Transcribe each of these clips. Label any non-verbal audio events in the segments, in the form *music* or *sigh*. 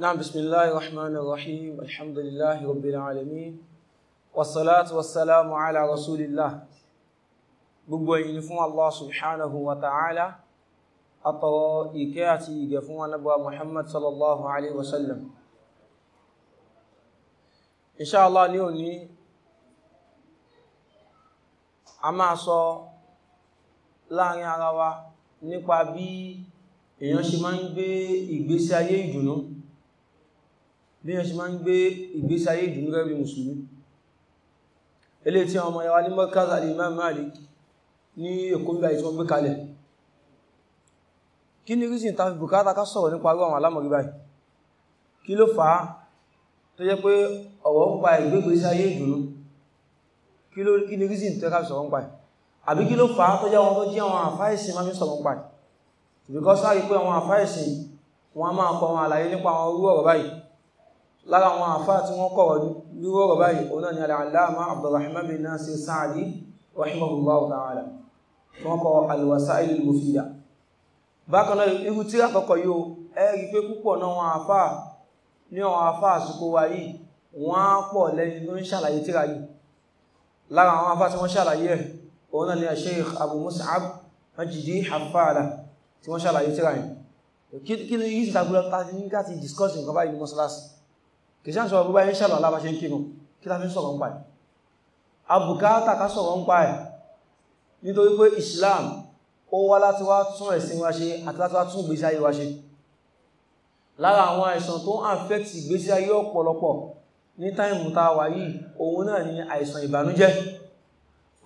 نعم بسم الله الرحمن الرحيم الحمد لله رب العالمين والصلاة والسلام على رسول الله gbogbo ẹ̀yìn fún Allah subhanahu wa ta'ala àtọ̀rọ̀ ìkẹ́ àti ìgẹ̀ fún anábọ̀ Muhammad sallallahu alaihi wasallam inṣáàlá ní òní a máa sọ láàrin ara wa nípa bí èèyàn ṣe máa ń gbé ìgbésí ayé ìdùnnú bí yẹn ṣe máa ń gbé ìgbésí ayé ìdùnnú gẹ́gẹ́ bí mùsùlùmí ilé tí àwọn ọmọ ẹwà ní mọ́kàtà lè máa máa lè ní èkó nígbà tí wọ́n gbé kalẹ̀ kí ni rísìn ta fi bùkátà ká sọ̀rọ̀ nípa arú àwọn alámọ̀rí báyìí kí ló fà á tó jẹ́ pé ọ̀rọ̀ ń pa ìgbégbèsí ayé ìdùnnú kí ni rísìn tó ká sọ̀rọ̀ ń pa àbí kí ló fà á tó because a rí pé àwọn àfáìsìn wọn a máa kọ àwọn lára àwọn àfá tí wọ́n kọ̀ lúwọ́ rọ̀ báyìí òun náà ni al-allama abdulrahman bin nasir sa'adi rahimahullahu ta'ala wọ́n kọ al-wasa'il al-mufida bákan náà irú tí àkọ́kọ́ yóò ẹ̀rí pé púpọ̀ náà wọn àfá ní àwọn àfá àsìkò wa wọ́n á pọ̀ lẹ́yìn tó ń ṣàlàyé tí kìsá sọ gbogbo ayé ṣàlọ̀ alába ṣe ń kírun kí láti sọ̀rọ̀ ń pa ẹ̀ abùkátà ká sọ̀rọ̀ ń pa ẹ̀ nítorí pé Islam ó wá láti wá tún ẹ̀sìn wa ṣe àti láti wá tún ìgbésí ayé wa ṣe lára àwọn àìsàn tó ń àfẹ́tì ìgbésí ayé ọ̀pọ̀lọpọ̀ ní táìmù tá a wà yìí òun náà ni àìsàn ìbànújẹ́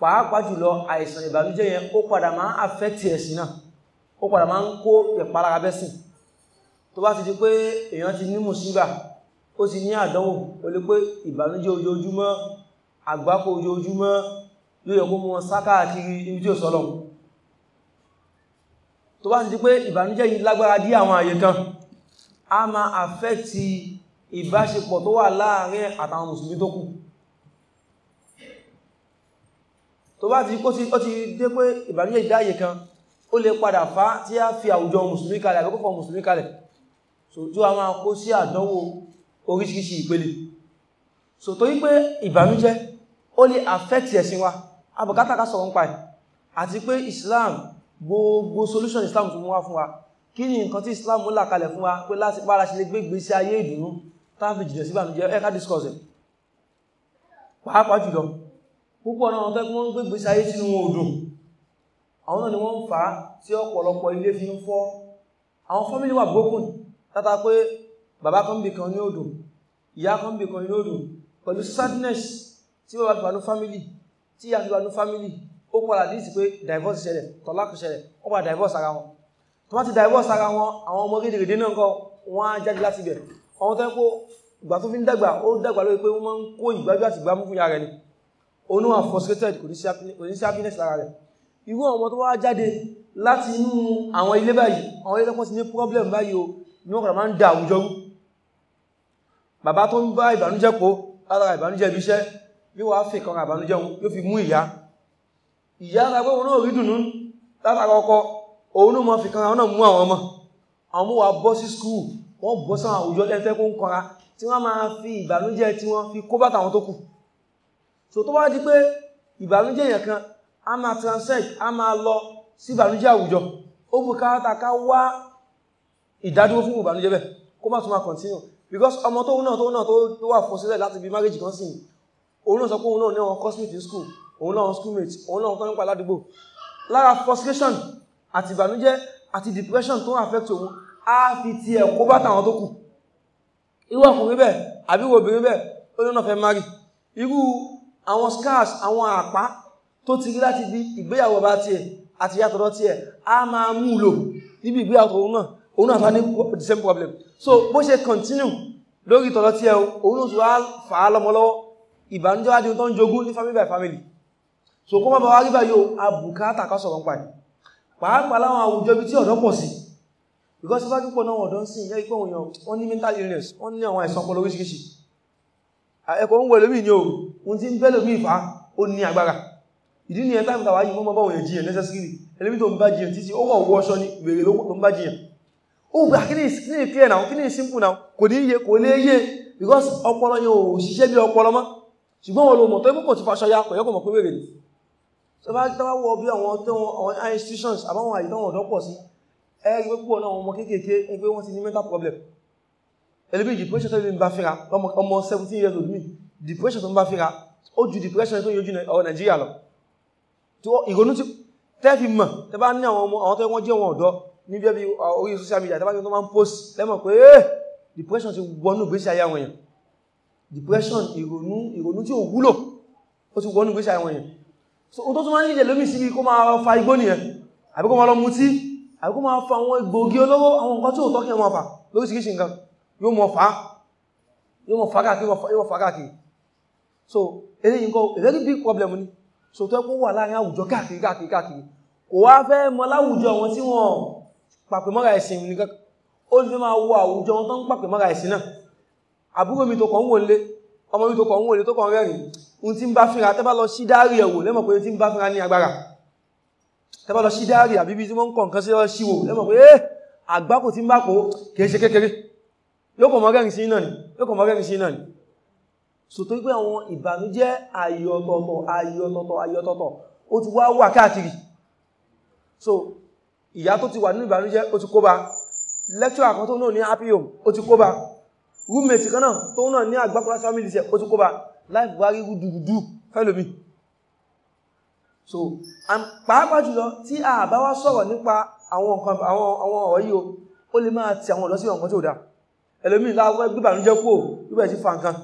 pàápàá jùlọ àìsàn ìbànújẹ́ yẹn ó padà máa ń àfẹ́tì ẹ̀sìn náà ó padà máa ń kó tó bá ti di pé èèyàn ti ní mùsíbà ó ti ní àdánwò ó lè pé ìbànújẹ́ ojoojúmọ́ àgbákò ojoojúmọ́ yóò yẹ kó mú wọn sákàkiri ibi tí ó sọ́lọ̀ tó bá ti di pé ìbànújẹ́ yìí lágbára dí àwọn àyè kan a máa àfẹ́kti ìbáṣepọ̀ tó wà láàárín àtàwọn mùsùlùmí tó kù tó bá ti kó ti dé pé ìbànújẹ́ ìdáyè kan ó lè padà fá tí a fi àwùjọ mùsùlùmí kalẹ̀ àgbẹ́kọ̀ọ́ mùsùlùmí kalẹ̀ so tí a máa kó sí àdánwò oríṣiríṣi ìpele so torí pé ìbànújẹ́ ó lè affect ẹ̀sìn wa abùkátà ká sọ̀rọ̀ ń pa ẹ̀ àti pé Islam gbogbo solution Islam tó mú wá fún wa kí ni nǹkan tí Islam là kalẹ̀ fún wa pé láti bára ṣe lè gbé ìgbésí ayé ìdùnnú táàfi jìnà sí ìbànújẹ́ ẹ ká discuss ẹ̀ pàápàá jùlọ púpọ̀ náà tẹ́ kí wọ́n ń gbé ìgbésí ayé sínú wọn òdùn àwọn náà ni wọ́n ń fà á tí ọ̀pọ̀lọpọ̀ ilé fi ń fọ́ àwọn fámílì wà broken tátà pé bàbá kan bì kan ní odò ìyá kan bì kan ní odò pẹ̀lú sadness tí bàbá fi wà ní family tí ìyá fi wà ní family ó padà dí sí pé divorce ṣẹlẹ̀ tọ́lákù ṣẹlẹ̀ ó padà divorce ara wọn tó bá ti divorce ara wọn àwọn ọmọ rédèrèdè náà kọ wọn á jáde láti bẹ̀ àwọn tó ń kó ìgbà tó fi ń dàgbà ó dàgbà lórí pé wọ́n máa ń kó ìgbájú àti ìgbámú fún ìyá ni onú wà frustrated kò ní sí happiness lára rẹ̀ irú ọmọ tó wá jáde láti inú àwọn ilé báyìí àwọn ilé tó pọ̀ sí ní problem báyìí o ni wọ́n kàrà máa ń da àwùjọ rú bàbá tó ń bá ìbànújẹ́ po lára ìbànújẹ́ ibi iṣẹ́ yóò wá fi kan ìbànújẹ́ òun yóò fi mú ìyá ìyá ara pé òun náà rí dùnú látara ọkọ òun náà mọ fi kan àwọn náà mú àwọn ọmọ àwọn ọmọ wa bọ́ sí skul wọ́n bọ́ sáwọn àwùjọ tẹ́tẹ́ kó ń kọra tí wọ́n máa fi ìbànújẹ́ tí wọ́n fi kó bàtà àwọn tó kù so tó bá di pé ìbànújẹ́ yẹn kan a máa transect a máa lọ sí ìbànújẹ́ àwùjọ ó bùkátà ká wá ìdádúró fún ìbànújẹ́ bẹ́ẹ̀ kó má tún máa continue because ọmọ tó náà tó náà tó wà fọ́sílẹ̀ láti bí marriage kan sí òun náà sọ pé òun náà ní àwọn cosmate in school òun náà schoolmate òun náà tán nípa ládùúgbò lára frustration àti ìbànújẹ́ àti depression tó ń affect òun á fi ti ẹ̀kọ́ bá tàwọn tó kù irú ọkùnrin bẹ́ẹ̀ àbí obìnrin bẹ́ẹ̀ ó náà fẹ́ marry irú àwọn scars àwọn àpá tó ti rí láti bí ìgbéyàwó bá tiẹ̀ àti yàtọ̀ tiẹ̀ á máa mú lò níbi ìgbéyàwó òun náà òun náà fa ní the same problem so bó ṣe continue lórí tọ̀lọ́ tí ẹ òun náà wá fà á lọ́mọlọ́wọ́ ìbànújẹ́ wá di tó ń jogún ní family by family so kó má bá wá rí báyìí o abùkátà ká sọ̀rọ̀ pa ẹ̀ pàápàá láwọn àwùjọ bí tí ọ̀dọ́ pọ̀ sí because bá púpọ̀ náà ọ̀dọ́ ń sìn yẹ́ ipò òyàn wọ́n ní mental illness wọ́n ní àwọn àìsàn ọpọlọ oríṣiríṣi ẹ̀kọ́ ń wẹ̀lómì ní o ohun tí ń bẹ́lómì ìfà ó ní agbára ìdí ni ẹ̀ táìmù tàwáyé mọ́ mọ́ bá òyàn jiyàn necessary tó ń bá jiyàn títí ó wọ̀ wọ́ṣọ́ ní ìbèrè ló ń bá jiyàn ó gbà ah, kí ni ìsìnkí clear now kí ni ìsìnkú now kò ní yé because ọpọlọ yẹn ò ṣiṣẹ́ bí ọpọlọ mọ́ ṣùgbọ́n wọn lo mọ̀ tó ń pọ̀ ti faṣọ ya kò yẹ kò mọ̀ pé wèrè ni tó bá tọ́wọ́ wọ bí àwọn tó wọn àwọn institutions àbáwọn àyè táwọn ọ̀dọ́ pọ̀ sí ẹgbẹ́ púpọ̀ náà ọmọ kéékèèké ẹgbẹ́ wọn ti ní ẹlẹ́bí depression tó ń bá fíra ọmọ 17 years old mi depression tó ń bá fíra ó ju depression tó yọjú ọ̀rọ̀ Nàìjíríà lọ ìrònú ti tẹ́fì mọ̀ tẹ́ bá ní àwọn ọmọ àwọn tó wọ́n jẹ́ wọn ọ̀dọ́ ní bí ẹbí uh, orí social media tàbí tó máa ń post lẹ́mọ̀ pé eh, depression ti wọnú gbésí ayé àwọn èèyàn depression ìrònú ìrònú tí ò wúlò ó ti wọnú gbésí ayé àwọn èèyàn so ohun tó tún máa ń lè lómi sí kó máa fa igbó nìyẹn àbí kó máa lọ mutí àbí kó máa fa àwọn egbògi olóró àwọn nǹkan tí ò tọ́kẹ́ wọn fà lóríṣìíríṣìí nǹkan yóò mọ̀ fà yóò mọ̀ fà káàkiri yóò mọ̀ fà káàkiri so eléyìí nǹkan a very big problem ni so tó ẹkún wà láàrin àwùjọ káàkiri káàkiri káàkiri kò wá fẹ́ mọ láwùjọ àwọn tí wọ́n pàpẹ́ mọ́ra ẹ̀sìn nìkan ó lè máa wo àwùjọ wọn tó ń pàpẹ́ mọ́ra ẹ̀sìn náà àbúrò mi tó kàn ń wò lé ọmọ mi tó kàn ń wò lé tó kàn rẹ́rìn ohun tí ń bá fínra tẹ́ bá lọ sí dáàrí ẹ̀wò lẹ́mọ̀ pé ohun tí ń bá fínra ní agbára tẹ́ bá lọ sí dáàrí àbí bí tí wọ́n ń kọ̀ nǹkan sí lọ sí wò lẹ́mọ̀ pé eh, àgbákò tí ń bá pò kìí ṣe kékeré yóò kàn mọ́ rẹ́rìn sí náà ni yóò kàn mọ́ rẹ́rìn sí náà pé àwọn ìbànújẹ́ ayọ̀tọ̀tọ̀ ayọ̀tọ̀tọ̀ ó ti wá wà káàkiri so ìyá tó ti wà nínú ìbànújẹ́ ó ti kóbá lecturer kan tó náà ní happy home ó ti kóbá roommate kan náà tó náà ní àgbákọ́lá family ṣe ó ti kóbá life wá rí rúdurùdú fẹ́lòmí so pàápàá jùlọ tí a bá wá sọ̀rọ̀ nípa àwọn nǹkan àwọn ọ̀rọ̀ yìí ó lè máa ti àwọn ọ̀dọ́ sí ọ̀kan tí ó dá ẹlòmí láwọn gbé ìbànújẹ́ kúrò yóò sí fa nǹkan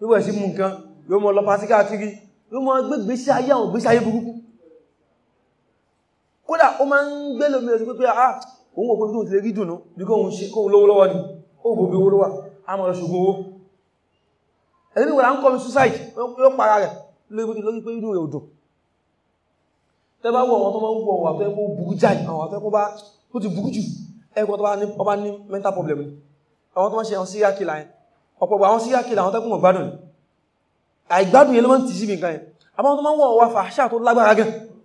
yóò sí mú nǹkan yóò mọ lọ pàtíkà kiri yóò mọ gbégbèsí ayé àwọn gbèsí ayé burúkú kódà ó máa ń gbé lómi lọ sí pé ah òun òpin tó ti lè rí dùnú bí kóhun ṣe kóhun lówó lọ́wọ́ ni ó bò bí owó lówà a mọ̀ lọ ṣùgbọ́n owó ẹ̀lẹ́bí wọ́n ń kọ́mi suicide yóò para rẹ̀ lórí pé inú rẹ̀ odò tẹ́ bá wọ̀ wọn tó máa ń wọ̀ wà fẹ́ kó burú jáì àwọn àfẹ́ problem ni àwọn tó máa ṣe àwọn serial killer yẹn ọ̀pọ̀ àwọn serial killer àwọn tẹ́kùn ọ̀gbádùn àìgbádùn yẹn ló máa ń tì sí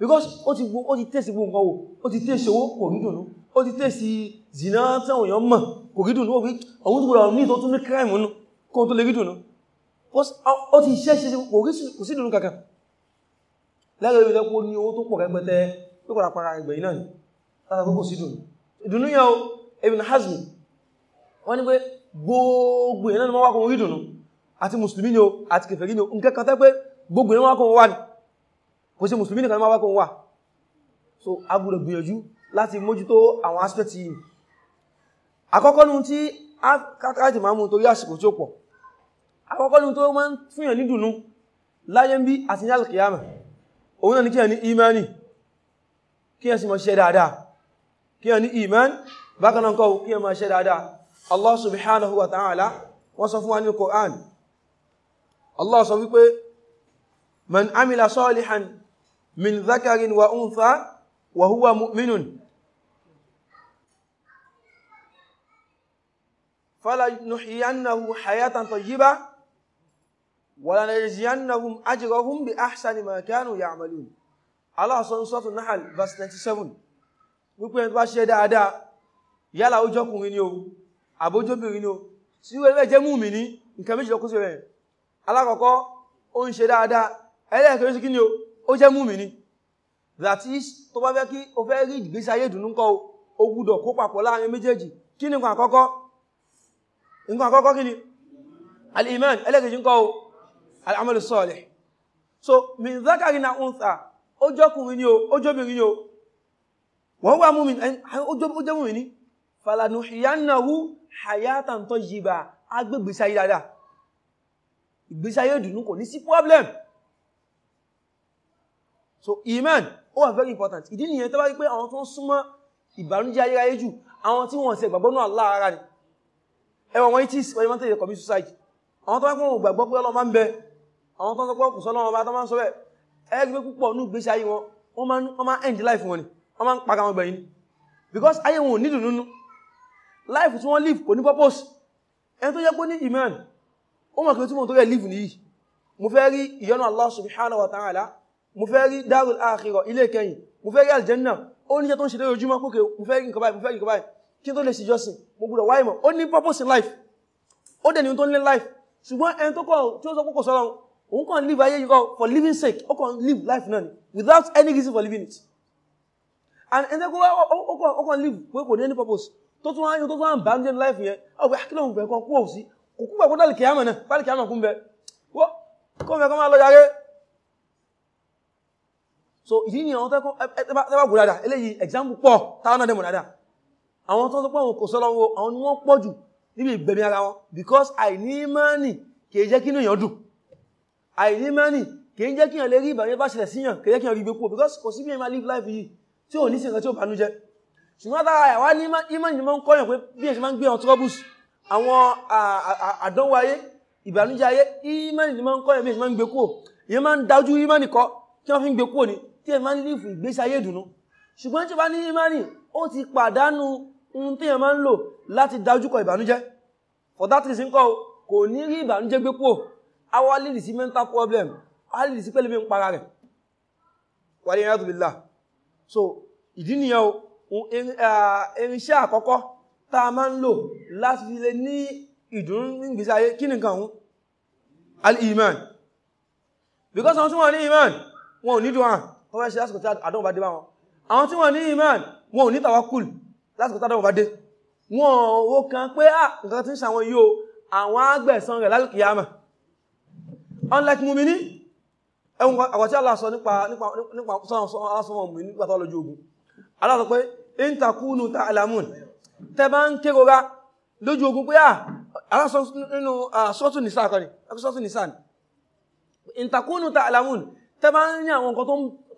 because ó ti wo ó ti tẹ́sí gbogbo nǹkan wò ó ti tẹ́sí owó kò rí dùnú ó ti tẹ́sí zina táwọn èèyàn mọ̀ kò rí dùnú wí ọ̀hún tó gbọ́dọ̀ ní ìtọ́tún ní crime nù kó tó lè rí dùnú ó ti iṣẹ́ ṣe kò sí dùnú kankan lẹ́gbẹ̀ẹ́ ibi tẹ́kọ́ ní owó tó pọ̀ rẹpẹtẹ tó padà para ẹgbẹ̀ iná ni lára pé kò sí dùnú ìdùnú yẹn o Ibn Hazmi wọ́n ní pé gbogbo ìyẹn náà ni wọ́n wá kó rí dùnú àti mùsùlùmí ni o àti kèfèrí ni o nǹkan kan tẹ́ pé gbogbo ìyẹn wọ́n wá kó wá ni kò sí mùsùlùmí nìkan máa wákùn wà so a gbọ́dọ̀ gbìyànjú láti mójútó àwọn aspect yìí àkọ́kọ́ nù tí káàkiri máa mú torí àsìkò tí ó pọ̀ àkọ́kọ́ nù tó máa ń fihàn ní dùnú láyé ń bí àti ní alkiyama òun náà ni kíyàn ní imani kíyàn sì máa ṣe dáadáa kíyàn ní iman bákan náà kọ́ kíyàn máa ṣe dáadáa Allah subhanahu wa ta'ala wọ́n sọ fún wa ní Qur'an Allah sọ wípé man amila salihan min dhakarin wa untha wa huwa mu'minun fala nuhyiyannahu hayatan tayyiba wa la najziyannahum ajrahum bi ahsani ma kanu ya'malun Allah sọ sọ́tún náà verse 97 wípé ẹni bá ṣe dáadáa yálà ó jọkùnrin ni o àbójóbìnrin ni o tí ó rẹ̀ jẹ́ múmi ní nǹkan méjì lọ́kúsí rẹ̀ alákọ̀ọ́kọ́ ó ń ṣe dáadáa ẹlẹ́ẹ̀kẹ́ ó jẹ́ mú mi ni that is tó bá fẹ́ kí o fẹ́ rí ìgbésí ayé ìdùnnú kọ́ o gbúdọ̀ kó papọ̀ láàrin méjèèjì kí ni nǹkan àkọ́kọ́ nǹkan àkọ́kọ́ kí ni al-iman ẹlẹ́kejì ń kọ́ o al-amalu salih so min zakari na untha ó jọ́kùnrin ni o ó jọ́bìnrin ni o wọ́n wá mú mi ó jẹ́ mú mi ni falanuhiyannahu hayatan tayyiba agbègbèsáyé dáadáa ìgbésáyé ìdùnnú kò ní sí problem so iman ó wà very important ìdí nìyẹn tó bá rí pé àwọn tó ń súnmọ́ ìbànújẹ́ ayérayé jù àwọn tí wọ́n ṣe gbàgbọ́ náà láàárá ni ẹwọ̀n wọ́n tí wọ́n yíwọ́n tẹ́lẹ̀ commit suicide àwọn tó bá kún gbàgbọ́ pé ọlọ́mà ń bẹ àwọn tó ń sọpọ̀ kùsọ́ lọ́wọ́ bá tó máa ń sọ bẹ́ẹ̀ ẹgbẹ́ púpọ̀ ní ìgbésí ayé wọn wọ́n máa ń end life wọn ni wọ́n máa ń para wọn gbẹ̀yìn because ayé wọn ò ní dùn nínú life tí wọ́n live kò ní purpose ẹni tó jẹ́ pé ní iman ó mọ̀ kí ó tí mo tó rẹ̀ live nìyí mo fẹ́ rí ìyọ́nà Allah subhanahu wa ta'ala mo fẹ́ rí darul akhirah ilé kẹyìn mo fẹ́ rí aljanna ó níṣẹ́ tó ń ṣe lórí ojúmọ́ pé mo fẹ́ rí nǹkan báyìí mo fẹ́ rí nǹkan báyìí kí tó lè ṣe jọ́sìn mo gbọ́dọ̀ wáyé mọ̀ ó ní purpose in life ó dẹ̀ ní tó ń life ṣùgbọ́n ẹni tó kọ̀ tí ó sọ pé sọ́rọ̀ òun kàn live ayé yìí kọ́ for living sake ó kàn live life náà ni without any reason for living it and ẹni tó kọ́ ó kàn live pé kò ní any purpose tó tún wáyé tó tún wá ń bá ń jẹ́ life yẹn ó gbé akílọ̀ òun bẹ̀ kan kú òsì kò kú bẹ̀ kó dálì kìámẹ̀ náà dálì kìámẹ̀ kú bẹ̀ kó bẹ̀ kó máa lọ yàrá so ìdí ni àwọn tẹ́kọ́ ẹgbàgbò dáadáa eléyìí example pọ̀ táwọn dẹ̀mọ̀ dáadáa àwọn tó ń pọ̀ wọn kò sọ́lọ́wọ́ àwọn ni wọ́n pọ̀ jù níbi ìgbẹ̀mí ara wọn because àìnímánì kìí jẹ́ kí èèyàn dùn àìnímánì kìí jẹ́ kí èèyàn lè rí ìbànújẹ́ bá ṣẹlẹ̀ síyàn kìí jẹ́ kí èèyàn rí gbékú because kò sí bí èèyàn live life yìí tí ò ní sí nǹkan tí ó bànú jẹ́ ṣùgbọ́n lára àwa ní ìmánì ni máa ń kọ́yàn pé bí èèyàn ṣe máa ń gbé àwọn troubles àwọn àdánwò ayé ìbànújẹ́ ayé ìmánì ni máa ń kọ́yàn bí èèyàn máa ń gbékú èèyàn máa tí ẹ máa ń lífù ìgbésí ayé ìdùnnú ṣùgbọ́n tí ó bá ní imani ó ti pàdánù ohun tí ẹ máa ń lò láti dájúkọ ìbànújẹ́ for that reason kọ́ kò ní rí ìbànújẹ́ gbé pò awa lè sí mental problem a lè sí pẹ́lẹ́bí ń para rẹ̀ wàlẹ̀ ìrìnàjò bìlá so ìdí nìyẹn o irinṣẹ́ àkọ́kọ́ tá a máa ń lò láti fi lè ní ìdùnnú ìgbésí ayé kí nìkan òun al-iman because àwọn tí wọ́n ní iman wọn ò ní dùn wọ́n fẹ́ ṣe lásìkò tí àdánwò bá dé bá wọn àwọn tí wọ́n ní iman wọn ò ní tawakkul lásìkò tí àdánwò bá dé wọn ò kàn pé à ah, nǹkan tí ń ṣàwọn yóò àwọn agbẹ̀san rẹ̀ lálùkìyàmà unlike mumini ẹwùn àkọ̀tí Allah sọ nípa sọ́nà mú nípa tọ́lọ ojú ogun Allah sọ pé in takunu ta'lamun tẹ bá ń kérora lójú ogun pé ah, Allah sọ nínú sọ́tù nìsà kọ́ni in takunu ta'lamun tẹ bá ń ní àwọn nǹkan tó ń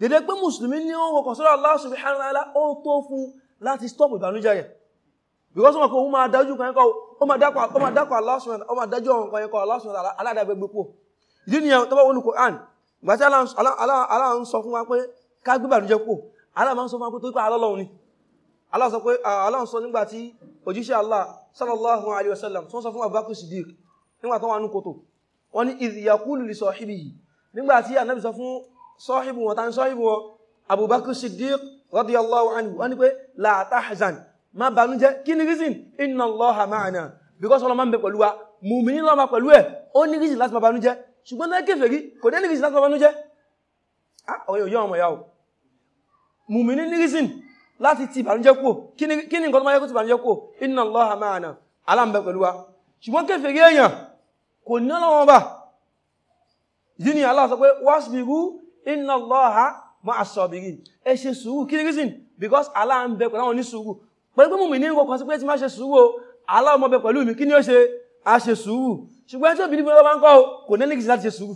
dédé pé mùsùlùmí ní ó wọkọ̀ sọ́rọ̀ Allah subhanahu wa ta'ala ó tó fún láti stop ìbànújẹ́ rẹ̀ because wọn kò o máa dájú kan ẹkọ́ ó máa dákọ̀ Allah subhanahu wa ta'ala ó máa dájú ọ̀rọ̀ kan ẹkọ́ Allah subhanahu wa ta'ala aládàgbẹ́gbẹ́ pò ìdí nìyẹn tó bá wọn Qur'an gbàtí Allah ń sọ fún wa pé ká gbé ìbànújẹ́ pò Allah máa ń sọ fún wa pé tó pé Allah sọ Allah sọ nígbà Allah sallallahu alayhi wa sallam tó sọ fún Abubakar Siddiq nígbà tó wà nù kòtò wọn ni idh yaqulu li sahibihi nígbà tí Ànábì sọ fún sọ́hìbù wọn tán sọ́hìbù wọn abubakar siddiq radiyallahu anhu wọ́n ní pé la tahzan má banújẹ́ kí ni reason inna allaha ma'ana because ọlọ́mọ ń bẹ pẹ̀lú wa mùmíní lọ́mọ pẹ̀lú ẹ̀ ó ní reason láti má banújẹ́ ṣùgbọ́n náà kèfèrí kò dé ní reason láti má banújẹ́ ah, ọ̀rẹ́ òyọ́ ọmọ yàwó mùmíní ní reason láti ti ìbànújẹ́ kú kí ni nǹkan tó máa yẹ kó ti ìbànújẹ́ kú inna allaha ma'ana aláǹbẹ pẹ̀lú wa inna Allaha ma'as sabirin ẹ ṣe sùúrù kí reason because Allah ń bẹ pẹ̀lú àwọn onísùúrù pẹ̀lú pé mùmí ní nǹkan kan sí pé tí máa ṣe sùúrù Allah ọmọ bẹ pẹ̀lú mi kí ni ó ṣe a ṣe sùúrù ṣùgbọ́n ẹni tó bí níbi ọlọ́wọ́ bá ń kọ́ kò ní nìkìsí láti ṣe sùúrù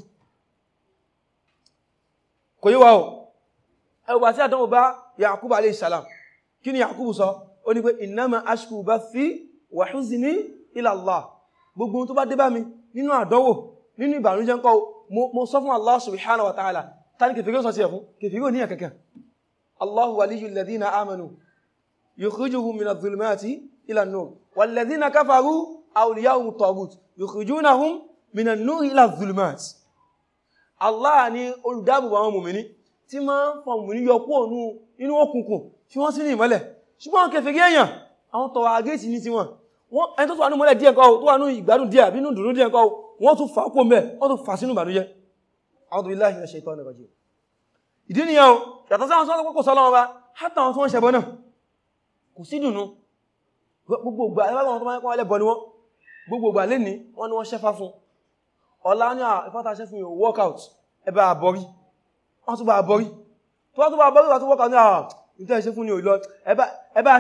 kò yíwa o ẹwà tí àdánwò bá Yakubu alayhi salam kí ni Yakubu sọ ó ní pé innama ashku bathi wa huzni ila Allah gbogbo tó bá dé bá mi nínú àdánwò nínú ìbànújẹ́ ń kọ́ mo sọ fún Allah subhanahu wa ta'ala tani kèfèrí ó sọ sí ẹ̀fún kèfèrí ò ní ẹ̀kẹ̀kẹ̀ Allahu waliyul ladhina amanu yukhrijuhum minadh dhulumati ilan nur wal ladhina kafaru awliyahum taghut yukhrijunahum minan nur iladh dhulumat Allah ni olùdáàbòbò àwọn mùmìnì tí máa ń fa mùmìnì yọ kó ònú inú òkùnkùn tí wọ́n sí ní ìmọ́lẹ̀ ṣùgbọ́n kèfèrí èèyàn àwọn tọwà agéèsì ní tiwọn ẹni tó wà ní mọ́lẹ̀ díẹ̀ A'udhu billahi minash shaitani rajim ìdí ni yàn yàtọ̀ sáwọn sọ́nà pọ́pọ̀ sọ́lọ́wọ́ bá hátà wọn tó ń ṣẹbọ náà kò sí dùnú gbogbogbà ẹgbàgbọ́n tó máa ń kọ́ ẹlẹ́bọ ni wọ́n gbogbogbà lè ní wọ́n ni wọ́n ṣẹ́fà fún ọ̀lá ní ìfọ́ta ṣẹ́ fún workout ẹbà àbọ̀rí wọ́n tún bá àbọ̀rí tó wọ́n tún bá àbọ̀rí wà tó workout ní àwọn ìtẹ́ ṣe fún ní òlọ ẹbà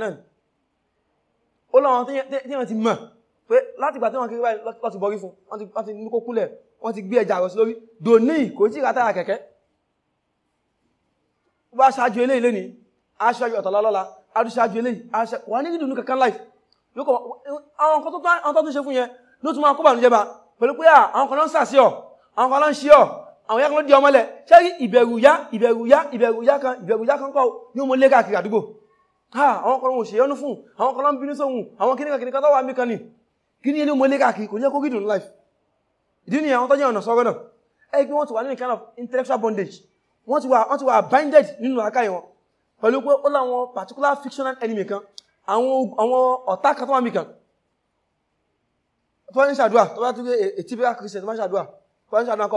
ṣe ó láwọn tí wọ́n ti mọ̀ pé láti gbà tí wọ́n kéré báyìí láti bọ́rí fún wọ́n ti ní kó kúlẹ̀ wọ́n ti gbé ẹja àrọ̀ sí lórí dòní kò tí ìrátàrà kẹ̀kẹ́ ó bá ṣáájú ilé ilé ní aṣáájú ọ̀tọ̀lọ́lọ́la aṣáájú ilé wà ní ìdùnnú kankan life àwọn kan tó tún ṣe fún yẹn ló tún máa kó bànújẹ́ bá pẹ̀lú pé àwọn kan ló ń sàṣí ọ̀ àwọn kan ló ń ṣí ọ̀ àwọn yá kan ló àwọn kan wọn ṣèyọ́nú fún àwọn kan bínú sóhun àwọn kíníkà kíníkà tó wà mí kan ní kí ní ilé mọ́lé káàkiri kò ní ẹkọ́ gídùn life ìdí ni àwọn tọ́jọ́ ọ̀nà sọ́rọ̀ náà ẹ pé wọ́n ti wà nínú kind of intellectual bondage wọ́n ti wà wọ́n ti wà binded nínú àká ìwọ̀n pẹ̀lú pé ó láwọn particular fictional enemy kan àwọn ọ̀tá kan tó wà mí kan tó wà ní ṣàdúrà tó bá tún gbé ètíbíra christian tó bá ń ṣàdúrà tó bá ń ṣàdúrà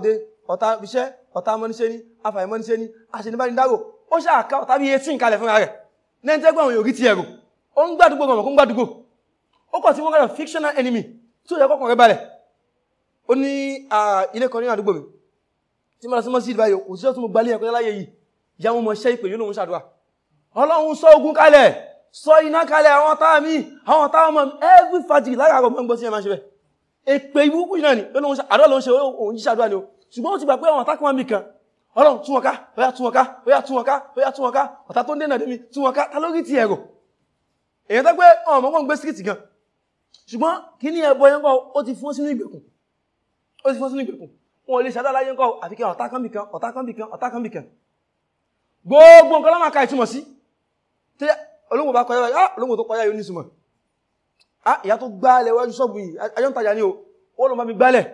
kọ ọ̀tá mọ́níṣẹ́ ní afàì mọ́níṣẹ́ ní aṣèlébánidáró ó ṣàkà ọ̀tá bí 18 kalẹ̀ fúnra rẹ̀ nẹ́ntẹ́gbọ́ àwọn yòókì ti ẹ̀rù ó ń gbádùgbò rọ̀mọ̀ kó gbádùgbò ó kọ̀ sí wọ́n kọ́nà fictional enemy tí ó yẹ kọ́kàn rẹ̀ balẹ̀ ó ní ilé kan ní àdúgbò mi tí mo lọ sí mọ́ sí ìdúrà yìí kò sí ọtún mo gbalẹ̀ ẹ̀kọ́ láyé ìpè ogun kalẹ̀ sọ iná kalẹ̀ àwọn tá mi àwọn tá ọmọ every fajiri lára àrọ̀ mọ́ ń gbọ́ sí ẹ̀ máa ṣe bẹ́ẹ̀ èpè ìwúkú yìí náà ni ló ń ṣe òun jí ṣàdúrà ni o ṣùgbọ́n ó ti gbà pé àwọn àtàkùn àmì kan ọlọ́run tún wọn ká ọyá tún wọn ká ọyá tún wọn ká ọyá tún wọn ká ọ̀tá tó ń dènà dé mi tún wọn ká ta lórí ti ẹ̀rọ èyàn tó pé ọmọ wọn gbé síkìtì gan ṣùgbọ́n kí ní ẹbọ yẹn kọ́ ó ti fún sínú ìgbèkùn ó ti fún sínú ìgbèkùn wọn ò lè ṣàdá láyé kọ́ àfi kí ọ̀tá kan bì kan ọ̀tá kan bì kan ọ̀tá kan bì kan gbogbo nǹkan lọ́mọ ka ìtumọ̀ sí tí olóngbò bá kọjá yá olóngbò tó kọjá yóò nísùmọ̀ ìyá tó gbálẹ̀ wájú ṣọ́ọ̀bù yìí ajọ́ ń tajà ní o ó lọ bá mi gbálẹ̀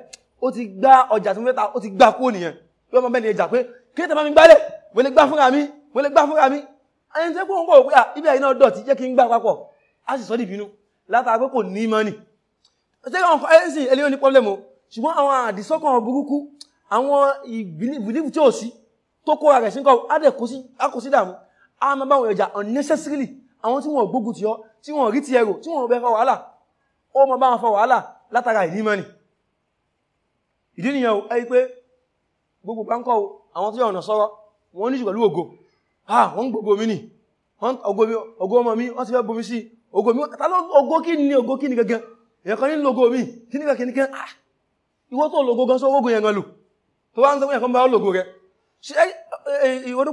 ó ti gbá ọjà tí mo fẹ́ta ó ti gbá kúrò nìyẹn pé ọmọ bẹ́ẹ̀ ni ẹjà pé kí tẹ̀ bá mi gbálẹ̀ mo lè gbá fúnra mi mo lè gbá fúnra mi ẹni tó kúrò ń kọ̀wé pé ibi àyíná dọ̀tí jẹ́ kí n gbá papọ̀ a sì sọ di ìbínú látara pé kò ní mọ́nì ṣé àwọn ẹ̀sìn eléyìí ní pọ́blẹ́mù ṣùgbọ́n àwọn àdìsọ́kàn burúkú àwọn ìbìlífù tí ò sí tó kó ara rẹ̀ sí nǹkan adẹ̀ kò sí dààmú a máa bá àwọn ẹ̀jà unnecessarily àwọn tí wọ́n gbógun ti ọ tí wọ́n rí ti ẹrù tí wọ́n bẹ fa wàhálà ó máa bá wọn fa wàhálà látara ìnímọ́nì ìdí nìyàn ó ẹ́ pé gbogbo pánkọ́ àwọn tí ọ̀nà sọ́rọ̀ wọ́n ní ṣùgbọ́n ògo ah wọ́n gbogbo mi ní ògo ọmọ mi wọ́n ti fẹ́ bomi sí ògo mi ògo kí ni ògo kí ni gẹ́gẹ́ ẹ̀kan ní lògo mi kí ní kẹ́kẹ́ ní kẹ́ ah ìwọ́n tó lògo gan sọ́wọ́ ogun yẹn gan lò tó wá ń sọ pé ẹ̀kan bá lògo rẹ̀ ìwọ́n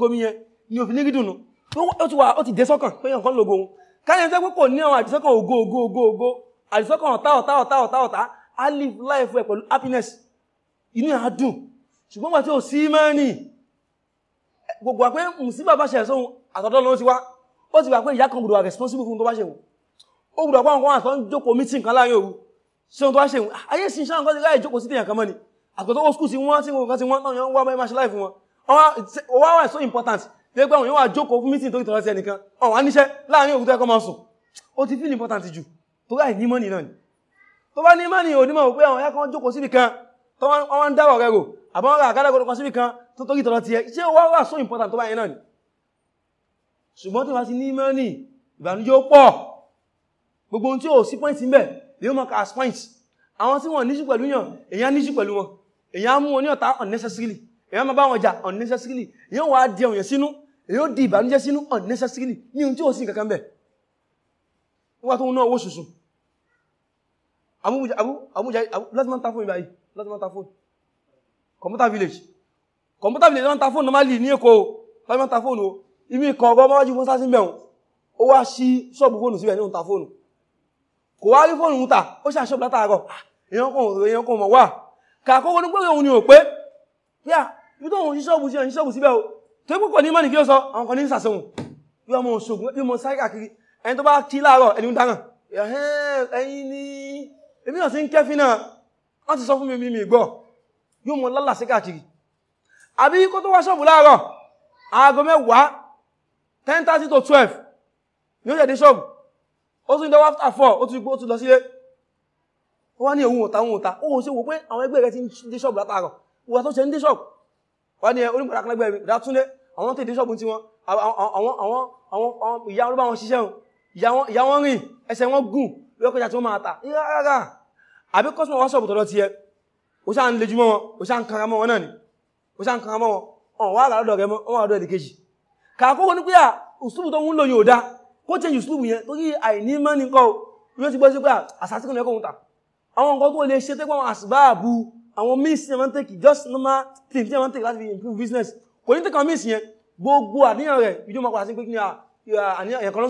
tó ni òfin ní gídùn ó ti wà ó ti dé sọ́kàn pé ẹ̀kan lògo wọn káyẹ̀ sẹ́ pé kò ní àwọn àdìsọ́kàn ògo ògo ògo àdìsọ́kàn ọ̀tá ọ̀tá ọ̀tá I live life ẹ̀ pẹ̀lú happiness inú ẹ̀ á dùn ṣùgbọ́n wà tí ó sí mẹ́ni gbogbo àpẹ́ mùsíbà bá ṣẹ̀ sóhun àtọ̀dọ́ ló ti wá ó ti gbà pé ìyá kan gbùdọ̀ responsible fún tó bá ṣe wù ó gbùdọ̀ pọ́n kan àtọ́ ń jókòó meeting kan láàrin òru ṣe ohun tó bá ṣe wù ah, ayé sí ṣáà nǹkan ti láì jókòó sí tèèyàn kan mọ́ni àgbẹ̀tọ́ ó skúl sí wọ́n tí wọ́n ti wọ́n náà wọ́n máa ṣe láì fún wọn wọ́n wà so important pé pé àwọn yóò wà jókòó fún meeting tó ìtọ́lọ́sí ẹnìkan ọ̀wọ́n á níṣẹ́ láàrin òru tó ẹkọ́ máa sùn ó ti feel important jù tó láì ní mọ́ni náà ni tó bá ní mọ́ni onímọ̀ wípé àwọn ẹ̀yà kan jókòó síbi kan tó wọ́n ń dáwọ̀ rẹ̀ rò àbọ́n ra àkádàgbọ́dọ̀ kan síbi kan tó torí tọ̀lọ̀ tiẹ̀ iṣẹ́ wá wà so important tó bá yẹn náà ni ṣùgbọ́n tó bá ti ní mọ́ni ìbànújẹ́ ó pọ̀ gbogbo ohun tí ó sí point ń bẹ̀ ni ó mọ̀ ká as point àwọn tí wọ́n níṣù pẹ̀lú yàn èèyàn níṣù pẹ̀lú wọn èèyàn mú wọn ní ọ̀tá unnecessarily èèyàn máa bá wọn jà unnecessarily èèyàn wà á di ọ̀yàn sínú èèyàn di ìbànújẹ́ sínú unnecessarily ní ohun tí ó sì kankan bẹ̀ nígbà tó ń ná owó ṣùṣùn amújáyí láti máa ń ta fóònù báyìí láti máa ń ta fóònù village computer village láti ta fóònù normally ní èkó láti máa ń ta fóònù ibi kan ọgọ́ máwájú fún sásí mẹ́rún ó wá sí ṣọ́ọ̀bù fóònù síbẹ̀ ní òun ta fóònù kò wá rí fóònù ta ó ṣe àṣọ́ọ̀bù látàárọ̀ ah, èèyàn kan mọ̀ wà kàkókò ní pé òun ni ò pé yá ibi tó òun sí ṣọ́ọ̀bù sí ẹ̀yìn ṣọ́ọ̀bù síbẹ̀ o tó ń púpọ̀ ní mọ́nì kí ó sọ àwọn kan ní sàṣẹ̀wọ̀n yóò mọ̀ ṣògùn yóò mọ̀ sáyé kàkiri ẹni tó bá kí láàárọ̀ ẹni ń dáràn ẹ̀yìn ni èmi náà sí ń kẹ́fí náà wọ́n ti sọ fún mi mi gbọ́ yóò mọ̀ lálà sí káàkiri àbí kó tó wá ṣọ́ọ̀bù láàárọ̀ aago mẹ́wàá 10:30 to 12 ni ó jẹ́ dé ṣọ́ọ̀bù ó tún dọ́wọ́ after 4 ó tún gbó ó tún lọ sílé ó wá ní òun òta òun òta ó ṣe wò pé àwọn ẹgbẹ́ rẹ ti ń dé ṣọ́ọ̀bù látàárọ̀ wà tó ṣe ń dé ṣọ́ọ̀bù wá ní onígbàdà kan lẹ́gbẹ̀ẹ́ mi dátúndé àwọn tó dé ṣọ́ọ̀bù ti wọn àwọn ìyá wọn rìn ẹsẹ̀ wọn gùn lókọjá tí wọ́n máa ta rárá àbí kọ́sùmọ̀ wá sọ̀bù tọ́lọ́ ti ẹ o ṣá ń lejúmọ́ wọn o ṣá ń kanra mọ́ wọn náà ni o ṣá ń kanra mọ́ wọn ọ̀n wá àràlọ́dọ̀ rẹ mọ́ wọn àdọ́ ẹ̀dẹ̀kejì kàkókò ní pé à ùsùlùmù tó ń lò yóò dá kó tẹ́ ùsùlùmù yẹn torí àìní mọ́ ní kọ́ yóò ti gbọ́ sí pé àsásíkò ní ẹkùn ta àwọn nǹkan tó lè ṣe tẹ́kọ̀ àwọn àsìbáàbù àwọn just normal thing tí yẹn máa improve business kò ní tẹ́kọ̀ míìsì yẹn gbogbo àníyàn rẹ̀ ìdí ọmọkùnrin àti pé kí ni àníyàn ẹ̀kọ́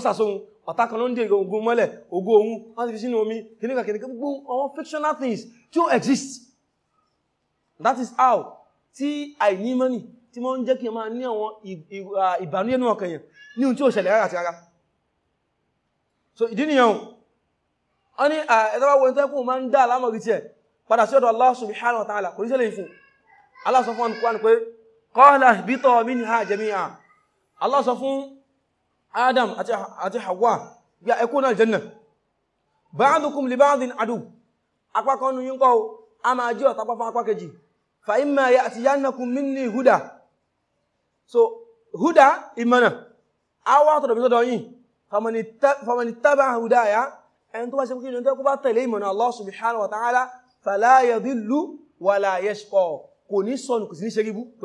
ọ̀tá kan ló ń dé ogun mọ́lẹ̀ ogun ohun wọ́n ti fi sínú omi kìnnìkan kìnnìkan gbogbo àwọn fictional things tí ó exist that is how tí àìní mọ́nì tí wọ́n ń jẹ́ kí ẹ máa ní àwọn ìbànújẹ́ náà kẹyàn ní ohun tí ó ṣẹlẹ̀ rárá àti rárá so ìdí nìyẹn ó ní ẹ̀dọ́wọ́ wọn tó ẹkùn máa ń dá alámọ̀rí tí ẹ̀ padà sí ọ̀dọ̀ Allah subhanahu wa ta'ala kò ní ṣẹlẹ̀ ìfún Allah sọ fún wọn pé qala ihbitu minha jami'a Allah sọ fún adam àti hawa bí ẹkú náà jẹ́nà ba'dukum li ba'din adu apákan nínú yínkọ́ a máa jẹ́ ọ̀tá pápá apá kejì fa imma ya'tiyannakum minni huda so huda ìmọ̀nà a wá tọ̀dọ̀ bí sọ́dọ̀ yìí famani taba huda ya ẹni tó bá ṣe kí ní tó bá tẹ̀lé Allah subhanahu wa ta'ala fala yadhillu wala yashqa kò ní sọnù kò sí ní ṣe ríbú kò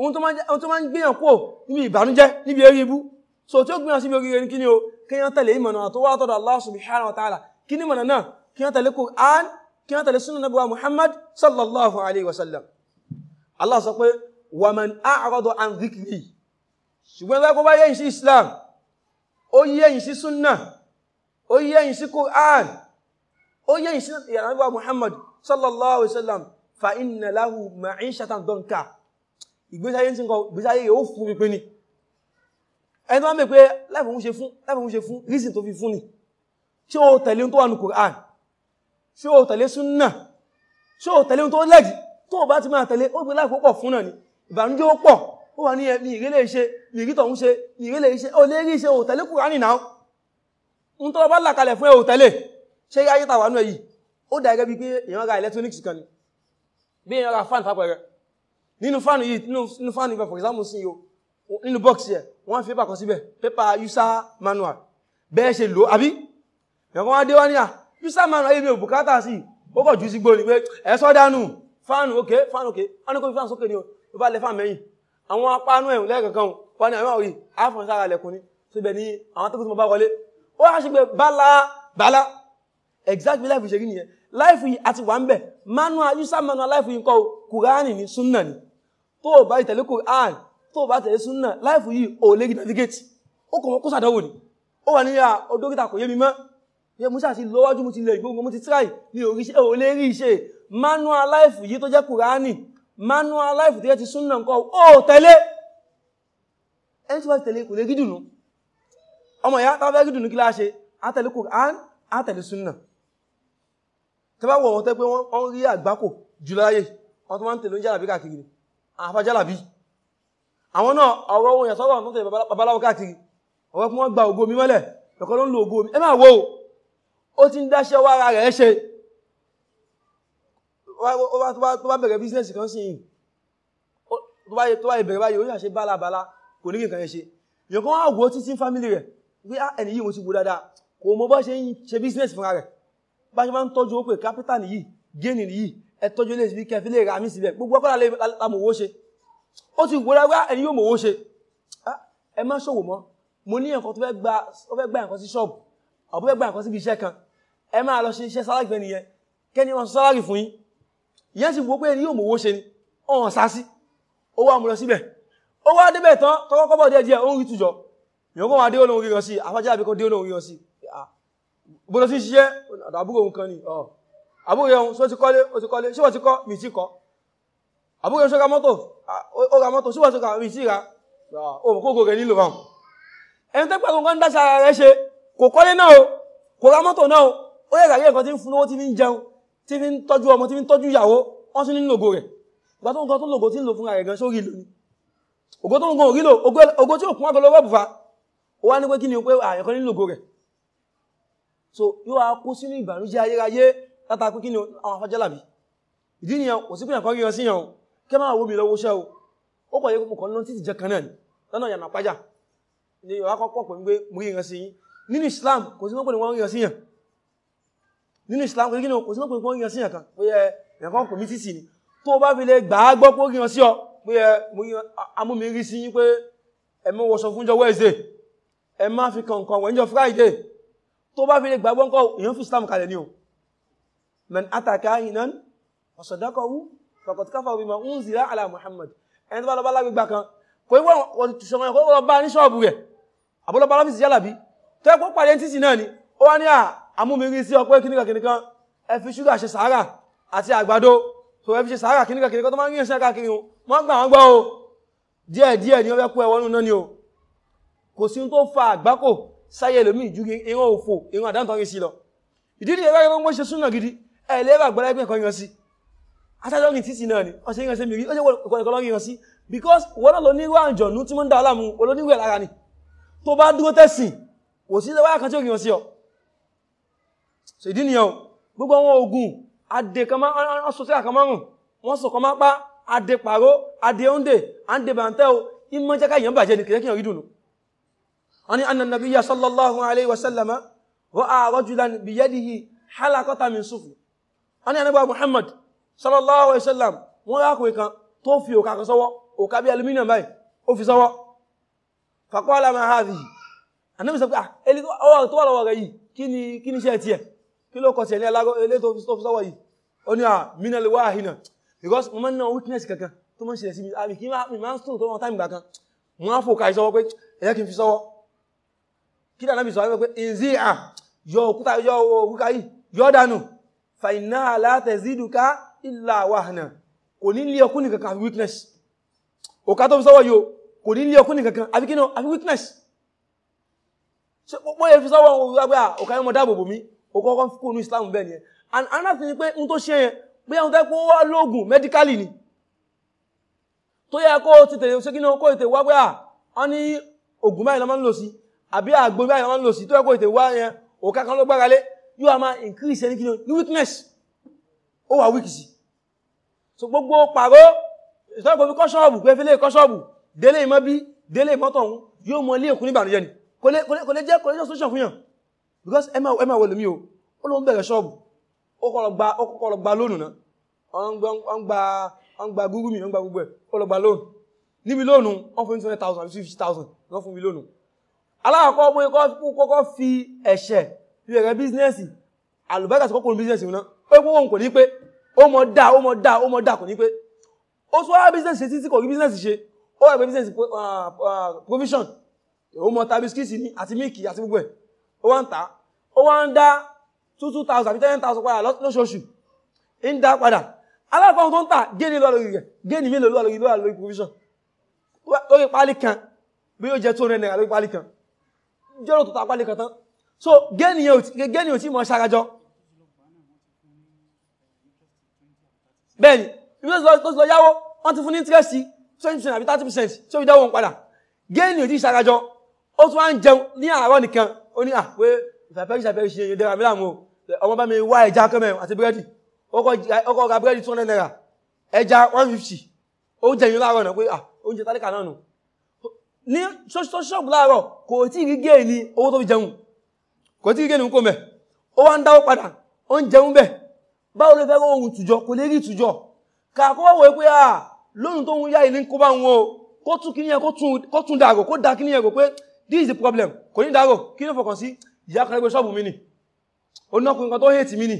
ohun tó máa ń gbéyàn kó níbi ìbànújẹ́ níbi eré ibú so tí ó gbéyàn sí ibi oríire ní kíni o kíyàn tẹ̀lé ìmọ̀nà tó wá tọ̀dọ̀ Allah subhanahu wa ta'ala kíni mọ̀nà náà kíyàn tẹ̀lé Qur'an kíyàn tẹ̀lé sunnah nabi wa Muhammad sallallahu alayhi wa sallam Allah sọ pé wa man a'rada an dhikri ṣùgbọ́n bá kó bá yẹ́yìn sí Islam ó yẹ́yìn sí sunnah ó yẹ́yìn sí Qur'an ó yẹ́yìn sí ìyàrá nabi wa Muhammad sallallahu alayhi wa sallam fa inna lahu ma'ishatan danka ìgbésáyé tí ń kọ ìgbésáyé ó fún pípé ní ẹni tó wá mẹ́ pé láìfẹ́ mú ṣe fún láìfẹ́ mú ṣe fún reason tó fi fún ni ṣé o tẹ̀lé tó wà ní Qur'an ṣé o tẹ̀lé súnnà ṣé o tẹ̀lé tó lẹ́gì tó bá ti máa tẹ̀lé ó gbé láìfẹ́ pọ̀ fún náà ni ìbànújẹ́ ó pọ̀ ó wà ní ẹ̀mí ìrẹ́lẹ̀ iṣẹ́ ìrítọ̀ ń ṣe ìrẹ́lẹ̀ iṣẹ́ ó lé rí iṣẹ́ ò tẹ̀lé Qur'an nìna ń tọ́ bá làkalẹ̀ fún ẹ ò tẹ̀lé ṣé yáyé tàwánú ẹ̀ yìí ó dà gẹ́gẹ́ bí pé èèyàn ra electronics kan ni bí èèyàn ra fan fápẹ̀rẹ̀ nínú fáànù yìí nínú fáànù ìgbà for example sí yo nínú box yẹ wọ́n fi pàkọ síbẹ̀ paper user manual bẹ́ẹ̀ ṣe lò àbí ẹ̀kọ́ wá dé wá ní à user manual ayé mi ò bùkátà sí ó kọ̀ jù sí gbóni pé ẹ̀sọ́ dánù fáànù òkè fáànù òkè wọ́n kó fi fáànù sókè ní o ló bá lẹ fáànù mẹ́yìn àwọn apánú ẹ̀hùn lẹ́ẹ̀kankan wọ́n ni àwọn òyìn àfọ̀n sára lẹ̀kùn ní síbẹ̀ ní àwọn tó kó tó mọ bá wọlé ó wá ṣe pé bala bala exactly life ṣe rí nìyẹn life yìí àti wà ń bẹ̀ manual user manual life yìí kọ́ kùránì ní súnnà ni tó o bá ìtẹ̀lé Quran tó o bá tẹ̀lé súnà láìfù yìí ò lè gidi navigate ó kò mọ́ kó sàdánwò ni ó wà níyà dókítà kò yé mi mọ́ yẹ mo ṣàti lọ́wọ́jú mo ti lè gbóngbó mo ti try mi ò lè rí iṣẹ́ manual life yìí tó jẹ́ Kùránì manual life tó jẹ́ ti súnà nǹkan ó tẹ̀lé ẹni tí wọ́n tẹ̀lé kò lè rí dùnú ọmọ ìyá tá fẹ́ rí dùnú kí láṣe á tẹ̀lé Kùrán á tẹ̀lé súnà tẹ́ bá wọ̀ wọ́n tẹ́ pé wọ́n rí àgbákò jùláyé wọ́n tó máa ń tẹ̀lé oúnjẹ àbíkà kiri àfàjálàbí ah, àwọn náà ọ̀rọ̀ ohun ẹ̀sọ́rọ̀ tó tẹ̀ babaláwo káàkiri ọ̀rọ̀ kí wọ́n gba ògo mi mọ́lẹ̀ ẹ̀kọ́ ló ń lo ògo mi ẹ máa wo ó ti ń dáṣẹ́ wá ara rẹ̀ ṣe tó bá bẹ̀rẹ̀ bísínẹ̀sì kan sí yìí tó bá bẹ̀rẹ̀ báyìí ó ṣàṣe bálabàla kò ní nǹkan ṣe yóò kán wá wo títí fámílì rẹ̀ pé ah, ẹni yìí mo ti wo dáadáa kò mọ bá ṣe ń ṣe bísínẹ̀sì fúnra rẹ̀ bá ṣe máa ń tọ́jú ó pé kápítà nìyí géènì nìyí ẹ̀tọ́jú lè sí kẹfí lè ra mí síbẹ̀ gbogbo ọkọ́lá lámòwó ṣe ó ti wọ́n ráwá ẹni yóò mòwó ṣe ẹ má ṣòwò mọ́ mo ní ẹ̀kọ́ tó fẹ́ gba ẹ̀kọ́ sí ṣọ́ọ̀bù àbú fẹ́ gba ẹ̀kọ́ síbi iṣẹ́ kan ẹ máa lọ ṣe iṣẹ́ sálárì fẹ́ nìyẹn kẹ́ni wọn sálárì fún yín ìyẹn sì wọ́n pé ẹni yóò mòwó ṣe ni ọ̀hún sásí ó wá mú lọ síbẹ̀ ó wá débẹ̀ tán tọkọ́kọ́ bọ̀ díẹ̀ díẹ̀ ó ń rí tùjọ yòókù wọn adé olóhùn ríran sí àfájá àbíkọ́ dé olóhùn ríran sí bọ́lọ́sí ṣiṣẹ́ àdàbúrò nǹkan ni ọ̀ àbúrò yẹn ṣó ti kọ́lé ó ti kọ́lé ṣíwọ̀ ti kọ́ mi ti kọ́ àbúrò yẹn mọ́tò ó ra mọ́tò ṣíwọ̀ ti kọ́ mi ti ra ó rẹ̀ nílò ràn ẹni tẹ́pẹ́ kó ń dáṣà rẹ̀ ṣe kò kọ́lé náà o ra mọ́tò náà o ó yẹ gàrí nǹkan tí ń fún owó tí ń jẹun tí ń tọ́jú ọmọ tí ń tọ́jú ìyàwó wọ́n sì ń lògo rẹ̀ ìgbà tó ń gan tó lògo tí ń lò fúnra rẹ̀ gan sórí ìlú ni ògo tó ń gan òrílò ògo tí òkun àgọ́ lọ́wọ́ bùfà ó wá ní pé kí ni o pé àyẹ̀kọ́ ní lògo rẹ̀ so yóò wá kó látà pé kí ni àwọn afọ́jálàbí ìdí ni ò sí pínlẹ̀ kọrí ọsí yàn kẹ máa wóbi lọ́wọ́ ṣẹ́ o ó pọ̀ yẹ kó mọ̀kànlọ́ títì jẹ kan náà ni lọ́nà yànà pàjá ni ọ̀rá kọ́kọ́ pẹ̀ ń gbé mú ni Islam kò sí mọ́pẹ̀ ni wọ́n rí ọsí yàn kan pé ẹ ẹ̀kọ́ kò mí títì ni tó bá fi lè gbà á gbọ́ pé ó rí ọsí ọ pé ẹ mú rí fi Friday tó bá fi lè gbà á gbọ́ Islam kalẹ̀ ni o man ataka hinan ọ̀sọ̀dọ́kọ̀wú faqad kafara bima unzila ala muhammad ẹni tó bá lọ́bá lágbègbà kan kò ní wọ́n ṣọ̀rọ̀ ẹ̀kọ́ lọ́bá ní ṣọ́ọ̀bù rẹ̀ àbúlọ́bá lọ́fíìsì jálàbí tó ẹ̀kọ́ pàdé títì náà ni ó wá ní àmúmirí sí ọpẹ́ kìnnìkan ẹ fi ṣúgà ṣe sàárà àti àgbàdo tó ẹ fi ṣe sàárà kìnnìkan kìnnìkan tó máa ń rí ẹ̀ṣẹ́ káàkiri wọ́n gbà wọ́n gbọ́ o díẹ̀ díẹ̀ ni wọ́n fẹ́ kó ẹwọ́nú náà ni o kò sí tó fa àgbákò sáyẹ lómi ìjú irun òfò irun àdántọ́rin sí lọ ìdí ni ẹ̀rọ ẹ̀rọ wọ́n ṣe súnà gidi ẹ̀lẹ́bà gbọ́lá ẹgbẹ́ ẹ̀kọ́ yan sí atájọ́gìn títì náà ni ọ̀sẹ̀ yan sí mi rí ó ṣe ẹ̀kọ́ lọ́gìn yan sí because wọ́n náà lóní wà àjọ̀nú tí mo ń da ọlámù olóníwì ẹ̀ lára ni tó bá dúró tẹ̀sìn kò sí lọ́wọ́ kan tí ó yan sí ọ so ìdí nìyẹn gbogbo àwọn ogun adé kan máa ń sọ sí àkàmọ́rùn wọ́n sọ kan máa pa adé pàró adé oúnjẹ àǹdè bàǹtẹ́ o ìmọ̀ jẹ́ ká èèyàn bàjẹ́ ni kìrẹ́kìyàn rí dùnú wọ́n ní annanabiya sallallahu alaihi wasallama wa a rajulan biyadihi halakota min sufu a ní anábà Muhammad sallallahu alaihi wasallam wọ́n rákùnrin kan tó fi òkà kan sọ́wọ́ òkà bí aluminium báyìí ó fi sọ́wọ́ faqala ma hadhihi anábì sọ pé ọwọ́ tó wà lọ́wọ́ rẹ̀ yìí kí ni iṣẹ́ tiẹ̀ kí ló kọsẹ̀ ní alágọ́ ilé tó because mo witness kankan tó máa ń ṣẹlẹ̀ sí mi àmì kí máa ń sùn tó wọn táìmì kankan mo á fòkà ìṣọwọ́ pé ẹ̀yẹ́ kí n fi sọ́wọ́ òkúta yọ òkúta yìí yọ dànù fàìná alátẹ̀zídùká ìlà wàhánà kò ní lé ọkún nìkankan àfi weakness òká tó ń sọ́wọ́ yóò kò ní lé ọkún nìkankan àfi kínú àfi weakness pọ́ yẹ fi sọ́wọ́ ọgbẹ́ òká ah, yẹn mọ́ dáàbòbò mi òkú ọkọ̀ fún kónú Islam bẹ́ẹ̀ nìyẹn and another thing ni pé n tó ṣe ah, báyìí lọ́mọ́ ń àbí àgbo báyìí lọ́mọ́ ń tó yẹ kó yẹn òká kan ló gbára lé yóò a máa increase ẹni kìíní ní weakness ó wà weak sí so gbogbo pàró ìsọ́pọ̀ fi kọ́ṣọ́ọ̀bù pé fílé kọ́ṣọ́ọ̀bù délé ìmọ́ bí délé ìmọ́tọ̀ ọ̀hún yóò mọ ilé ìkún níbànújẹ́ ni kò lè jẹ́ kò lè jẹ́ solution fún yàn because ẹ máa wọlé mi o ó ló ń bẹ̀rẹ̀ ṣọ́ọ̀bù ó kọ́kọ́ gba lónù náà wọ́n gba gúgú mi wọ́n gba gbogbo ẹ̀ ó lọ gba lónù níbi lónù wọ́n fún mi twenty thousand àbí fifty thousand wọ́n fún mi lónù alákọ̀ọ́ bóyá kọ́kọ́ fi ẹ̀ṣẹ̀ ìrẹ̀ bíznẹ́sì alùbáríkà sọ́kọ́ bíznẹ́sì náà ó gbọ́ òun kò ní pé ó mọ̀ dá ó mọ̀ dá ó mọ̀ dá kò ní pé ó sọ wá bíznẹ́sì ṣe títí kò rí bíznẹ́sì ṣe ó rẹ̀ bíznẹ́sì ah, ah, provision ó mọ̀ ta bisikíìtì ni àti míìkì àti gbogbo ẹ̀ ó wá ń ta ó wá ń dá two two thousand àbí thousand padà lóṣooṣù ń dá padà alákọ̀ọ́ tó ń tà géènì lọ́wọ́ lórí rẹ̀ géènì mélòó lọ́wọ́ lórí lórí provision lórí pálí kan bí yóò jẹ́ two hundred naira lórí pálí kan jọ́rọ̀ tó ta pálí kan tán so gẹ́ni ò tí mọ̀ ṣarajọ́ bẹ́ẹ̀ni ibi tó ti lọ yáwó wọ́n ti fún ní interest 20% àbí 30% tí ó fi dáwọ́ padà gẹ́ni ò tí ṣarajọ́ ó tún wá ń jẹun ní àárọ̀ nìkan ó ní àwẹ́ ìfàfẹ́ ìṣàfẹ́ ìṣe èdè rà mílàmù ọmọ bá mi wá ẹja kẹ́mẹ̀ àti búrẹ́dì ọkọ̀ ra búrẹ́dì 200 naira ẹja 150 ó jẹyìn láàárọ̀ náà pé à oúnjẹ tálíkà náà nù ní ṣọ́ṣọ́ṣọ́ọ̀bù láàárọ̀ kò tí ì rí géè ní owó tó fi jẹun kò tí gẹ́nu kó mẹ́ ó wá ń dáwó padà ó ń jẹun bẹ̀ báwo ló fẹ́ kó ohun tùjọ kò lè rí tùjọ kàkó wá wòye pé à lóhun tó ń yá ilé ń kó bá wọn o kó tún kí nìyẹn kó tún dàgò kó da kí nìyẹn pé this is the problem kò ní dàgò kí ló fọkàn sí ìyá kan ẹgbẹ́ ṣọ́ọ̀bù mi nì oníkùnrin kan tó hate mi nì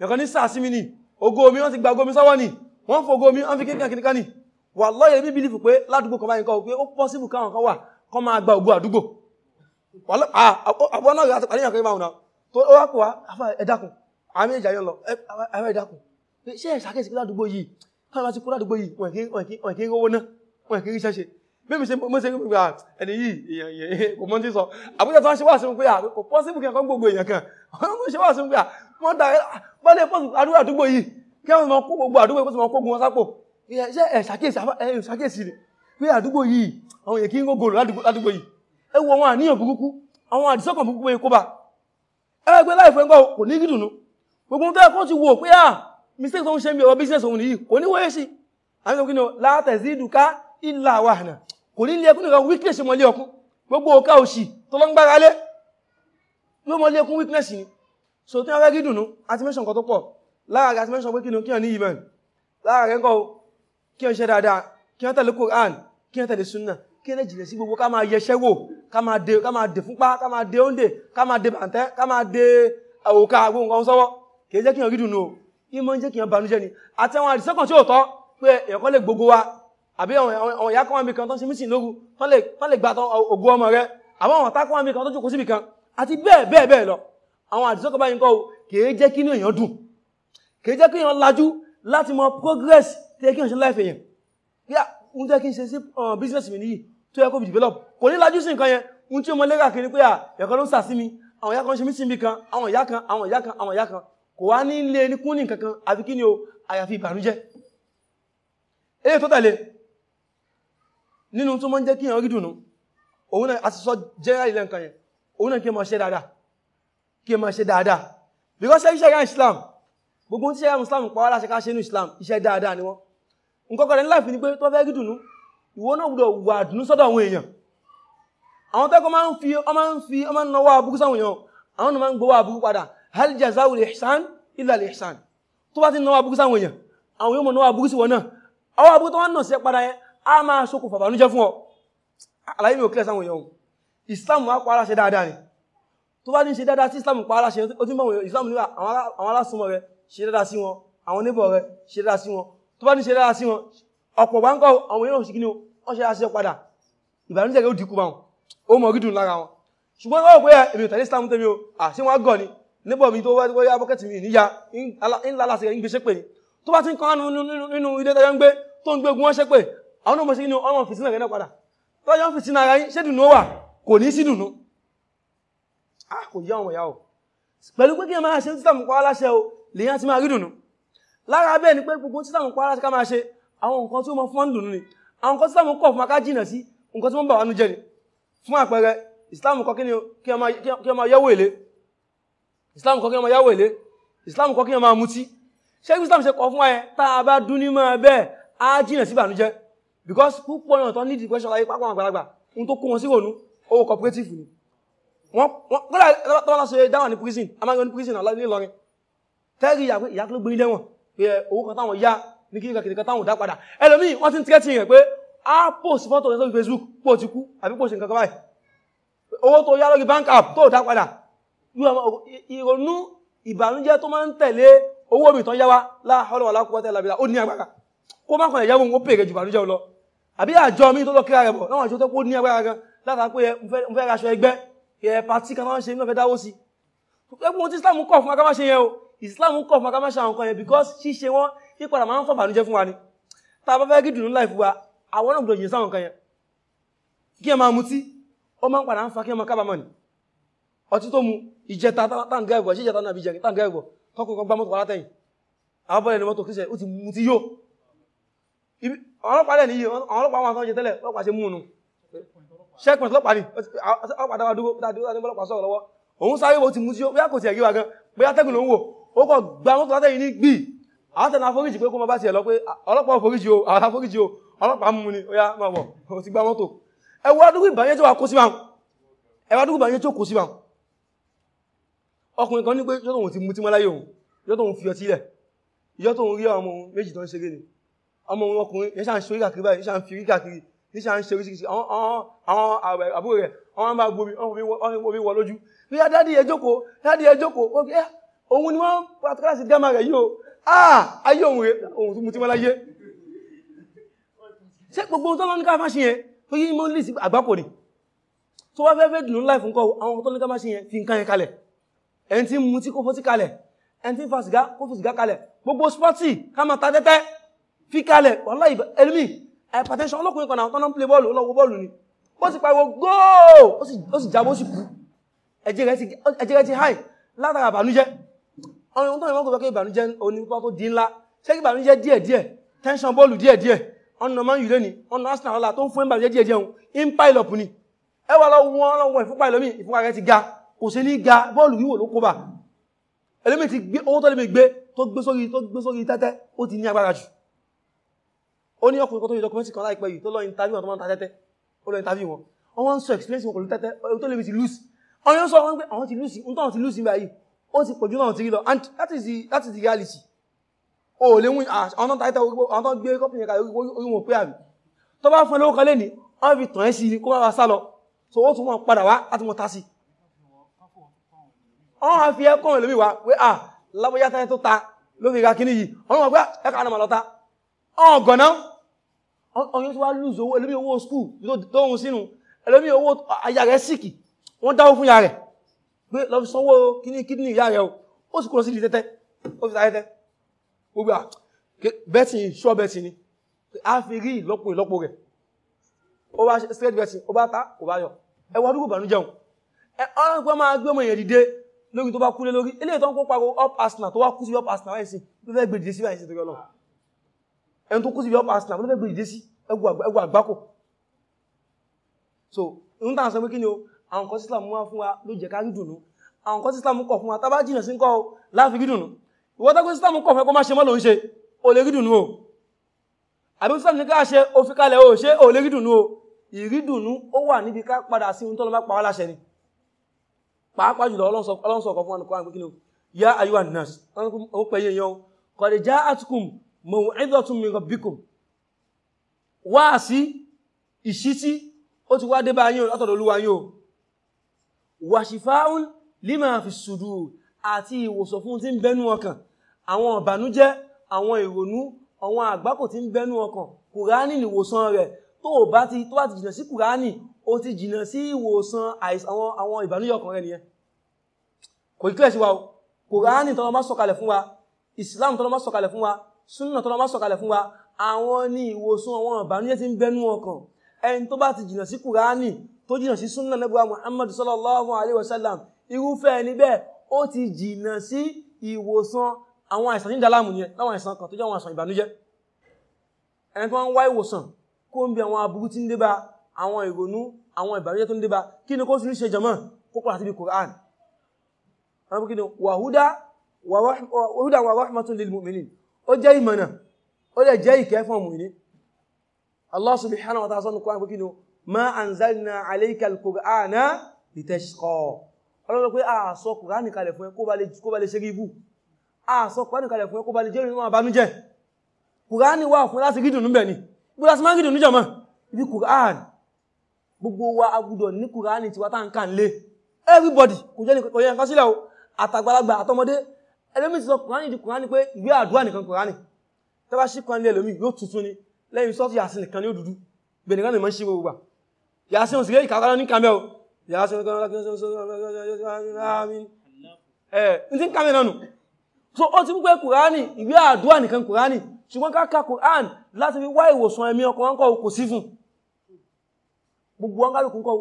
ẹ̀kan ní sàásí mi nì ògo mi wọ́n ti gba ògo mi sáwọ́ nì wọ́n fògo mi wọ́n fi kékeré kìnnìkan nì wà lọ́yẹ̀ mi bìlífù pé ládùúgbò àbúrò náà yà àníyàn kan ìbáhùn náà tó ó wá pè wá àfà ẹ̀dàkùn àmì ìjà yọ lọ àfà ẹ̀dàkùn ṣé ẹ̀ ṣàkíyèsí pé ládùúgbò yìí káwọn ti kú ládùúgbò yìí wọ̀n kí ń rówó náà wọ̀n kí ń ríṣẹ́ ṣe bẹ́ẹ̀mi ṣe mọ́ ṣe ń gbà ẹni yìí èèyàn èèyàn kò mọ́ ti sọ àbújá tó ń ṣe wá sí pé kò pọ́sibú kí nǹkan gbogbo èèyàn kan wọ́n ṣe wá sí pé wọ́n da wọ́n lè pọ́sibú àdúgbò àdúgbò yìí kí wọ́n mọ kó gbogbo àdúgbò yìí ẹwọ wọn àníyàn burúkú àwọn àdìsọ́kàn burúkú pé kó bá ẹgbẹ́ láìfẹ́ ń gbọ́ kò ní rídùnú gbogbo tó ẹkọ́ ti wò pé à ah, mistake tó ń ṣe mi ọ̀rọ̀ business òun nìyí kò ní wọ́yé sí àwọn ìsọ̀kùn náà látẹ̀sí ìdùká ìlà wà hànà kò ní lé ẹkún nìkan weakness mọ́ lé ọkún gbogbo ọ̀ká òṣì tó lọ ń gbára lé yóò mọ́ lé ẹkún weakness ni so tí wọ́n fẹ́ rídùnú àti mẹ́sàn kan tó pọ̀ lára rẹ̀ àti mẹ́sàn pé kíni kíyàn ní ìmọ̀ lára rẹ̀ ń kọ́ kíyàn ṣe dáadáa kíyàn tẹ̀lé Quran kíyàn tẹ̀lé sunnah kéré jìnà sí gbogbo ká máa yẹṣẹ́ wò ká máa dé ká máa dé fúnpá ká máa dé oúnjẹ ká máa dé bàǹtẹ́ ká máa dé òkà gbogbo nǹkan sọ́wọ́ kìí jẹ́ kí yàn rídùn nù ó ìmọ̀ ń jẹ́ kí yàn bànújẹ́ ni àti àwọn àdìsẹ́kàn tí ó tọ́ pé èèyàn kan lè gbogbo wa àbí àwọn ìyá kan wà nìkan tó ń ṣe mí sìn lóru tán lè gba ògùn ọmọ rẹ àwọn àwọn tákùn wà nìkan tó jókòó síbì kan àti bẹ́ẹ̀ bẹ́ẹ̀ bẹ́ẹ̀ lọ àwọn àdìsẹ́kàn báyìí kọ́ kìí jẹ́ kí èèyàn dùn kìí jẹ́ kí èèyàn lajú láti mọ progress tí ẹ kí èèyàn ṣe láìfẹ̀yàn bí i ń tẹ́ kí n ṣe sí business mi nìyí tó yẹ kó fi develop kò ní lajú sí nǹkan yẹn ohun tí ọmọ lẹ́gà kiri pé à ẹ̀kọ́ ló ń sàsí mi àwọn ìyá kan ṣe mí sí mi kan àwọn ìyá kan àwọn ìyá kan àwọn ìyá kan kò wá ní ilé ní kún ní àfi kí ni o àyàfi ìbànújẹ́ èyí tó tẹ̀lé nínú tó mọ́ ń jẹ́ kí èèyàn rí dùnú òun náà àti sọ general nǹkan yẹn òun náà kí ẹ máa ṣe dáadáa kí ẹ máa ṣe dáadáa because iṣẹ́ ìṣẹ́ Islam gbogbo tí ṣe Islam pa wá láṣẹ ká ṣe ní Islam iṣẹ́ dáadáa ni wọ́n nǹkan kan ní láìfi ni pé tó fẹ́ rí ìwọ náà gbọ́dọ̀ wà dùnú sọ́dọ̀ àwọn èèyàn àwọn tẹ́kọ̀ máa ń fi ọmọ ń fi ọmọ ń náwó àbúkú sáwọn èèyàn àwọn náà máa ń gbowó àbúkú padà hal jazawu lihsan illa lihsan tó bá ti náwó àbúkú sáwọn èèyàn àwọn yóò mọ̀ náwó àbúkú sí wọn náà àwọn àbúkú tó wọ́n nà sí ẹ padà yẹn á máa sokùn fàbànújẹ́ fún ọ àlàyé mi ò kílẹ̀ sáwọn èèyàn Islam wá pa aláṣẹ dáadáa ni tó bá ní ṣe dáadáa sí Islam Islam ní àwọn alásùnmọ̀ rẹ ṣe dáadáa sí wọn àwọn níbọ̀ rẹ ṣe dáadáa sí wọn tó bá ní ṣe dáadáa ọ̀pọ̀ wá ń kọ́ àwọn èèyàn òsìkí ni wọ́n ṣe aṣẹ́ padà ìbànújẹ́ yóò dínkù bá wọn ó mọ̀ rídùn lára wọn ṣùgbọ́n wọ́n pé èmi ìtàlẹ́ islam tẹ́mi o àṣẹ wọn gọ̀ ni níbọ̀ mi tó wáyé abọ́kẹ́tì mi níyà ńlá láti rẹ̀ ń gbéṣẹ́ pè ní tó bá ti ń kọ́nù nínú ilé tẹ́jọ́ ń gbé tó ń gbégun wọ́n ṣẹ́ pè àwọn ọmọ sí ní ọmọ fìsínà rẹ̀ náà padà tọ́jọ́ fìsínà ara yín ṣẹ́dùnú wà kò ní sí dùnú a kò yá ọmọ ìyá o pẹ̀lú pé kí ẹ máa ṣe títàmù pa aláṣẹ o lèyàn ti máa rí dùnú lára bẹ́ẹ̀ ni pé gbogbo títàmù pa aláṣẹ ká máa ṣe àwọn nǹkan tí ó mọ fún wọn dùn ní àwọn nǹkan tí islam kọ̀ fún wa ká jìnà sí nǹkan tí wọ́n bà wá nú jẹ́ ni fún àpẹẹrẹ islam kọ̀ kí ọmọ yáwó èlé islam kọ̀ kí ọmọ yáwó èlé islam kọ̀ kí ọmọ amútí ṣé islam ṣe kọ̀ fún wa yẹn tá a bá dún ní máa bẹ́ẹ̀ á jìnà sí ìbànújẹ́ because púpọ̀ náà tán ní depression láyé pápá àwọn àgbàlagbà ohun tó kó wọn sí ìrònú owó cooperative ni wọ́n kọ́lá tọ́wọ́ lásán dáwà ní prison amáyọ ní prison aláìlọ́rin tẹ́rì ìyá pé ìyá tó gbé nílẹ̀ wọn pé owó kan táwọn yá ní kí n kàkìtì kan táwọn ò dá padà ẹlòmíì wọ́n ti ń tẹ́tì rẹ̀ pé a post fọ́tò rẹ̀ sórí Facebook pò ti kú àbí pò ṣe nǹkan kan báyìí owó tó yá lórí bank app tó dá padà ìrònú ìbànújẹ́ tó máa ń tẹ̀lé owó mi tán yáwá láhọ́lọ́wà lákúwọ́tẹ́ lábílá ó ní agbára kó má kànlẹ̀ yáwó ó pèrè jù bànújẹ́ lọ àbí àjọ mi tó lọ kíra rẹ̀ bọ̀ láwọn àjọ tó kó ní agbára gan látà pé mo fẹ́ raṣọ ẹgbẹ́ ẹ̀ pàtí kan máa ń ṣe ní ọ̀fẹ́ dáwó Islam kọ̀ fún akámáṣe yẹn o Islam kọ̀ fún akámáṣe àwọn kan yẹn because ṣíṣe wọn yí padà máa ń fọ́ bànújẹ́ fún wa ni tá a bá wa àwọn náà gbọdọ̀ yìí sáwọn kan yẹn kí ẹ máa mutí ó máa ń padà ń fa kí ẹ máa kábàámọ̀ ni ọtí tó mu ìjẹta táǹgá ẹ̀gbọ́ sí ìjẹta náà bí jẹrin táǹgá ẹ̀gbọ́ tọkùn kan gbá mọ́tò wá látẹ̀yìn àwọn bọ́ọ̀lù ẹni mọ́tò kí ó ti mutí yó ọlọ́pàá lẹ̀ níyì ọlọ́pàá wọn àtọ́jẹ tẹ́lẹ̀ ọlọ́pàá ṣe mú un ṣẹ́pẹ̀t lọ́pàá ni ọlọ́pàá dáwà dúró dáadúró ní ọlọ́pàá sọ̀rọ̀ lọ́wọ́ òun sáré wo ti mutí yó bóyá kò àátẹ̀lá foríjì pé kó ma bá ti ẹ̀ lọ pé ah, ọlọ́pàá foríjì o àwọn foríjì o ọlọ́pàá mú ni ó yá máa bọ̀ ó ti gbá mọ́tò ẹwà àdúgbò ìbàyẹ́ tó wà kó sí báhùn ẹwà àdúgbò ìbàyẹ́ tó kó sí báhùn ọkùnrin kan ní pé yọ́tọ̀ òun ti mú tí mọ́ láyé òun yọ́tọ̀ òun fi ọtí lẹ̀ yọ́tọ̀ òun rí ọmọ òun méjì tó ń ṣeré ni ọmọ òun ọkùnrin yẹ́ṣà ń ṣorí kàkiri báyìí yẹ́ṣà ń fi rí kàkiri yẹ́ṣà ń ṣe oríṣiríṣi àwọn àbúrò rẹ̀ wọ́n máa gbomi omi wọ lójú bí i dádì ẹ jókòó dádì ẹ jókòó eh, òun ni wọ́n pàtàkì láti gámà rẹ̀ yìí Ah, ayé ohun mú tí wọ́n láyé ṣe gbogbo tó lọ ní káfà ṣe yẹn tó yí mọ́ lìsì àgbákò ní tó wá fẹ́ fẹ́ dùn láì fún kọ́ àwọn tó ní káfà ṣe yẹn fi nǹkan yẹn kalẹ̀ ẹni tí mú tí kó fọ́tí kalẹ̀ ẹni tí fa sìgá kó fi sìgá kalẹ̀ gbogbo spọ́tì ká máa ta tẹ́tẹ́ fi kalẹ̀ wàhálà ẹlmi hypertension ọlọ́kùnrin kan náà tọ́nà ń play bọ́ọ̀lù ọlọ́wọ́ bọ́ọ̀lù ni ó sì pariwo góò ó sì jábọ́ sí kú ẹ̀jẹ̀ rẹ̀ ti high látara àbànújẹ́ àwọn ohun tó yẹ wọ́n kò fẹ́ kí ìbànújẹ́ onípa tó di ńlá ṣé kí ìbànújẹ́ díẹ̀díẹ̀ tẹ́ńṣán bọ́ọ̀lù díẹ̀díẹ̀ ọ̀nà máa ń yùlé ni ọ̀nà arsenal ọ̀la tó ń fún ìbànújẹ́ díẹ̀díẹ̀ òun in pile up ni ẹ wà lọ́wọ́ wọn lọ́wọ́ ìfúnpá ẹlòmíì ìfúnpá rẹ ti ga kò sí ní ga bọ́ọ̀lù wíwò ló kó bà ẹlòmíì ti gbé owó tó lè gbé tó gbé sórí tó gbé sórí tẹ́tẹ́ ó ti ní agbára jù ó ní ọkùnrin kan tó yẹ dọkumẹ́ntì kan láìpẹ́ yìí tó lọ interview wọn tó máa ń ta tẹ́tẹ́ ó lọ interview wọn wọ́n ń sọ experience wọn pẹ̀lú tẹ́tẹ́ tó lè mi ti lose ọ̀yọ́ sọ wọn pé àwọn ti lose nítorí àwọn ti lose nígbà yìí ó ti pọ̀jù náà ti rí lọ and that is the that is the reality o ò lè win ah, àwọn tó ń taita orí àwọn tó ń gbé kọ́pì yẹn ká orí wọn pé àbí tó bá fún ẹ kan lẹ́ni wọ́n fi tàn ẹ́ sí ni kó wá sá lọ so ó tún wọn padà wá láti wọn ta sí wọ́n á fi ẹkọ́ ẹlòmíì wá pé à ah, lábọ́yá tẹ́lẹ̀ tó ta ló fi ra kíní yìí wọ́n mọ̀ pé ah, ẹ̀ka àná màlọ́ta ọ̀gànná ọ̀yọ́ tó wá lùzọ́ ẹlòmíì owó skul wọ́n dáwó fún pé lọ fi sanwó kíní kíní ìyá rẹ o ó sì kúrò sí di tẹ́tẹ́ ó fi ta tẹ́tẹ́ gbogbo à bẹ́tì ṣọ́ bẹ́tì ni a fi rí ìlọ́po ìlọ́po rẹ̀ ó bá ṣe straight bẹ́tì ó bá ta kò bá yọ ẹ wá dúró bànú jẹun ẹ ọ̀rọ̀ pé máa gbé ọmọ èèyàn dìde lórí tó bá kú lé lórí eléyìí tó ń kó pariwo up arsenal tó wá kú sí up arsenal báyìí sí ló fẹ́ gbèdìde sí báyìí sí torí ọlọ́run ẹni tó kú sí up arsenal ló fẹ́ gbèdìde sí ẹgbù àgbákò so ń tàn sọ pé kí ni o àwọn kan sísìlámù wá fún wa ló jẹ ká rí dùnú àwọn kan sísìlámù kọ̀ fún wa tá bá jìnà sí ń kọ́ láàfi rí dùnú ìwọ́n tágbé sísìlámù kọ̀ fún ẹ kó má ṣe mọ́ ló ń ṣe o lè rí dùnú o àbí sísìlámù ní ká ṣe o fi kalẹ̀ o ṣe o lè rí o ìrí ó wà níbi ká padà sí ohun tó lọ bá láṣẹ ni pàápàá jùlọ ọlọ́sọ̀ ọkọ̀ fún ọkọ̀ àgbékínú ya ayuwa nas ọkọ̀ pẹ̀yẹ yan kọ̀dẹ̀ já àtùkùn mọ̀ ẹ̀dọ̀tún mi rọ̀bíkùn wá sí ìṣítí ó ti wá dé bá yín látọ̀dọ̀ olúwa yín wà ṣìfáún lima fi sudur àti ìwòsàn fún tí ń bẹnu ọkàn àwọn ọ̀bànújẹ́ àwọn ìrònú àwọn àgbákò tí ń bẹnu ọkàn kùránì nìwòsàn rẹ̀ tó bá ti tó bá ti jìnà sí kùránì ó ti jìnà sí ìwòsàn àwọn ìbànújẹ́ ọkàn rẹ̀ nìyẹn kò ìkílẹ̀ sí wa o kùránì tọ́lọ má sọ̀kalẹ̀ fún wa islam tọ́lọ má sọ̀kalẹ̀ fún wa súnà tọ́lọ má sọ̀kalẹ̀ fún wa àwọn ni ìwòsàn ẹni tó bá ti jìnà sí kùránì tó jìnà sí súnà lẹ́gbẹ̀ẹ́ muhammad sallallahu alayhi wa sallam irúfẹ́ ẹni bẹ́ẹ̀ ó ti jìnà sí ìwòsàn àwọn àìsàn ní ìdáláàmù yẹn láwọn àìsàn kan tó jẹ́ àwọn àìsàn ìbànújẹ́ ẹni tó ń wá ìwòsàn kó ń bi àwọn aburú tí ń débá àwọn ìrònú àwọn ìbànújẹ́ tó ń débá kí ni kó sì Allah subhanahu wa ta'ala sọ́nù kọ́ àpò kínú ma anzalna alayka al-Qur'ana litashqa ọlọ́rọ̀ pé a sọ kùránì kalẹ̀ fún ẹ kó ba lè ṣe ríbù a sọ kùránì kalẹ̀ fún ẹ kó ba lè jẹ́ ìrìnà àbánújẹ́ kùránì wà fún láti rídùn níbẹ̀ ni bí láti máa rídùn níjọmọ́ ibi kùránì gbogbo wa agbúdọ̀ ní kùránì tí wá tá ń lé everybody kò jẹ́ nǹkan sílẹ̀ o àtàgbàlagbà àtọmọdé ẹlòmíì ti sọ kùránì di kùránì pé ìwé àdúrà nìkan kùránì lẹ́yìn sọ́tí yàsí nìkan ní òdúdú bẹ̀rẹ̀ ní mọ́ sí gbogbo yàsí òsì lẹ́yìn kàkàrà ní kàmẹ́ o yàsí ní kàmẹ́ nánú so ó ti ń pẹ́ kùránì ìwé àdúrà nìkan kùránì ṣùgbọ́n káàkà kùránì láti fi wá ìwòsàn ẹ̀mí ọkọ̀ wọn kọ̀ kò sí fún gbogbo wọn kálùkù kọ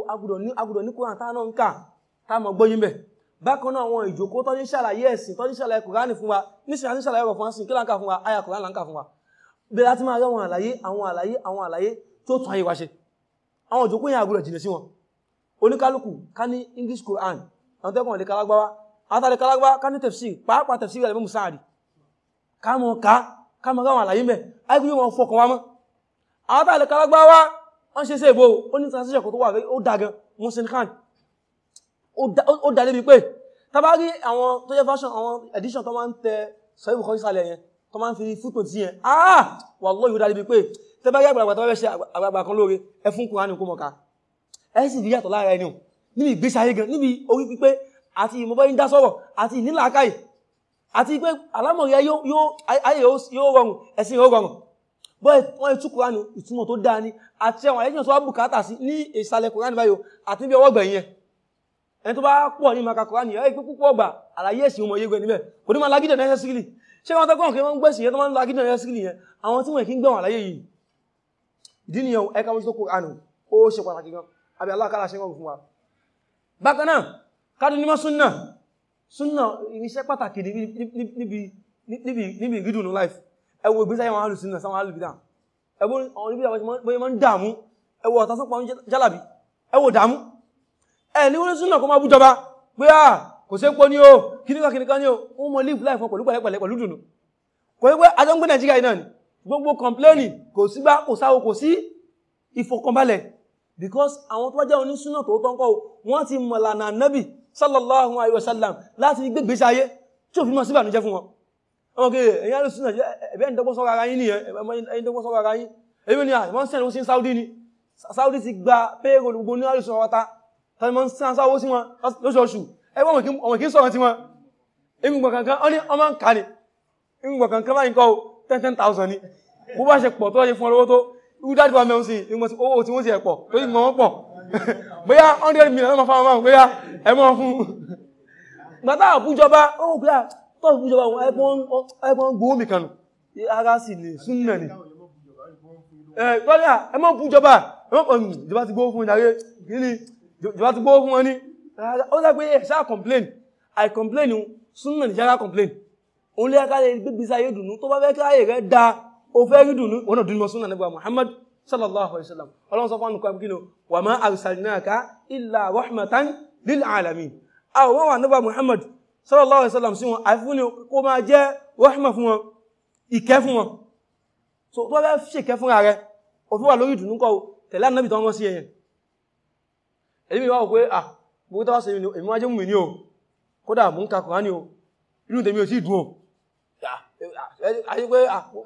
agùdọ̀ ní kùránì táà náà ń kà táà mọ̀ gbọ́yìn bẹ̀ bákan náà àwọn ìjókòó tó ní ṣàlàyé ẹ̀sìn tó ní ṣàlàyé kùránì fún wa nísìnyí àti ṣàlàyé ọ̀rọ̀ fún wa sí kí láǹkà fún wa àyà kùránì láǹkà fún wa bẹ̀rẹ̀ láti máa rẹ́wọn àlàyé àwọn àlàyé àwọn àlàyé tó tún ayé wa ṣe àwọn òjò pínyà àgbúrẹ̀ jìnà sí wọn oníkálùkù ká ní English Quran àwọn tẹ́kùn lè kalágbáwá àtàlẹ̀ kalágbáwá ká ní tafsir pàápàá tafsir rẹ̀ mú sáàrì ká mọ̀ ká ká mọ̀ ráwọn àlàyé mẹ́ ayébíyé wọn fọkàn wá mọ́ àtàlẹ̀ kalágbáwá wọ́n ṣe sí ìbò ó ní transition kò tó wà fashion àwọn edition tó máa ń tẹ sọ ìbùkọ́ tó máa ń fi fútpọ̀ tí yẹn ah wallahi yóò dáadé bí pé tẹ́bá yá àgbàlagbà tọ́wọ́ ṣe àgbàlagbà kan lóore ẹ fún Kùránì kó mọ̀ká ẹ sì rí yàtọ̀ lára ẹni níbi ìgbésí ayé gan níbi orí pípé àti ìmọ̀bọ́ ń dá sọ̀rọ̀ àti ìnílàákàì àti pé alámọ̀rí ayé yóò rọrùn ẹ̀sìn yóò rọrùn bọ́ wọ́n tú Kùránì ìtumọ̀ tó dáa ni àti àwọn ayéjìyàn tó wá bùkátà sí ní ìsàlẹ̀ Kùránì báyò àti bí ọwọ́ gbẹ̀yìn ẹ̀ ẹni tó bá pọ̀ ní maka Kùránì ẹ̀ pé púpọ̀ gbà àlàyé ẹ̀sìn ọmọ yégbẹ̀ níbẹ̀ kò ní máa lágídẹ̀ necessarily ṣé wọ́n tọ́gbọ́n kí wọ́n gbẹ̀sì yẹn tó máa ń lọ akídàn yẹn sílì yẹn àwọn tí wọ́n kí ń gbẹ̀wọ̀n láyé yìí ìdí nìyẹn ẹka wọ́n tó kó ànù ó ṣe pàtàkì gan àbí aláàkàlà ṣe wọ́n fún wa bákan náà kádùn ní mọ́ súnà súnà irinṣẹ́ pàtàkì níbi ìrídùn life ẹwọ ìgbésẹ̀ wọn alù súnà sáwọn alù bìdà ẹwọ àwọn oníbìdà bóyá máa ń dààmú ẹwọ ọ̀tá sọ́pọ̀ jálàbí ẹwọ dààmú ẹ̀ ní wọ́n súnà kó máa bú jọba pé ah kò sí epo ní o kìnìkan kìnìkan ní o wọ́n mọ live life wọn pẹ̀lú pẹ̀lẹ́pẹ̀lẹ́ pẹ̀lú dùnú kò wípé adọ́gbé nàìjíríà náà ni gbogbo complaining kò sí gbá kò sáwo kò sí ìfọkànbalẹ̀ because àwọn tó wájá onísúnà tó tán kọ́ wọ́n ti mọ̀lànà nẹ́bì sallallahu alayhi wa sallam láti gbégbé sáyé tí ò fi mọ̀ sí ìbànújẹ́ fún wọn ọmọkè ẹ̀yìn alùsúnà ẹ̀bẹ́ ìdọ́gbọ́sọ́ra ara yín nìyẹn ìdọ́gbọ́sọ́ra ara yín èmi ni àwọn sẹ́ni wọ́n sí Saudi ni Saudi ti gba payroll gbogbo ní alùsúnà wata tani wọ́n sí sáwọ́ sí wọn lóṣooṣù ẹwọ́n ọmọ kí sọ̀rọ̀ tí wọ́n ingbọ̀n kankan ọ ní ọmọ ń kàní ingbọ̀n kankan láyìn kọ́ 10,000 ní bó bá ṣe pọ̀ tó ṣe fún ọlọ́wọ́ tó dájú wa mẹ́rin sí ingbọ̀n tí owó tí wọ́n sì ẹ̀ pọ̀ tó yí mọ́ pọ̀ *laughs* bóyá 100 million lọ́mọ fáwọn máa bóyá ẹ mọ́ fún gbàtà àbújọba ó ń gbà ah, tó àbújọba ẹgbọ́n gbòó mi kanu ara sì lè súnnà ni ẹ ah, mọ́ bújọba ìjọba ti gbówó fún ìdáre kí ni ìjọba ti gbówó fún wọn ní Ah, ó dágbé ẹ̀ṣá complain i complain súnmọ̀ ní ṣára complain o lé akáre gbígbísá ayé dùnú tó bá fẹ́ káyè rẹ̀ dá o fẹ́ rí dùnú wọn náà dùnmọ̀ súnmọ̀ nígbà Muhammad sallallahu alaihi wasallam ọlọ́run sọ fún àwọn kìnnà wa ma arsalnaka illa rahmatan lil alamin àwọn wọn wà nígbà Muhammad sallallahu alaihi wasallam sí wọn àfihàn kó máa jẹ́ rahma fún wọn ìkẹ́ fún wọn so tó bá fẹ́ ṣèkẹ́ fúnra rẹ̀ òfin wà lórí ìdùnú kọ́ tẹ̀lé ànábì tó wọ́n sí ẹ̀yẹn ẹ̀lẹ́bí wà wọ́n pé ah gbogbo tọ́wọ́ sí èmi wájé mú mi ní o kódà mú ń ka kọ̀rání o inú tèmi ò sí ìdúró ayé pé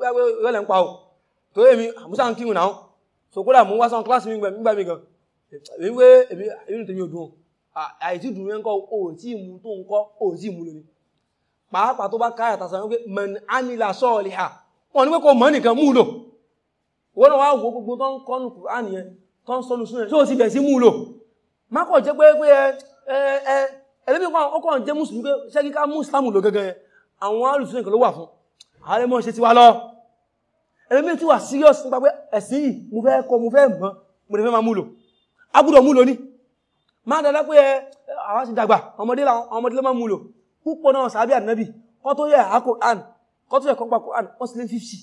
rẹ̀lẹ̀ ń pa o tó èmi àmúsà ń kírun náà so kódà mú wá sán kíláàsì nígbà mi gan èmi pé inú tèmi ò dùn àìsí dùn yẹn kọ́ o tí mú tó ń kọ́ o tí mú lónìí pàápàá tó bá káyà tàṣà wípé mẹ́n ámìlà sọ́ọ̀lì à wọ́n ní pé kò mọ́ nìkan mú lò wọ́n náà wá wo gbogbo tó ń kọ́nù kùránì yẹn tó ń sọ́nù súnẹ̀ tó sì bẹ̀ sí mú má kọ̀ jẹ́ pé pé ẹ ẹ ẹlẹ́bí kan ọkọ̀ jẹ́ mùsùlùmí pé ṣẹ́gí ká mú ìsìlámù lọ gẹ́gẹ́ àwọn alùsùn nǹkan ló wà fún ààrẹ mọ́ ṣe ti wá lọ ẹlẹ́bí tí wà serious nípa pé ẹ̀sìn yìí mo fẹ́ kọ́ mo fẹ́ mọ́ mo lè fẹ́ máa múlò a gbọ́dọ̀ múlò ní má dada pé àwọn ti dàgbà ọmọdé làwọn ọmọdé ló máa múlò púpọ̀ náà sàbí ànábì kọ́ tó yẹ àkó àn kọ́ tó yẹ kọ́pa kó àn wọ́n sì lé fífì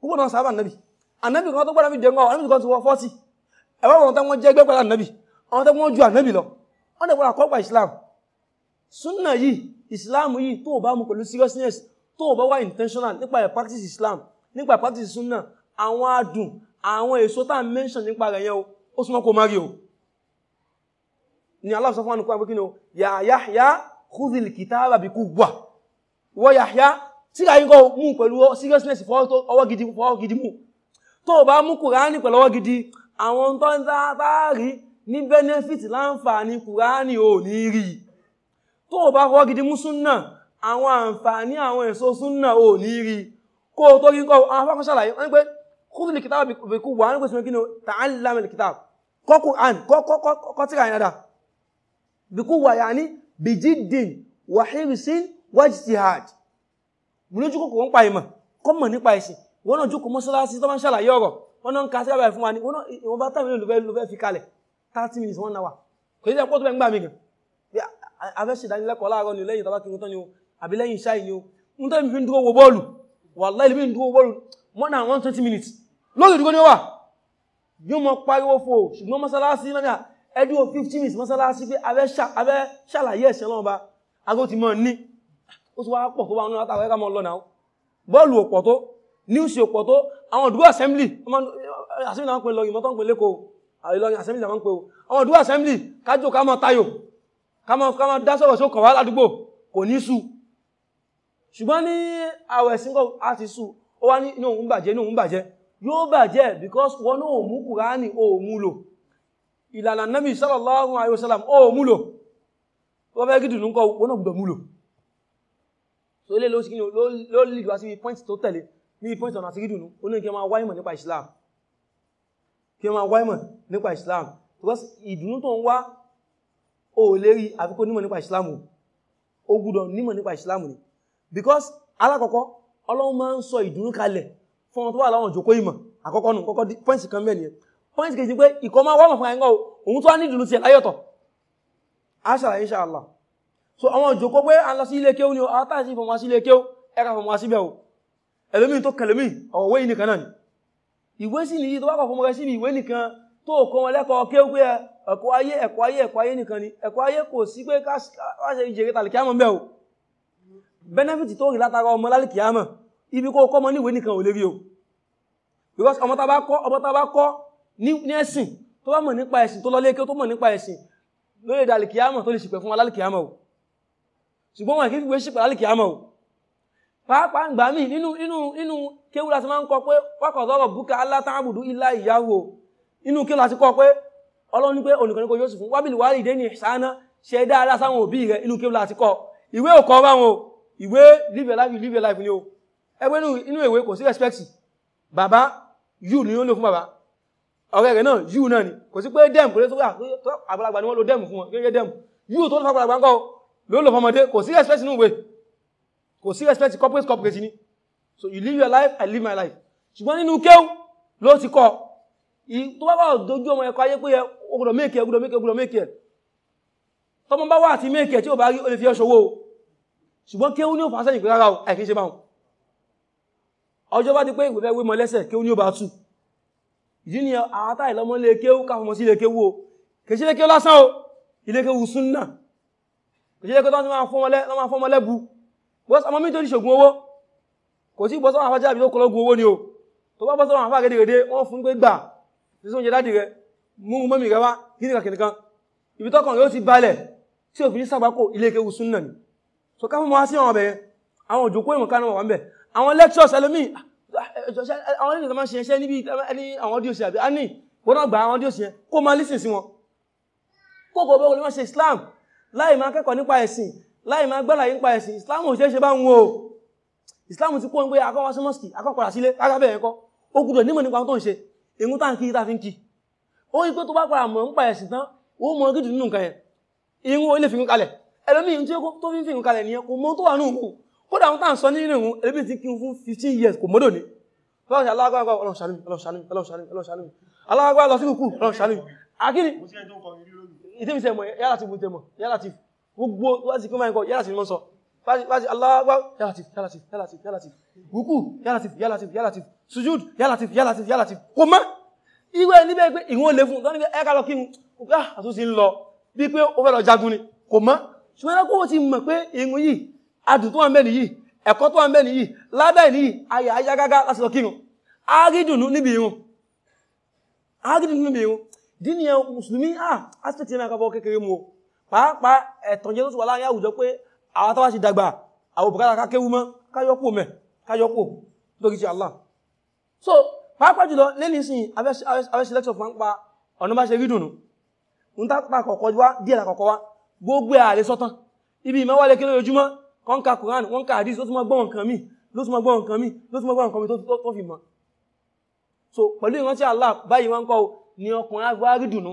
púpọ̀ náà sàbí ànábì ànábì kan tó gbọ́dọ̀ fi dẹ̀ ń gbọ́ ànábì kan ti wọ fọ́tì ẹ̀wọ́n wọn tán wọ́n jẹ́ gbẹ́gbẹ́ ànábì àwọn tó wọ́n ju ànábì lọ wọ́n dẹ̀ wọ́n àkọ́gbà islam súnà yìí islam yìí tó bá mú pẹ̀lú seriousness tó bá wà intentional nípa ẹ̀ practice islam nípa practice súnà àwọn adùn àwọn èso tá à ń mention nípa rẹ̀ yẹn o ó súnmọ́ kó má rí o ni Allah sọ fún ànukú abúkí ni o yà Yahya khudhil kitaba bi quwwa wọ́ Yahya tí ra yín kọ́ mú pẹ̀lú seriousness fọwọ́ gidi mú tó bá mú Kùránì pẹ̀lú ọwọ́ gidi àwọn tó ń tá a rí ní benefit láǹfààní kùránì ò ní rí tó o bá fọ́ gidi mú súnnà àwọn àǹfààní àwọn èso súnnà ò ní rí kó o tó kí kọ́ afọ́kọ́ ṣàlàyé wọ́n pé kúrò lìkítà òbíkú wà ní pèsè mẹ́kínú ta'allam lìkítà kọ́tíra ìyàdà bíkú wà yà ní bijiddin wa hirsin wajtihad mú lójú kòkò ń pa ìmọ̀ kọ́mọ̀ nípa ìsìn wọ́n náà jókòó mọ́sálásí tó máa ń ṣàlàyé ọ̀rọ̀ wọ́n náà ń ka sí àbáyé fún wa ní wọ́n bá tàbí lùfẹ́ fi kalẹ̀ 30 minutes one hour kò sí ẹ̀kọ́ tó bẹ́ẹ̀ ń gbà mí gan afẹ́ ṣèdánilẹ́kọ̀ọ́ láàárọ̀ ni lẹ́yìn tàbákì tán ni o àbí lẹ́yìn iṣẹ́ ni o ń tẹ́ mi fi ń dúró wo bọ́ọ̀lù wàláhì ìlú mi ń dúró wo bọ́ọ̀lù more than 120 minutes lórí ìdúró ni ó wà yóò mọ pariwo fò ṣùgbọ́n mọ́sálásí náà ẹdún 15 minutes mọ́sálásí pé afẹ́ ṣàlàyé ẹ̀ṣẹ̀ lọ́wọ́ bá agbó ti mọ́ ní ó ti wá pọ̀ tó bá wọn látàrí ẹ̀ka mọ́ lọ́nà bọ́ọ̀lù òpọ̀ tó níwùsì òpọ̀ tó àwọn ìdúró assembly assembly náà pè lọ ìmọ́tọ́ ń pè lẹ́kọ̀ọ́ Ìlọrin assembly làwọn ń pe o assembly kájò ká máa tayò ká máa dá sọ̀rọ̀ sí òkànwá ládùúgbò kò ní sú ṣùgbọ́n ní àwẹ̀ síngọ̀ á ti sú ó wá ní inú òun bàjẹ́ inú òun bàjẹ́ yóò bàjẹ́ because wọn náà mú kùránì ó mú lò nabi sallallahu alayhi wa sallam ó mú lò wọ́n fẹ́ gidi nǹkan wọn náà so ilé ló lè lọ sí point tó tẹ̀lé point ọ̀nà àti gidi nù ó ní kí wọ́n Islam kí wọ́n wá ìmọ̀ nípa Islam because ìdùnnú tó ń wá o lè rí àfikún nímọ̀ nípa Islam o gbúdọ̀ nímọ̀ nípa Islam ni because alákọ̀ọ́kọ́ Ọlọ́run máa ń sọ ìdùnnú kalẹ̀ fún wọn tó wà láwọn òjòkó ìmọ̀ àkọ́kọ́ nù kọ́kọ́ pọ́ǹsì kan mẹ́rin pọ́ǹsì kejì pé ìkọ́ máa wá mọ̀ fún àyíkọ́ òun tó wá ní ìdùnnú ti ẹ̀ so àwọn òjòkó pé a lọ sí ni o a tàà sí ìfọ̀mọ̀ sí ilé kéw ẹ̀ka fọ̀mọ̀ síbẹ̀ o ẹlòmí tó kẹlòmí ni ìwé sì nìyí tó bá kọ̀ fọmọ rẹ síbi ìwé nìkan tó kọ́ wọn lẹ́kọ̀ọ́ kí ó pé ẹ̀kọ́ ayé ẹ̀kọ́ ayé ẹ̀kọ́ ayé nìkan ni ẹ̀kọ́ ayé kò sí pé ká ṣe ìjèrè tàlìkì àmọ́ bẹ́ẹ̀ o benefit tó rí látara ọmọ lálìkì àmọ́ ibi kó kọ́ ọmọ ní ìwé nìkan ò lè rí o because ọmọ tá bá kọ́ ọmọ tá bá kọ́ ní ẹ̀sìn tó bá mọ̀ nípa ẹ̀sìn tó lọ léèké tó mọ̀ nípa ẹ̀sìn ló lè dàlìkì àmọ́ tó lè ṣìpẹ̀ fún wa lálìkì o ṣùgbọ́n wọn kì í o pàápàá ìgbà míì nínú nínú nínú kéwú láti máa ń kọ pé wákọ̀ọ́sọ́rọ̀ búkà alátàbùdú ilá ìyáwó inú kéwú láti kọ pé ọlọ́run ní pé olùkọ́ni kò yóò fún wábìlì wàhálì ìdẹ́ ní ìṣáná ṣe dáadáa sáwọn òbí rẹ inú kéwú láti kọ ìwé ò kọ báwọn o ìwé live your life live your life ni o ẹgbẹ́ inú ìwé kò sí respect you ni ó lò fún bàbá you náà ni kò dem kò lè tó àgbàlagbà ni wọ́n lo dem fún wọn yóò dem you tó tó fàgbàlagbà ńkọ́ ló lò fọmọdé kò sí respect kò sí respect corporate corporate ni so you live your life I live my life ṣùgbọ́n nínú kéwù ló ti kọ́ tó bá kọ́ dojú ọmọ ẹ̀kọ́ ayé pé ogudọ̀ méèkì ogudọ̀ méèkì ogudọ̀ méèkì ẹ̀ tọmọ bá wà àti méèkì ẹ̀ tí ó bá rí ó lè fi ọṣọwó o ṣùgbọ́n kéwù ní ò fà sẹ́yìn pé rárá o àìkí ṣe báwọn ọjọ́ bá ti pé ìwẹ̀fẹ́ wé mọ lẹ́sẹ̀ kéwù ní ó bá tú ìdí ni àátá ìlọmọ ilé kéwù káfọmọ sí ilé kéwù o kèṣe lé kéwù lásán o ilé kéwù súnnà kèṣe bọ́s ọmọ mi tó ní ṣògùn owó kò sí bọ́sọ́wọ́n àfájá àbí tó kọlọ́gùn owó ni o tó bá bọ́sọ́wọ́n àfá gẹ́dẹ̀gẹ́dẹ́ wọ́n fún pé gbà tí sóúnjẹ dáadì rẹ mú mọ́mì rẹ wá gíníkà kìnìkan ibi tọ́kàn yóò ti balẹ̀ tí òfin ní sàgbákò ilé ike wusun náà ni so ká fún mọ́ sí àwọn ọbẹ̀ yẹn àwọn òjòkó ìmọ̀ kan wà ńbẹ̀ àwọn lectures ẹlòmíì ah, eh, eh, eh, àwọn ènìyàn máa ń ṣiṣẹ́ níbi ẹni àwọn audio sí àbí a ní gbọ́dọ̀ gba àwọn audio sí yẹn kó máa lísìn sí wọn kókò bẹ́ẹ̀ wọlé máa ṣe Islam láì máa kẹ́kọ̀ọ́ nípa ẹ̀sìn láì máa gbálàyé nípa ẹ̀sìn islam ò ṣeéṣe bá ń wo islam ti kó ń gbé akọ́wá sí mọ́sìkì akọ́kọ̀rà sílé agábẹ̀ ẹ̀kọ́ ó gbúdọ̀ nímọ̀ nípa tó ń ṣe èyí tá ń kí tá fi ń kí ó yí pé tó bá padà mọ̀ nípa ẹ̀sìn tán ó mọ̀ gidi nínú nǹkan yẹn irun ó lè fi kalẹ̀ ẹlòmíì tí tó fi ń fi kalẹ̀ nìyẹn kò mọ̀ tó wà nínú kódà wọn tá ń sọ ní irun ẹlòmíì ti kí n fún fifteen years kò mọ́dọ̀ ni fọlọ́ọ̀ṣà alágbára ọlọ́run ṣàlùmí ọlọ́run ṣàlùmí ọlọ́run ṣàlùmí ọlọ́run ṣàlùmí alágbára lọ sí kùkù ọlọ́run ṣàlùmí akíní ìdí mi sẹ́mọ̀ yálà ti gbogbo wáṣí kí máa ń kọ yálàtí ni wọ́n sọ wáṣí aláwọ́ yálàtí yálàtí yálàtí yálàtí wùkú yálàtí yálàtí yálàtí sujud yálàtí yálàtí yálàtí kò mọ́ ìwé níbẹ̀ pé ìwọ̀n lè fún tán níbẹ̀ ẹ́kà lọ kírun ọgá ah, àtúnṣe ń lọ bí pé ó fẹ́ lọ jagun ni kò mọ́ ṣùgbọ́n ẹ̀kọ́ ti mọ̀ pé irun yìí adùn tó wà ń bẹ nìyí ẹ̀kọ́ tó wà ń bẹ nìyí lábẹ́ nìyí ayà ayá gágá láti lọ kírun ágídùnú níbi irun ágídùnú níbi irun dí ni ẹ̀ mùsùlùmí à ah, aspect yẹn mẹ́ka bọ́ kékeré mu o pàápàá ẹ̀tàn jẹ́ tó wà láàrin àwùjọ pé àwọn tàbá ti dàgbà àwọn bùkátà kákéwú mọ́ káyọ́pò mẹ́ káyọ́pò lórí ti Allah so pàápàá jùlọ lẹ́ni sí abẹ́sí lẹ́kṣọ̀ fún pa ọ̀nà bá ṣe rí dùnú ń tàpá kọ̀kọ́ wá díẹ̀ lákọ̀kọ́ wá gbogbo ààrẹ sọ́tán ibi ìmọ́wálẹ̀ kí lójoojúmọ́ kan ka Quran wọ́n ka hadith ló tún mọ́ gbọ́n nǹkan mi ló tún mọ́ gbọ́n nǹkan mi ló tún mọ́ gbọ́n nǹkan mi tó fi mọ́ so pẹ̀lú ìrántí Allah báyìí wọ́n kọ́ ni ọkùnrin agbárí dùnú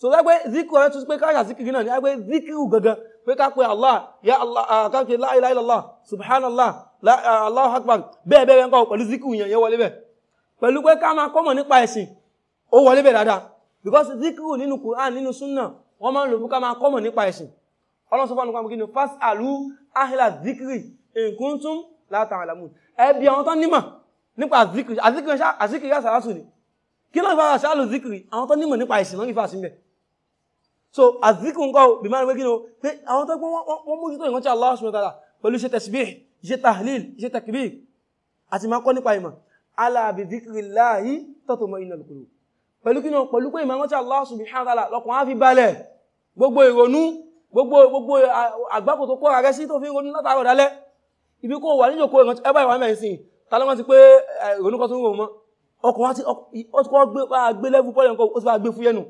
so wẹ́ pé zikiru ọ̀rẹ́ tún pé káyà zikiru náà ni wẹ́ pé zikiru gangan pé ká pé allah ya allah ah, ká pé la ilaha illallah subhanallah ah, allahu akbar bẹ́ẹ̀ bẹ́ẹ̀ nǹkan pẹ̀lú zikiru yẹn yẹn wọlé bẹ̀ pẹ̀lú pé ká máa kọ́mọ̀ nípa ẹ̀sìn ó wọlé bẹ̀ dáadáa because zikiru nínú quran nínú sunna wọ́n máa ń lò fún ká máa kọ́mọ̀ nípa ẹ̀sìn ọlọ́run sọ́fà nípa kí ni fas alu ahla zikiri in kuntum la ta'lamun ẹbí àwọn tó nímọ̀ nípa zikiri azikiri yà ni kí ló ń fa àṣà àlù zikiri àwọn tó nímọ̀ nípa ẹ̀sìn lọ́n ìfà sí bẹ́ẹ̀ so àzíkù ń kọ́ bí máa ń gbégínú pé àwọn tó gbọ́n wọ́n mú ìtọ́ ìrántí Allah subhanahu wa ta'ala pẹ̀lú iṣẹ́ tasbih iṣẹ́ tahlil iṣẹ́ takbir àti máa kọ́ nípa ìmọ̀ ala bi dhikrillahi tatma'innul qulub pẹ̀lú kí náà pẹ̀lú pé ìmọ̀rántí Allah subhanahu wa ta'ala lọ́kàn á fi balẹ̀ gbogbo ìrònú gbogbo gbogbo àgbákò tó kọ́ rẹ̀ sí tó fi ronú látàrọ̀ dálẹ́ ibi kó wà níjòkó ìrántí ẹbá ìwà mẹ́sìn talamọ́ ti pé ìrònú kan tó ń rò o ọkọ̀ wá ti ọkọ̀ gbé lẹ́bù pọ́lẹ̀ nǹkan ó ti bá gbé fúyẹ́nu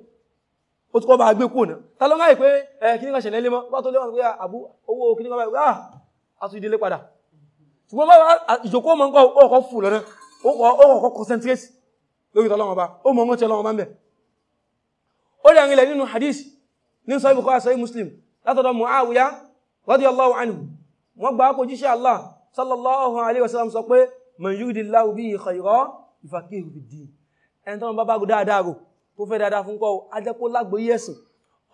ó ti kọ́ bá gbé kò náà ta ló ń ráyè pé ẹ kíní kan ṣẹlẹ̀ lémọ́ bá tó lémọ́ pé ah, àbú owó kíní kan ah a tún ìdílé padà ṣùgbọ́n bá ìjòkó ọmọ nǹkan ó kọ́ fù lọ́nà ó kọ́ concentrate lórí tọ́lọ́wọ́n bá ó mọ̀ ń tẹ́ lọ́wọ́n bá ń bẹ̀ ó rí àrìnlẹ̀ nínú hadith ní sọ ibùkọ́ àṣẹ muslim látọ̀dọ̀ Muawiya radiyallahu anhu wọ́n gbà kó jíṣẹ́ Allah sallallahu alaihi wasallam sọ pé man yuridillahu bihi khayran yufaqihu fid din ẹni tọ́lọ́wọ́n bá bá dáadáa rò tó fẹ́ dáadáa fún kọ́ ajẹ́ kó lágbóyé ẹ̀sìn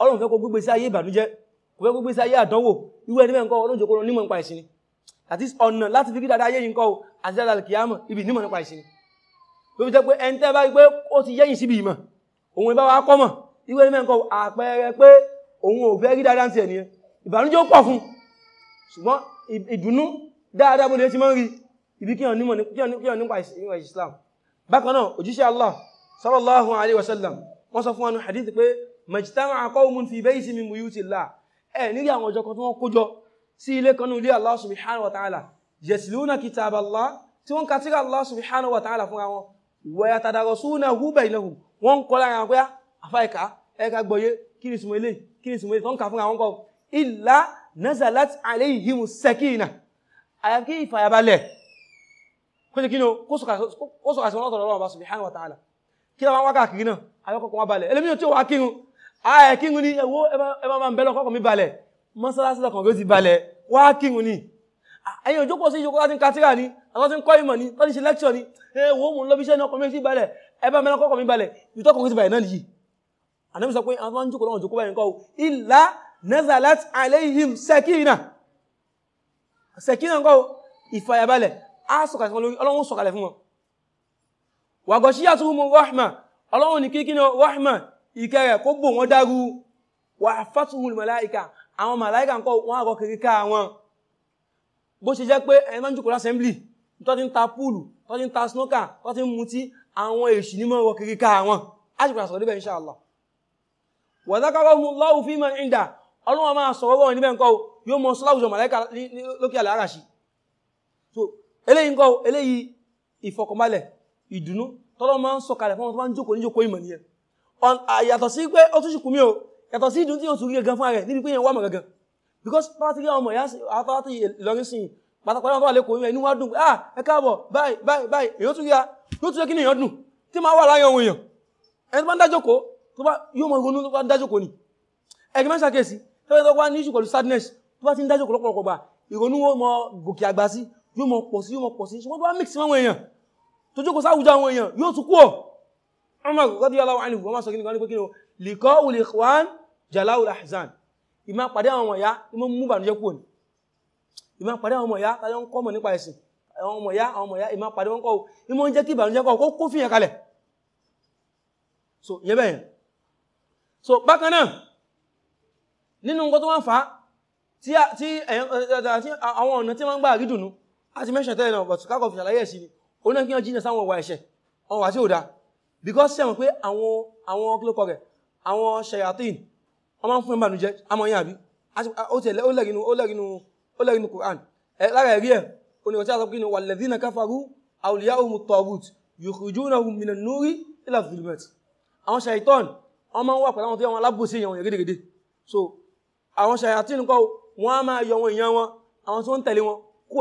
ọlọ́run fẹ́ kó gbígbé sí ayé ìbànújẹ́ kò fẹ́ kó gbígbé sí ayé àdánwò irú ẹni bẹ́ẹ̀ ọlọ́run jẹ́ kó nípa ẹ̀sìn ni that is ọ̀nà láti fi kí dáadáa ayé yìí ń ibi ni tó fi jẹ́ pé ẹni tẹ́ bá gbé ó ti yẹ́yìn síbi ìmọ̀ òun ìbá wa kọ́ mọ̀ irú ẹni bẹ́ẹ̀ ń kọ́ àpẹẹrẹ pé òun ò fẹ́ rí dáadáa ti ẹ̀ nìyẹn ìbànújẹ́ ó pọ̀ fún ṣùgbọ́n ìdùnnú dáadáa bó lè ti Islam bákan náà òjíṣẹ́ Allah sallallahu alayhi wa sallam wọ́n sọ fún wọn hadith pé majtama'a qawmun fi baytin min buyutillah ẹ̀ nírí àwọn ọjọ́ kan tí wọ́n kójọ sí ilé kan ní ilé Allah subhanahu wa ta'ala yasluna kitab Allah tí wọ́n ka tírà Allah subhanahu wa ta'ala fúnra wọn wa yatadarasunahu baynahum wọ́n kọ́ lára wọn pé àfa ẹ̀ka ẹ̀ka gbọ́yé kí ni sùnmọ́ ilé kí ni sùnmọ́ ilé tó kó ṣe kí wọn lọ́tọ̀ lọ́wọ́ Allah subhanahu kí lọ́wọ́ wákàkiri náà ayọ́kọ̀kọ̀ wá balẹ̀ ẹlẹ́mìíràn tí ó wá kírun ààyè kírun ní ẹwọ́ ẹmà máa ń bẹ́lọ kọ́kọ̀ mi balẹ̀ mọ́sálásí lọ́kàn ló ti balẹ̀ wá kírun ní ẹ̀yìn òjókòó sí ìjókòó láti ń katira ní àwọn tí ń kọ́ ìmọ̀ ní tó ti ṣe lẹ́kṣọ̀ ní ẹwọ́ mú lọ́bí iṣẹ́ ní ọkọ̀ mi ti balẹ̀ ẹbá mẹ́lọ kọ́kọ̀ mi balẹ̀ ìtọ́kọ̀ ti balẹ̀ náà nìyí ànábì sọ pé àwọn máa ń jókòó lọ́wọ́ jókòó báyìí nǹkan ìlà nazalat alayhim sakina sakina nǹkan ìfàyàbalẹ̀ á sọ̀kalẹ̀ fún wọn ọlọ́run sọ̀kalẹ̀ fún wọn wàgọ̀ṣíyà tó mú rahma ọlọ́run ní kíkí náà rahma ìkẹrẹ kó bò wọ́n dárú wà fásitì màláìka àwọn màláìka nǹkan wọ́n àgọ́ kiri ká wọn bó ṣe jẹ́ pé ẹni máa ń jùkọ́ lásẹ́mblì tó ti ń ta púùlù tó ti ń ta snooka tó ti ń mutí àwọn èṣù ní mọ́rọ̀ kiri ká wọn á sì padà sọ̀rọ̀ níbẹ̀ insha Allah wa zakarahumullahu fi man inda ọlọ́run máa sọ̀rọ̀ wọn níbẹ̀ nǹkan yóò mọ sọ́láwùjọ màláìka lókè àlàáràṣì so eléyìí nǹkan eléyìí ìfọkànbalẹ̀ ìdùnnú tọ́lọ́ máa ń sọ̀kalẹ̀ fún ọmọ tó bá ń jókòó ní jókòó ìmọ̀ nìyẹn yàtọ̀ sí pé ó tún ṣùkú mi o yàtọ̀ sí ìdùnnú tí yóò tún rí gangan fún ara rẹ̀ níbi pé yẹn wà mọ̀ gangan because pàtàkì rí ọmọ ìyá àtàwátì Ìlọrin sìn pàtàkì ọmọ tó wà lẹ́kọ̀ọ́ inú wa dùn ah ẹ káàbọ̀ báyìí báyìí báyìí èyàn tún rí a yóò tún yẹ kí nìyàn dùn tí máa wà láàrin ohun èèyàn ẹni tó bá ń dájókòó tó bá yóò mọ ronú tó bá ń dájókòó ni ẹgbẹ́ mẹ́sà kèsì tó bá wá ní ìṣù pẹ̀lú sadness tó bá ti ń dájókòó lọ́pọ̀lọpọ̀ gbà ìrònú wọn mọ gòkè àgbà sí yóò mọ pọ̀ sí yóò mọ pọ̀ sí ṣùgbọ́n tó bá mix mọ́ àwọn èèyàn tó jókòó sáwùjọ àwọn èèyàn yóò tún kú ọ̀ Umar radiyallahu anhu wọ́n máa sọ kíni kan ní pé kíni o liqa'ul ikhwan jala'ul ahzan ìmá pàdé àwọn ọmọ ìyá ìmọ̀ mú bànújẹ́ kúrò ní ìmá pàdé àwọn ọmọ ìyá tàbí wọn kọ́mọ̀ nípa ẹ̀sìn àwọn ọmọ ìyá àwọn ọmọ ìyá ìmá pàdé so yẹ so bákan náà nínú nǹkan tó wá ń fa tí àwọn ọ̀nà tí wọ́n ń gbà rí dùnú àti mẹ́sàn tẹ́lẹ̀ náà bọ̀tù kákọ̀ fi ṣàlàyé ni òun náà kí wọ́n jìnà sáwọn ìwà ẹ̀ṣẹ̀ ọwà tí ó dá because sẹ́wọ̀n pé àwọn àwọn ọkùnlọ́kọ̀ rẹ̀ àwọn shayatin wọ́n máa ń fún ẹ̀bànújẹ́ amọ̀yìn àbí ó tẹ̀lẹ̀ ó lẹ́rinu ó lẹ́rinu ó lẹ́rinu Qur'an lára ẹ̀rí ẹ̀ oníwọ̀n tí a sọ pé walladhina ila dhulumat àwọn shayatin wọ́n máa ń wà pẹ̀lú àwọn tí wọ́n so àwọn shayatin kọ́ wọ́n á máa yọ wọn èèyàn wọn àwọn tí wọ́n ń tẹ̀lé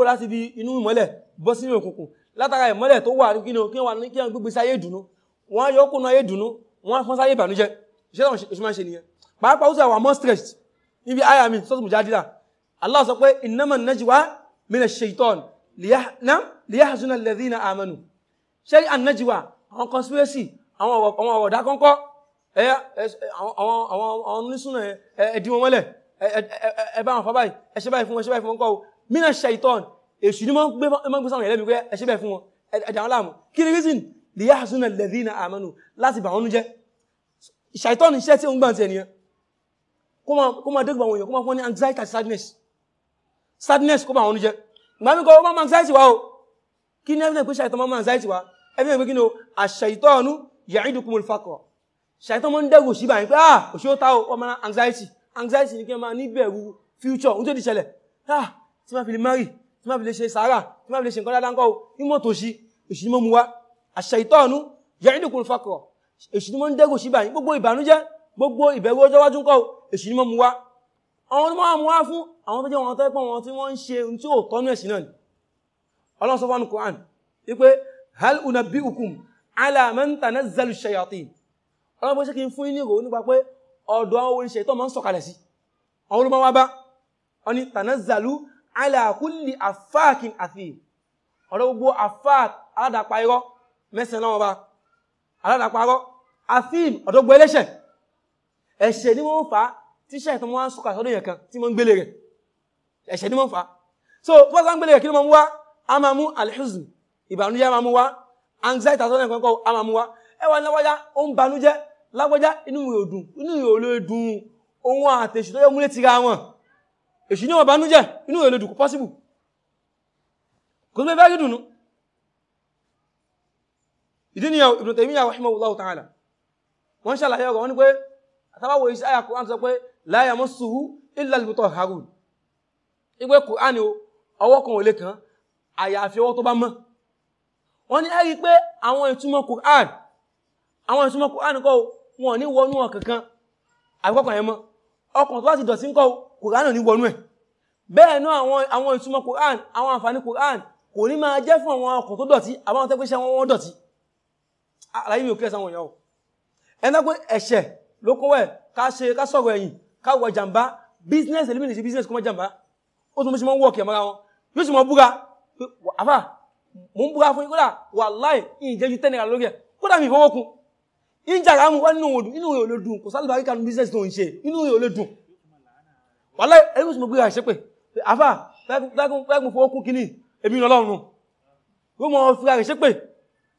láti ibi inú ìmọ́lẹ̀ bọ́ sínú òkùnkùn látara ìmọ́lẹ̀ tó wà kí wọ́n kí wọ́n gbígbé sáyé ìdùnnú wọ́n yọ kúnnà ayé ìdùnnú wọ́n fọ́n sáyé ìbànújẹ́ iṣẹ́ náà ṣe máa ṣe nìyẹn pàápàá ó sì àwọn more stressed níbi àyà mi sọ́tùmù jáde Allah sọ pé innama najwa mina shaitan liyahzuna alladhina amanu ṣé an-najwa àwọn conspiracy àwọn ọ̀wọ̀dá kọ́ńkọ́ àwọn onísùnà ẹ̀dínwọ̀n mọ́lẹ̀ ẹ bá wọn fọ́ báyìí ẹ ṣe báyìí fún wọn ṣe báyìí fún wọn kọ́ mina shaitan èṣù ni máa ń gbé sáwọn ẹ̀lẹ́mi pé ẹṣẹ́ bẹ́ẹ̀ fún wọn ẹ̀dà wọn láàmú kí ni reason lè yá àṣúná lẹ́dí na àmọ́nù láti bà wọn jẹ́ ṣàìtọ́nù iṣẹ́ tí ó ń gbà ti ẹniyàn kó máa dẹ́gbà wọn èèyàn kó máa fún ní anxiety àti sadness sadness kó bá wọn jẹ́ ìgbà mi kọ́ ó máa anxiety wa o kí ni evidence pé ṣàìtọ́ máa anxiety wa evidence pé kí ni o àṣàìtọ́nù ya'idukumul faqr ṣàìtọ́ máa ń dẹ́gù sí báyìí pé ah òṣèlú ta o ọmọ anxiety anxiety ni kí n máa níbẹ̀rù future ohun tó ti ṣẹlẹ̀ ah tí máa fi lè marry tí má fi lè ṣe sàárà tí má fi lè ṣe nǹkan dáadáa ńkọ́ o ní mọ́tò sí èṣù ni mo mú wa àṣà ìtọ́ọ̀nù yẹ̀rìndùkùn fakọ̀ èṣù ni mo ń dẹ́gùn sí báyìí gbogbo ìbànújẹ́ gbogbo ìbẹ̀rù ọjọ́ wájú ńkọ́ o èṣù ni mo mú wa àwọn tó máa mú wa fún àwọn tó jẹ́ wọn tó pọ̀ wọn tí wọ́n ń ṣe ohun tí ò tọ́nú ẹ̀sìn náà ni ọlọ́run sọ hal unabbi'ukum ala man tanazzalu shayatin ọlọ́run bó ṣe kí n fún yín ní ìrò nípa pé ọ̀dọ̀ àwọn oníṣẹ́ tó máa ń sọ̀kalẹ̀ sí àwọn olùmọ̀ wa bá ọ ní ala kulli afáàkín àfihàn ọ̀rọ̀ gbogbo afáàk aládàpá irọ́ mẹ́sàn náà ọba aládàpá irọ́ àfihàn ọ̀dọ́ gbọ́ ẹlẹ́ṣẹ̀ ẹ̀ṣẹ̀ ni wọ́n fà á tíṣẹ̀ tó wọ́n sọ́kà sọ́dọ̀ yẹn kan tí wọ́n gbélé rẹ̀ ẹ̀ṣẹ̀ ni wọ́n fà á so wọ́n sá ń gbélé rẹ̀ kí ló máa ń wá anxiety àtọ́nà ìkọ́kọ́ a máa mú wá ẹ wà lágbájá ó ń banújẹ́ lágbájá inú mi ò dùn inú mi ò lè èṣù ní wọn bá nújẹ́ inú èlò dùkú pọ́síbù kò tó fẹ́ dùnú ìdí ni Ibn Taymiyyah rahimahullahu ta'ala wọ́n ṣàlàyé ọ̀rọ̀ wọn ni pé àtàwàwò iṣẹ́ àyà Qur'an sọ pé la yamassuhu illa al-mutahharun ìgbé Qur'an o ọwọ́ kan ò lè kàn àyàfi ọwọ́ tó bá mọ́ wọ́n ní ẹ́rí pé àwọn ìtumọ̀ Qur'an àwọn ìtumọ̀ Qur'an kọ́ wọn ní wọnú ọkàn kan àbíkọ́kàn yẹn mọ́ ọkàn tó ń kọ́ kòránù ní wọnú ẹ̀ bẹ́ẹ̀ náà àwọn ìtumọ̀ kòrán àwọn àǹfààní kòrán kò ní máa jẹ́ fún àwọn ọkọ̀ tó dọ̀tí àwọn tẹ́gbẹ́ṣẹ́ wọn wọ́n dọ̀tí aláyé mi ò kílẹ̀ sáwọn èèyàn o ẹ̀ńdá pé ẹ̀ṣẹ̀ ló kọ́wọ́ ẹ̀ ẹ̀yìn ká wọ business eliminate ṣe business kó mọ́ jàǹbá ó tún bó ṣe mọ́ wọ́ọ̀kì ẹ̀mọ́ra wọn yóò sì mọ́ búra àfà mò ń búra fún kódà wàláì ìjẹ́jú tẹ́ naira lórí ẹ̀ kódà mi ìfowókun ìjàrá mu wá inú rẹ̀ ò kò sálùbáríkà business tó ń ṣe inú rẹ̀ ò wàlá ẹgbùsùn mo gbé àṣẹ pé àfà lágùn fọwọ́ kún kínní èmi lọ́lọ́run yóò mọ fi àṣẹ pé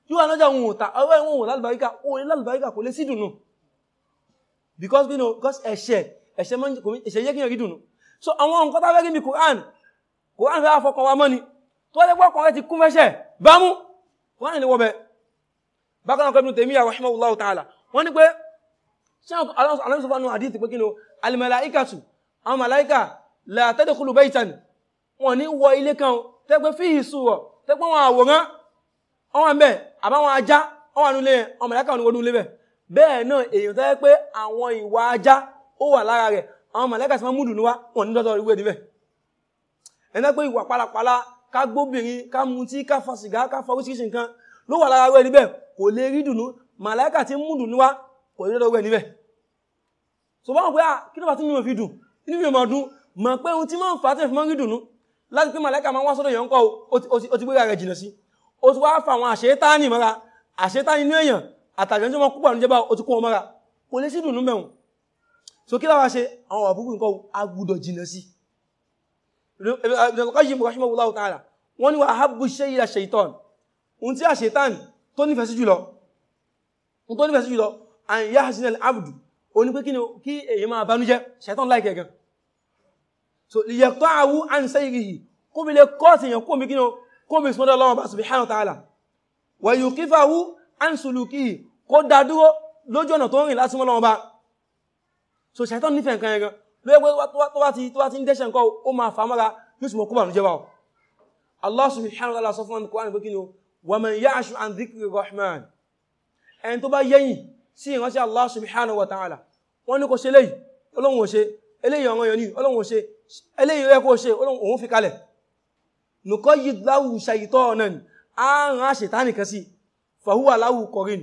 yóò anájà òun òta ọwọ́ ìwọ̀n òun lálùbáríkà òun lálùbáríkà kò lè sí dùnú because you know because ẹ̀ṣẹ̀ ẹ̀ṣẹ̀ mọ́ ẹ̀ṣẹ̀ yẹ kí n so àwọn nǹkan tá fẹ́ rí mi Quran Quran fẹ́ fọkàn wa mọ́ ni tó wá lẹ́gbọ́ ọkàn rẹ ti kún fẹ́ṣẹ̀ bámú Quran lè wọ bẹ bákan náà Ibn Taymiyyah rahimahullahu ta'ala wọ́n àwọn aláǹsọ̀fọ́nù àdìsí pé kí ni alimẹ̀láìkàtù àwọn màláìkà látẹ́dẹ̀kùlù baitan wọn ní wọ ilé kan tẹ́gbẹ́ fi ìṣúrọ̀ tẹ́gbẹ́ wọn àwòrán ọwọ́ ń bẹ̀ àbáwọn ajá ọwọ́ ànú lé ọmọ màláìkà wọn wọnú lé bẹ̀ bẹ́ẹ̀ náà èèyàn tẹ́ pé àwọn ìwà ajá ó wà lára rẹ̀ àwọn màláìkà sì máa múdùn wá wọn ní dọ́tọ̀ ìwé níbẹ̀ ẹ̀ná pé ìwà pálapàla ká gbóbìnrin ká mutí ká fa sìgá ká fa oríṣiríṣi nǹkan ló wà lára rẹ̀ níbẹ̀ kò lè rí dùnú màláìkà ti múdùn wá kò lè dọ́tọ̀ ìwé níbẹ̀ so báwọn pé ah, kí ló bá tún ní mo fi dùn inú mi máa dùn mọ̀ pé ohun tí máa ń fà á tẹ̀ fi máa ń rí dùnú láti pé màlẹ́kà máa ń wá sọ́dọ̀ èèyàn kọ́ o ti gbéra rẹ̀ jìnà sí o ti wá fa àwọn àṣetáni mara àṣetáni inú èèyàn àtàjọ tí wọ́n kúpọ̀ ní jẹba o ti kó wọn mọ́ra kò lè sí dùnú mẹ́wọ̀n so kí lára ṣe àwọn àbúkù nǹkan agbúdọ̀ jìnà sí wọ́n ni wà áhábù ṣe ìlà ṣèitán ohun tí àṣetán tó nífẹ̀ẹ́ sí jùlọ àyíyá hasinel abdu o ní pé kí èyí máa bánújẹ́ ṣẹ̀tán láìkẹ̀ gan so liyẹ̀tọ́ àwú àǹsẹ́ ìrìyì kó mi lè kọ́ọ̀tì yàn kó mi kí kó mi súnmọ́dọ̀ lọ́wọ́ bá subhanahu wa ta'ala wẹ̀yù kí fàwú àǹsùlùkì kó dá dúró lójú ọ̀nà tó rìn lásìmọ́ lọ́wọ́ bá so ṣẹ̀tán nífẹ̀ẹ́ nǹkan ẹ̀gan lóyẹ́ tó bá ti ń dẹ́ṣẹ̀ nǹkan ó máa fà mọ́ra yóò sì mọ̀ kó bànújẹ́ bá ọ Allah subhanahu wa ta'ala sọ fún wọn kó wà ní pé kí ni wa man ya'shu an dhikri rahman ẹni tó bá yẹ̀yìn sí ìránṣẹ́ Allah subhanahu wa ta'ala wọ́n ní kò ṣe léyìí Ọlọ́hun ò ṣe eléyìí ọ̀ràn yọ̀ ní Ọlọ́hun ò ṣe eléyìí rẹ̀ kò ṣe òun fi kalẹ̀ nuqayyid lahu shaytanan ààrùn àṣetánì kan sí fahuwa lahu qarin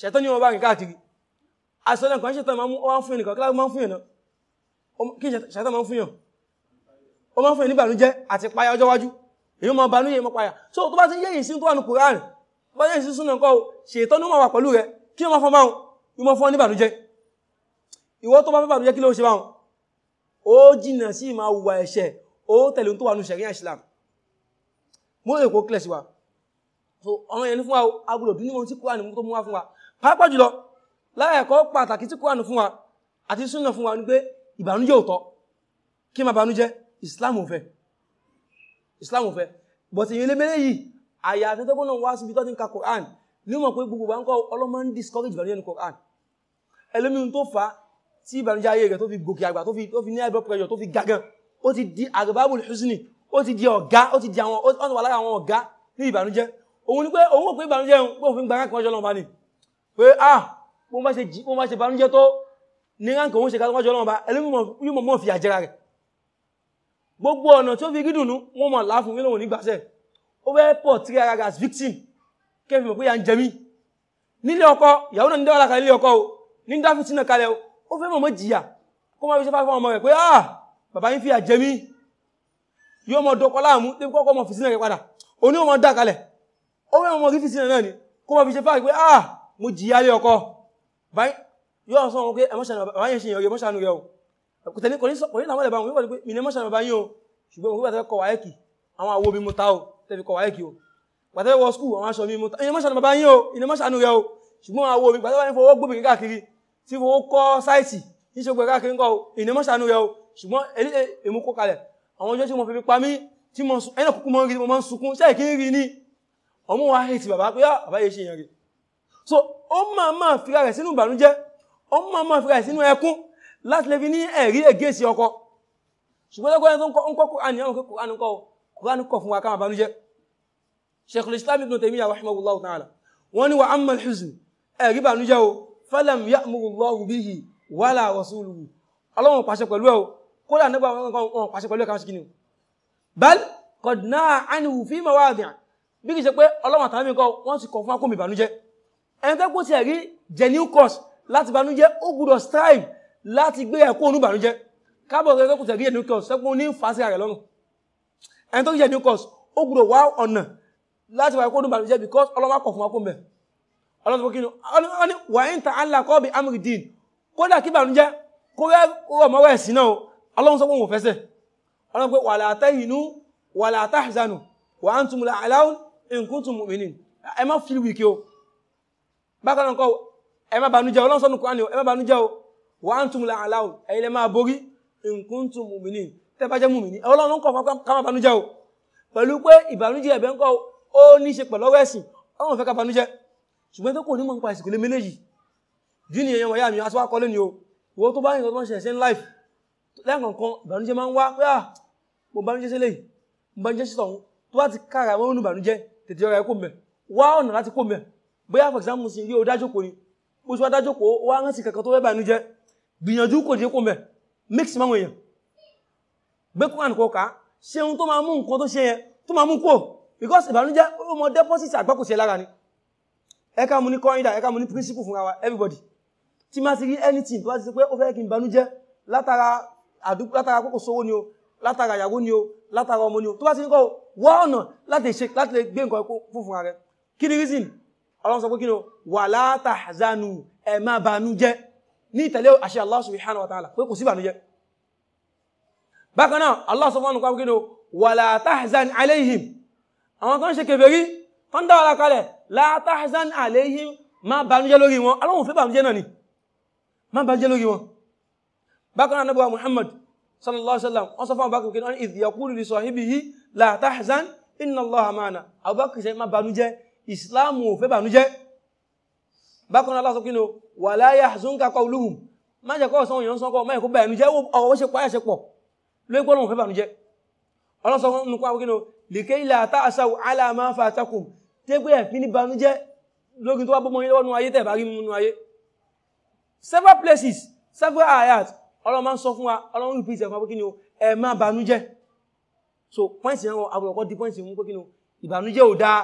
ṣẹ̀tọ́ ní wọn bá rìn káàkiri àṣẹ́lẹ̀ kan ṣẹ̀tọ́ máa mú ọwá fún ẹnìkan kí láwọn máa ń fún ẹ̀nà kí ṣẹ̀tọ́ máa ń fún yàn ó máa ń fún ẹ̀ ní tó bá ti yẹ́yìn sí tó wà ní Kùránì tó bá yẹ́yìn ṣètọ́ ní wọn wà pẹ̀lú rẹ̀ kí wọ́n fọ́n báhùn yíò mọ́ fọ́n ní bànújẹ́ ìwọ́ tó bá fẹ́ bànújẹ́ kí ló ṣe báhùn ó jìnà sí ìmá wà ẹ̀ṣẹ̀ ó tẹ̀lé tó wà ní ṣẹ̀ríà Islam mú èkó kílẹ̀ sí wa so ọ̀rọ̀ yẹn ní fún wa agbọ́dọ̀ dún níwọ̀n tí Kúránì tó mú wá fún wa pàápàá jùlọ lára ẹ̀kọ́ pàtàkì tí Kúránì fún wa àti súnà fún wa ní pé ìbànújẹ́ ò tọ́ kí má bànújẹ́ Islam ò fẹ́ Islam ò fẹ́ but ìyẹn lé mẹ́lẹ́ yìí àyà àti tọ́gbọ́n náà wá síbi tó ti ń ka Kúránì ní mọ̀ pé gbogbo àńkọ́ ọlọ́mọ ń discourage ìbànújẹ́ ní Quran ẹlẹ́mìí tó fa tí ìbànújẹ́ ayé rẹ̀ tó fi gòkè àgbà tó fi ní high blood pressure tó fi gagan ó ti di arbabul husni ó ti di ọ̀gá ó ti di àwọn ọ̀nà àwọn ọ̀gá ní ìbànújẹ́ kẹfì mọ̀ pé ya ń jẹ mí nílé ọkọ ìyàwó náà ní dáwọ́lá kan nílé ọkọ o ní dáfí sínú kalẹ̀ o ó fẹ́ mọ̀ mọ́ jìyà kó má fi ṣe fáfọ́ ọmọ rẹ̀ pé ah bàbá yín fi àjẹ mí yóò mọ dọkọ láàmú débi kọ́kọ́ mọ fìsínà rẹ̀ padà òní ò mọ dá kalẹ̀ ó fẹ́ mọ̀ rí fìsínà náà ni kó má fi ṣe fáfọ́ pé ah mo jìyà lé ọkọ yóò sọ wọn pé ẹmọ́ṣàánú bàbá yẹn ṣe yàn ọ̀rẹ́ mọ́ṣàánú o kò tẹ̀lé kò ní làwọn ẹ̀bà o ṣùgbọ́n mo gbà tẹ́ kọ̀ wáyé kì àwọn àwo mi mo ta o tẹ́bi kọ̀ wáyé o pàtẹ́ wọ skúù àwọn aṣọ mímú ìyẹn mọ́ṣàánú bàbá yín o ìyẹn mọ́ṣàánú rẹ o ṣùgbọ́n àwọn omi pàtẹ́ wà ní fowó gbòmìnir káàkiri tí fowó kọ́ sáìtì ní ṣe gbẹ káàkiri ńkọ́ o ṣùgbọ́n èmú kó kalẹ̀ àwọn ọjọ́ tí mo fi fi pa mí tí mo sùn ẹnà kúkú mọ́ rí mo máa ń sunkún ṣe kí wa hẹ́ẹ̀tì bàbá pé ah, bàbá yìí ṣe so ó máa máa fira rẹ̀ sínú ìbànújẹ́ ó máa máa fira rẹ̀ sínú ẹkún láti lè fi ní ẹ̀rí ègéèsì ọkọ ṣùgbọ́n lọ́gbọ́n ẹni tó ń kọ́ sheikhul islam ibn taymiya rahimahullahu ta'ala wọ́n ní wa amma al-huzn ẹ̀rí bànújẹ́ o falam ya'murullahu bihi wala rasuluhu ọlọ́run pàṣẹ pẹ̀lú ẹ̀ o kódà nígbà wọn pàṣẹ pẹ̀lú ẹ̀ káwọn sí kìíní bal qad naha anhu fi mawadi'a bí kìí ṣe pé ọlọ́run àtàwọn mi kọ́ wọ́n ti kọ̀ fún akómi ìbànújẹ́ ẹni tó kó ti ẹ̀rí genuine cause láti ìbànújẹ́ ó gbúdọ̀ strive láti gbé ẹ̀kọ́ onú ìbànújẹ́ kábọ̀ rẹ̀ tó kó ti ẹ̀rí genuine cause sẹ́kún ní fásitì rẹ̀ lọ́rùn ẹni tó kó genuine cause ó gbúdọ̀ wá ọ̀nà láti wáyé kó dùn bàlùjẹ́ because ọlọ́wà kọ̀ fún akóńbẹ̀ ọlọ́sọ̀kọ́ kí ni wọ́n ní wàyí ta alákọ́ bí amridin kódà kí bàlùjẹ́ kó rẹ́ ọmọ rẹ̀ sí náà ọlọ́sọ̀kọ́ wọn fẹsẹ̀ ọlọ́sọ̀kọ́ wà látẹ́yìnú wà látàzánù wà á ń túnmù aláwùn nǹkan túnmù mí ni ẹ má fi wìkì o bákan náà kọ́ ẹ má bànújẹ́ ọlọ́sọ̀nù kúránì ẹ má bànújẹ́ o wà á ń túnmù aláwùn ẹ̀yin lè máa borí nǹkan túnmù mí ni tẹ́ bá jẹ́ mú mí ni ọlọ́run kọ̀ fún ká má bànújẹ́ o pẹ̀lú pé ìbànújẹ́ ẹ̀bẹ̀ ń kọ́ ó ní ṣe pẹ̀lú ọwọ́ ẹ̀sìn ọmọ fẹ́ ká banújẹ́ ṣùgbọ́n tó kò ní mọ̀ nípa ìsìnkú lé méjèèjì dí ni èèyàn wọ̀nyá mi aṣọ akọ́lé ni o ìwọ tó bá nǹkan tó ń ṣe ẹ̀sẹ̀ life lẹ́ẹ̀kọ̀ọ̀kan ìbànújẹ́ máa ń wá pé à ah, mo banújẹ́ sí léyìí mo banújẹ́ sí sọ̀hún tó bá ti kára wọn nù ìbànújẹ́ tètè ọ̀rẹ́ kò mẹ́ wá ọ̀nà láti kò mẹ́ bóyá for example sí ilé o dájókò ni bó ṣe wá dájókò wá rántí kankan tó fẹ́ bànújẹ́ gbìyànjú kò dé kò mẹ́ mix máwọn èèyàn gbé kúrò ànìkọ̀ọ̀ká ṣe ohun tó máa mú nǹkan tó ṣe yẹn tó máa mú kúrò because ìbànújẹ́ ó mọ deposit àgbákòsí lára ni ẹka mú ní kọ́rídà ẹka mú ní principle fún wa everybody tí máa ti rí anything tó bá ti sọ pé ó fẹ́ kí n bànújẹ́ látara àdúgbò látara kókò sówó ni o látara ìyàwó ni o látara ọmọ ni o tó bá ti ní kọ́ wọ́n ọ̀nà láti ṣe láti lè gbé nǹkan fún fúnra rẹ̀ kí ni reason ọlọ́run sọ pé kí ni o wà látàzánù ẹ̀ máa bànújẹ́ ní ìtẹ̀lé àṣẹ Allah subhanahu wa ta'ala pé kò sí bànújẹ́ bákan náà Allah sọ fún ọ̀nà pé kí ni o wà látàzánù alayhim àwọn kan ṣe kèfèrí kan dá ara kalẹ̀ la tahzan alayhim má banújẹ́ lórí wọn aláwọn òfin banújẹ́ náà ni má banújẹ́ lórí wọn bákan náà nabuwa muhammad sallallahu alaihi wasallam wọ́n sọ fún abubakar kìnnà idh yaqulu li sahibihi la ọlọ́sọ̀ fún nukú àwọn kínú lèkè ilẹ̀ àtàṣàwò aláàmà fàtàkùn tẹ́gbẹ́ ẹ̀fín ní banújẹ́ lórí tó wá bọ́mọ yíwọ́ nú ayé tẹ̀bá rí mú nú ayé several places several ayat ọlọ́run máa ń sọ fún wa ọlọ́run rí pèsè fún wa kínú ẹ̀ má banújẹ́ so pọ́ǹsì yẹn àbùrọ̀kọ́ di pọ́ǹsì mú kínú ìbànújẹ́ ò dáa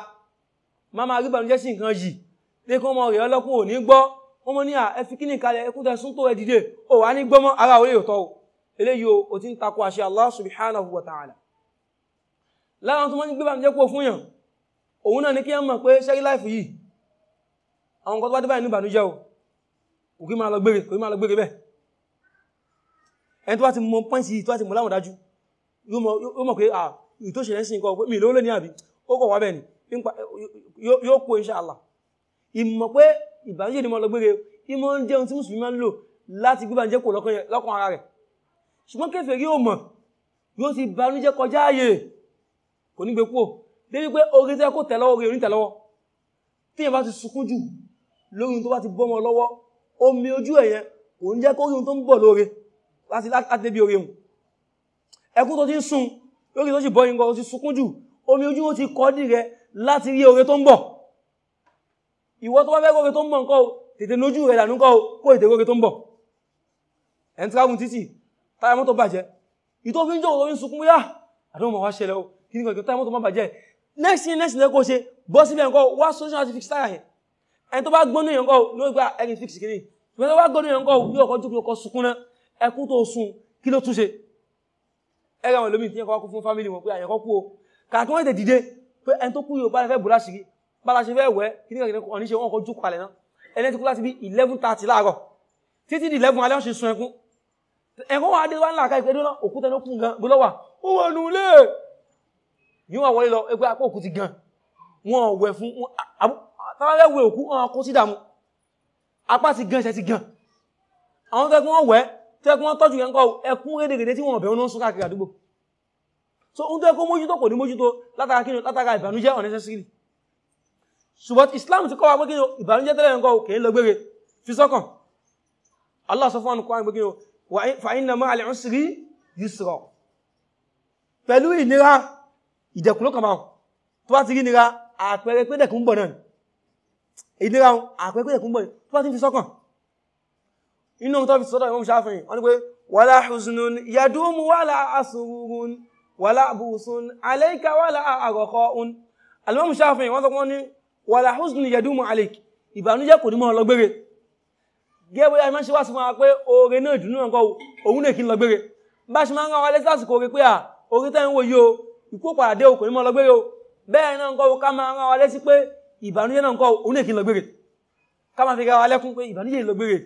má máa rí ìbànújẹ́ sí nǹkan yìí pé kí wọ́n mọ rẹ̀ ọlọ́kùn ò ní gbọ́ wọ́n mọ ní à ẹ fi kíní kalẹ̀ ẹkún tẹ sún tó ẹ dìde ò wá ní gbọ́mọ́ ara òye ò tọ́ o eléyìí o ti ń takò àṣẹ Allah subhanahu wa ta'ala láwọn tó mọ́ ní gbé bàmí jẹ́ kó fún yàn òun náà ní kí wọ́n mọ̀ pé ṣẹ́rí láìfù yìí àwọn nǹkan tó bá dé báyìí ní ìbànújẹ́ o kò kí máa lọ gbére kò kí máa lọ gbére bẹ́ẹ̀ ẹni tó bá ti mọ pọ́ǹsì tó bá ti mọ láwọn dájú yóò mọ̀ pé à ìtò ṣẹlẹ̀ sí nǹkan mi ló lè ní àbí ó kọ̀ wá bẹ́ẹ̀ ni yóò kó insha Allah ìmọ̀ pé ìbànújẹ́ ni mo lọ gbére ìmọ̀ ń jẹun tí mùsùlùmí máa ń lò láti gbé bànújẹ́ kò lọ́kàn ara rẹ̀ ṣùgbọ́n kẹfẹ́ yóò mọ̀ yóò ti bànújẹ́ kọjá ààyè kò ní gbé kúrò débi pé orí tẹ́ kó tẹ̀ lọ́wọ́ orí onítẹ̀ lọ́wọ́ tí yẹn bá ti sunkún jù lórí tó bá ti bọ́mọ lọ́wọ́ omi ojú ẹ̀yẹn kò ń jẹ́ kó rí tó ń bọ̀ lóore láti débi orí mu ẹkún tó ti ń sun lórí tó ti bọ́ yín gan ó ti sunkún jù omi ojú ó ti kọ́ dì rẹ láti rí oore tó ń bọ̀ ìwọ tó bá fẹ́ oore tó ń bọ̀ nǹkan tètè lójú rẹ dànù kọ́ kó ètè oore tó ń bọ̀ ẹ̀ ń tíráàmù títì táyà mọ́tò bàjẹ́ ìtòfin jòkó tó ń sunkún yá àdéhùn mọ̀ wá ṣẹlẹ̀ o kí ní next thing next lẹ́kọ̀ọ́ ṣe bọ́ síbẹ̀ nǹkan solution àti fix táyà yẹn ẹni tó bá gbónú yẹn nǹkan ló gba ẹni fix kìíní ìgbẹ́ tó bá gbónú yẹn nǹkan ní ọkọ̀ jókòó kọ sunkún náà ẹkún tó sun kí ló túnṣe family wọn pé àyẹ̀kọ́ ah, kú o kàkí wọ́n tètè dìde pé ẹni tó kú yóò bá fẹ́ bùrá ṣìkí bára ṣe fẹ́ wẹ́ kí ní kọ̀ọ̀kì ọ̀ní ṣe wọ́n kọ́ jókòó alẹ́ náà di 11 alẹ́ ọ̀ṣẹ̀ sun ẹkún ẹ̀kọ́ wọn adé wá ńlá àká ìpẹ́dọ́ òkúta ẹni ó kún gan gbọ́lọ́wà ó yíò wà wọlé lọ ẹgbẹ́ apá òkú ti gan wọn wẹ̀ fún tàbí wẹ̀ òkú wọn kó sí dàmú apá ti gan ṣe ti gan àwọn tẹ́kún wọn wẹ̀ tẹ́kún wọn tọ́jú ẹnkọ́ ẹkún rédèrèdè tí wọn bẹ̀rún sún káàkiri àdúgbò so ohun tó ẹkún mójútó kò ní mójútó látara kí látara ìbànújẹ́ unnecessary ṣùgbọ́n Islam ti kọ́ wa pé kí ìbànújẹ́ tẹ́lẹ̀ ẹnkọ́ kì í lọ gbére fi sọ́kàn Allah sọ fún àwọn kọ́ wa pé kí fa inna ma'al usri yusra pẹ̀lú ìnira ìdẹ̀kùn ló kàn máa tó bá ti rí nira àpẹẹrẹ pé dẹ̀kùn bọ̀ náà ìnira àpẹẹrẹ pé dẹ̀kùn bọ̀ tó bá ti fi sọ́kàn inú tó fi sọ́dọ̀ ìwọ̀n ṣáfihàn wọ́n ni pé wala huznun yadumu wala asururun gẹ́gbẹ́ ya ìmọ́ṣe wá sí fún pé oore náà ìdùnnú ọkọ̀ òun lè kí lọ́gbére bá ṣe máa ń rán wa lẹ́sí lásìkò pé à oore tẹ́ ń wo yìí ikú padà dé okùnrin mọ́ lọ́gbére o bẹ́ẹ̀ náà nǹkan ká máa rán wa lẹ́sí pé ìbànújẹ́ náà nǹkan òun èkì lọ́gbére ká máa fi ra wa lẹ́kún pé ìbànújẹ́ lọ́gbére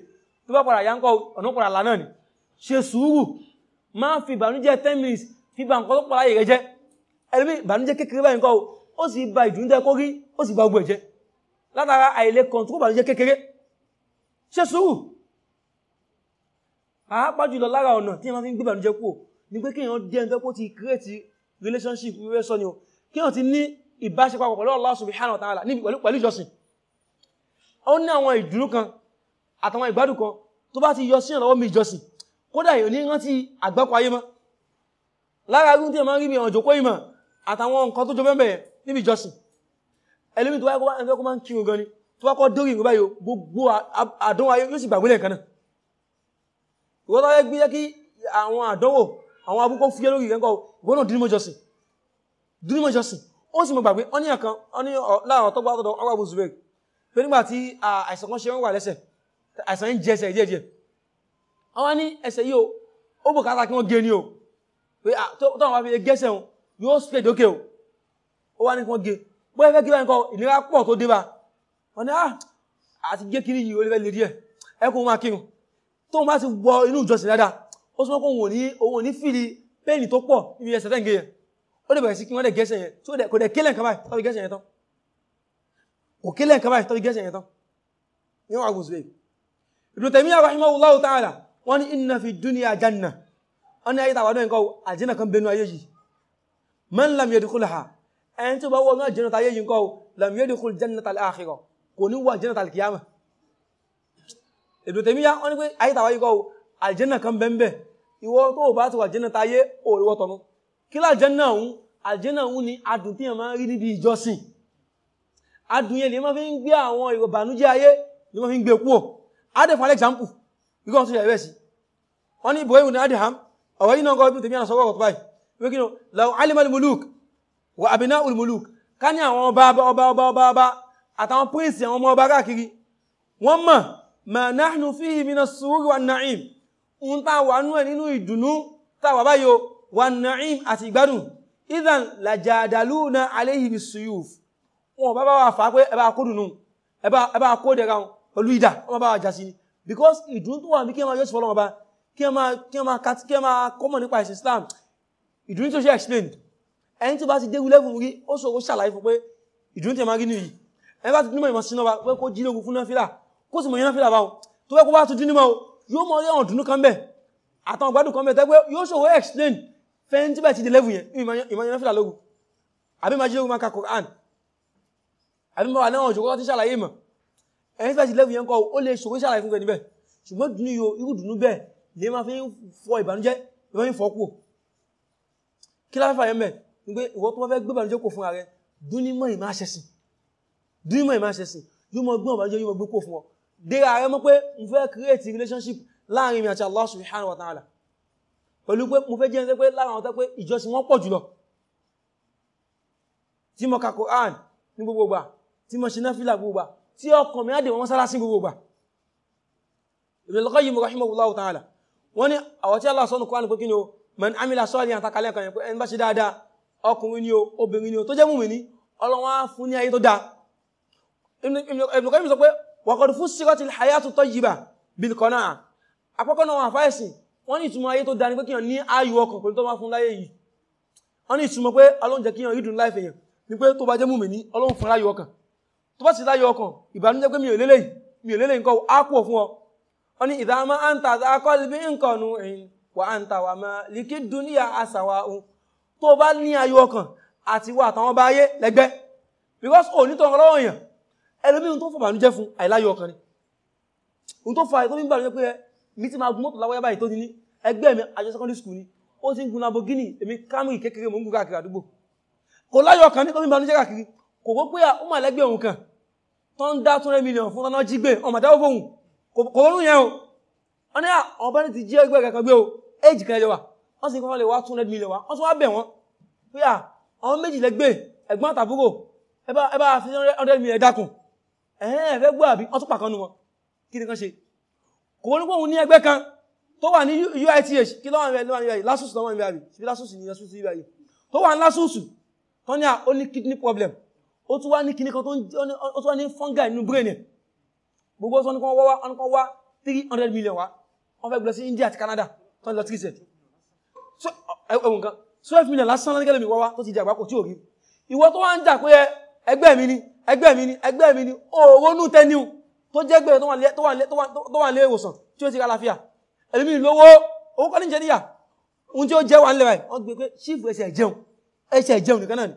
tó bá padà yá nǹkan ọ̀nà padà là ni ṣe sùúrù máa fi ìbànújẹ́ ten minutes fi ba nǹkan tó padà yẹ jẹ́ ẹlẹ́mí ìbànújẹ́ kékeré báyìí nǹkan ó sì ba ìdùnnú kó rí ó sì ba gbogbo ẹ̀jẹ̀ látara àìlè kan tó ìbànújẹ́ kékeré ṣe sùúrù àápàjùlọ lára ọ̀nà tí wọ́n fi ń gbé ìbànújẹ́ ni pé kéèyàn jẹ́ ẹni tó ti relationship wíwẹ́ sọ ni o kí wọ́n ti ní ìbáṣepọ̀ pẹ̀lú Allah subhanahu wa ta'ala níbi pẹ̀lú ìjọsìn ó ní àwọn ìdúró kan àtàwọn ìgbádùn kan tó bá ti yọ sí ìrànlọ́wọ́ mi ìjọsìn kódà yóò ní rántí àgbákò ayé mọ́ lára agún tí a máa ń rí bí ọ̀nà jòkó ìmọ̀ àtàwọn nǹkan tó jọ bẹ́ẹ̀ níbi ìjọsìn ẹlẹ́mí tó wáyé ẹgbẹ́ kó máa ń kírun gan ni tó wá kọ́ dórí ìrúbá yóò gbogbo àdánwò ayé yóò sì gbàgbé lẹ́ẹ̀kan ìwọ́n tó wáyé gbé jẹ́ kí àwọn àdánwò àwọn abúkọ́ fúyẹ́ lórí rẹ̀ ńkọ́ ìwọ náà dúnímọ̀ jọ́sìn dúnímọ̀ jọ́sìn ó sì mọ̀ gbàgbé ọ́nìyàn kan láàrọ̀ tọ́gbà tọ́dọ̀ ọwọ́ abu zubair pé nígbà tí àìsàn kan ṣe wọ́n wà lẹ́sẹ̀ àìsàn ń jẹ ẹsẹ̀ díẹ̀ díẹ̀ àwọn ní ẹsẹ̀ yìí ó bò kátà kí wọ́n gé ni o pé tọ́wọ́n bá fi gẹ́sẹ̀ wọn yóò spẹ̀ o ó wá ní kí wọ́n gé bó ẹ fẹ́ gé báyìí kọ ìnira pọ̀ tó dé bá wọn ni àti gé kiri yìí ó lè fẹ́ lè díẹ̀ ẹ kó máa kírun bá ti wọ inú ìjọsìn dáadáa ó súnmọ́ kóhun òní òun òní fìlì pẹ́ẹ̀nì tó pọ̀ níbi ẹsẹ̀ tẹ́ǹgẹ̀ yẹn ó dẹ̀ bẹ̀rẹ̀ sí kí wọ́n dẹ̀ gẹ́sẹ̀ yẹn tó dẹ̀ kò dẹ̀ kílẹ̀ nǹkan báyìí tọ́bi gẹ́sẹ̀ yẹn tán kò kílẹ̀ nǹkan báyìí tọ́bi gẹ́sẹ̀ yẹn tán ní wọn àgùn zuwèé Ibn Taymiyyah rahimahullahu ta'ala wọ́n ní inna fi dunya janna wọ́n ní ayé tàwọn ọdún nǹkan àjẹ́nà kan bẹnu ayé yìí man lam yadkhulha ẹni wà jẹ́nà al-qiyamah wọ́n ní pé ayé tàwọn yìí kan bẹ́ẹ̀ ìwọ tó bá ti wà jẹ́nà táyé òòrùwọ́ tọmọ kí lájẹ́nà òun àjẹ́nà òun ni adùn tí ẹ̀mọ́ rí níbi ìjọsìn adùn yẹn ni wọ́n fi ń gbé àwọn ìbànújẹ́ ayé ni wọ́n fi ń gbé kúò adé fún alexample wíkọ́ tó yẹ̀ sí wọ́n ní Ibrahim ní Adham ọ̀rọ̀ yìí náà kọ́ tèmi àṣọ ọ̀rọ̀ báyìí wíkí ni law alimal muluk wa ń tá wà nú ẹ̀ nínú ìdùnnú táwà báyò wà na'im àti ìgbádùn idan lajadaluna alayhi bisuyuf wọn bá bá wà fà pé ẹbá kó dùnú ẹbá kó dẹ̀ra pẹ̀lú ìdá wọn bá wà já sí ni because ìdùnnú tó wà ní kí ẹ máa yọ́ sí fọlọ́wọ́ bá kí ẹ máa kọ́mọ̀ nípa ìsìn Islam ìdùnnú tó ṣe explain ẹni tó bá ti déwu lẹ́fún rí ó ṣòro ṣàlàyé fún pé ìdùnnú tẹ̀ máa rí nìyí ẹni bá ti dúnmọ̀ ìmọ̀ sínú wa pé kó jí lógun fún náfìlà kó sì mọ̀ yẹn náfìlà báwọn tó fẹ́ kó bá tún dúnmọ̀ yóò mọ̀ rí àwọn ìdùnnú kan bẹ̀ àtàwọn gbádùn kan bẹ̀ tẹ́gbẹ́ yóò ṣòwò explain fẹ́ntí bẹ̀ ti di level yẹn ìmọ̀nyẹ́ fìlà lógún àbí máa jílógún máa ka Quran àbí máa wà náà òjòkó tí ṣàlàyé mọ̀ ẹ̀yìn fẹ́ ti level yẹn kọ́ ó lè ṣòwò ṣàlàyé fún níbẹ̀ ṣùgbọ́n dùnú yo irú dùnú bẹ́ẹ̀ lè máa fi ń fọ ìbànújẹ́ ìbọn yìí fọ́ kù kí láfẹ́ fà yẹn bẹ̀ ni pé ìwọ tó bá fẹ́ gbé ìbànújẹ́ kò fún ààrẹ dúnímọ̀ ìmáṣẹ̀sìn dúnímọ̀ ìmáṣẹ̀sìn yóò mọ gbọ́n ìbànújẹ́ yóò mọ gbé kò fún ọ dẹ́ra rẹ mọ́ pé mo fẹ́ create relationship láàrin mi àti Allah subhanahu wa ta'ala pẹ̀lú pé mo fẹ́ jẹ́ ẹ̀sẹ́ pé lára àwọn tó pé ìjọsìn wọ́n pọ̀ jùlọ tí mo ka Quran ní gbogbo gbà tí mo ṣe náfìlà gbogbo gbà tí ta'ala wọ́n ní àwọn Allah sọ́nù Quran pé kí ni man amila sọ́ọ̀lì àtàkálẹ̀ kan yẹn pé ẹni bá ṣe dáadáa ọkùnrin ni o obìnrin ni o tó jẹ́ mùmí ní Ọlọ́run á fún ní ayé waqad fussiratil hayatu tayyiba bil qana'a àkọ́kọ́ náà wọ́n àfáìsìn wọ́n ní ìtumọ̀ ayé tó dání pé kíyàn ní ayò ọkàn pẹ̀lú tó máa fún láyé yìí wọ́n ní ìtumọ̀ pé Ọlọ́run jẹ́ kíyàn ìdùn láìfẹ̀ yẹn ni pé tó bá jẹ́ mùmí ní Ọlọ́run fún láyò ọkàn tó bá sì láyò ọkàn ìbànújẹ́ pé mi ò lélẹ̀ mi ò lélẹ̀ nǹkan á kúọ̀ fún ọ wọ́n ní idha ma anta dha qalbi nǹkan ẹ̀yìn wa anta wa maliki dunya àṣàwà ohun tó bá ní ayò ọkàn àti wà àtàwọn bá ayé lẹ́gbẹ́ because onítọ̀ ọlọ́wọ́ yẹn ẹlòmí ohun tó fọ́ bànújẹ́ fún àìláyọ̀ ọkàn ni ohun tó fọ́ àìkọ́ ní gbàlújẹ́ pé mi ti máa gun mọ́tò láwọ́yá báyìí tó ní ní ẹgbẹ́ mi àjọ secondary school ni ó ti ń gun Lamborghini èmi Camry kékeré mò ń gun káàkiri àdúgbò kò láyọ̀ ọkàn ní kọ́ ní bànújẹ́ káàkiri kò gbọ́ pé ó mà lẹ́gbẹ̀ẹ́ òun 200 million fún tọ́nà jí gbé ọmọ dáwọ́ fóun kò wọ́n yẹn o wọ́n ní àwọn bá ní ti jí ẹgbẹ́ kankan gbé 200 million wa wọ́n tún wá bẹ̀ wọ́n pé àwọn méjì lẹ́gbẹ̀ẹ́ ẹ̀gbọ́n àtàbúrò ẹ fi 100 million dákun ẹ̀ẹ́ fẹ́ gbọ́ àbí ọtún pàkanu wọn kí ni kan ṣe kò ní pòun ní ẹgbẹ́ kan tó wà ní UITH kí lọ́wọ́ ìbẹ̀ lọ́wọ́ ìbẹ̀ lásùsù lọ́wọ́ ìbẹ̀ àbí ṣe lásùsù ní lásùsù ìbẹ̀ yìí tó wà ní lásùsù tó ní ó ní kidney problem ó tún wá ní kíní kan tó wá ní fungi inú brain ẹ̀ gbogbo sọ ní kan wá wọn kan wá three hundred million wá wọn fẹ́ gbọ́dọ̀ sí India àti Canada tó ń lọ three cent ẹ̀wọ̀n kan twelve million lásán lọ́nà kẹ́lẹ́mi wá wá tó ti di àgbákò tí ò rí ìwọ tó wá ń jà pé ẹgbẹ́ mi ni ẹgbẹ́ mi ni ẹgbẹ́ mi ni òrónú tẹ́niù tó jẹ́ gbẹ̀rẹ̀ tó wà lé ìwòsàn tí ó ti kálàfíà ẹlòmí lówó owó kọ́ ní jẹ́ níyà ohun tí ó jẹ́ wà ń lẹ́wà wọ́n gbé pé ṣífù ẹsẹ̀ jẹun ẹsẹ̀ jẹun nìkan náà ni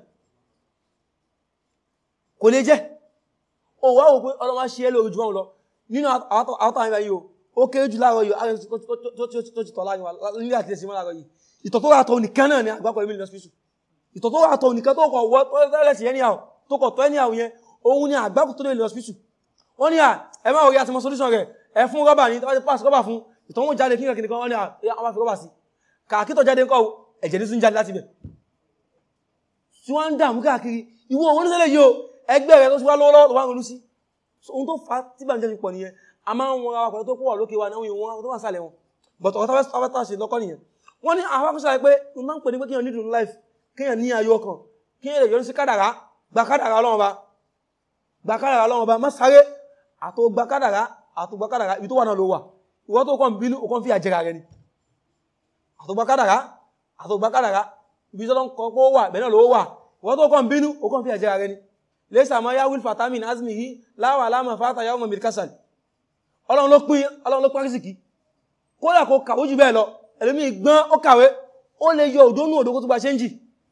kò lè jẹ́ òwò àwọn òpin ọlọ́wọ́ ṣe é lórí jù wọn lọ nínú àwọn àwọn yìí ó kéré jù láàárọ̀ yìí ààrẹ tó ti tọ̀ láàárọ̀ nílé àti ẹ̀sìn láàárọ̀ yìí ìtọ̀ tó rà tọ̀ nìkan náà ni àgbákọ̀ ìmìlì lọ́sibítù ìtọ̀ tó rà tọ̀ nìkan tó kọ̀ wọ́ tọ́lẹ̀sì yẹn ní àwọn tó kọ̀ tọ́ ẹni àwọn yẹn òun ni àgbákò tó lè lọ hospital wọ́n ní à ẹ máa wòye àti mọ solution rẹ̀ ẹ fún rọ́bà ní tọ́wọ́ pass rọ́bà fún ìtọ́wọ́n jáde kí nìkan wọ́n ní à wọ́n fi rọ́bà sí kàkítọ̀ jáde ńkọ́ ẹ̀jẹ̀ ní tún jáde láti bẹ̀ tí wọ́n ń dààmú káàkiri ìwọ òun nílẹ̀ yìí o ẹgbẹ́ rẹ̀ tó ti wá lọ́wọ́ lọ́wọ́ ronú sí ohun tó fa tí bàmí jẹ́mi pọ̀ nìyẹn a máa ń wọn ara pẹ̀lú tó pọ̀ lókè wa náà wọn tó wà sálẹ̀ wọn but ọ̀tá wẹ́sítà ṣe lọ́kọ́ nìyẹn wọ́n ní àwọn akọ́ṣà pé n máa ń pè ní pé kéèyàn nídùn life kéèyàn ní ayọ̀ ọkàn kéèyàn lè yọrí sí kádàrá gbàkádàrà ọlọ́run ọba gbàkádàrà ọlọ́run ọba má sáré àtò gbàkádàrà àtò gbàkádàrà ibi tó wà náà ló wà ìwọ tó kàn bínú ó kàn fi àjẹrà rẹ ni àtò gbàkádàrà àtò gbàkádàrà ibi tó kàn kó wà bẹ́ẹ̀ náà ló wà ìwọ tó kàn bínú ó kàn fi àjẹrà rẹ ni lẹ́sà máa yá wíl fatami ní azmi yìí láwà láàmà fata yà ọmọ bilkasal ọlọ́run ló pín ọlọ́run ló pín rìsìkì kódà kó kàwé jù bẹ́ẹ̀ lọ ẹlòmíì gbọ́n ó kàwé ó lè yọ òdó nù òdó kó tó bá ṣe ń jì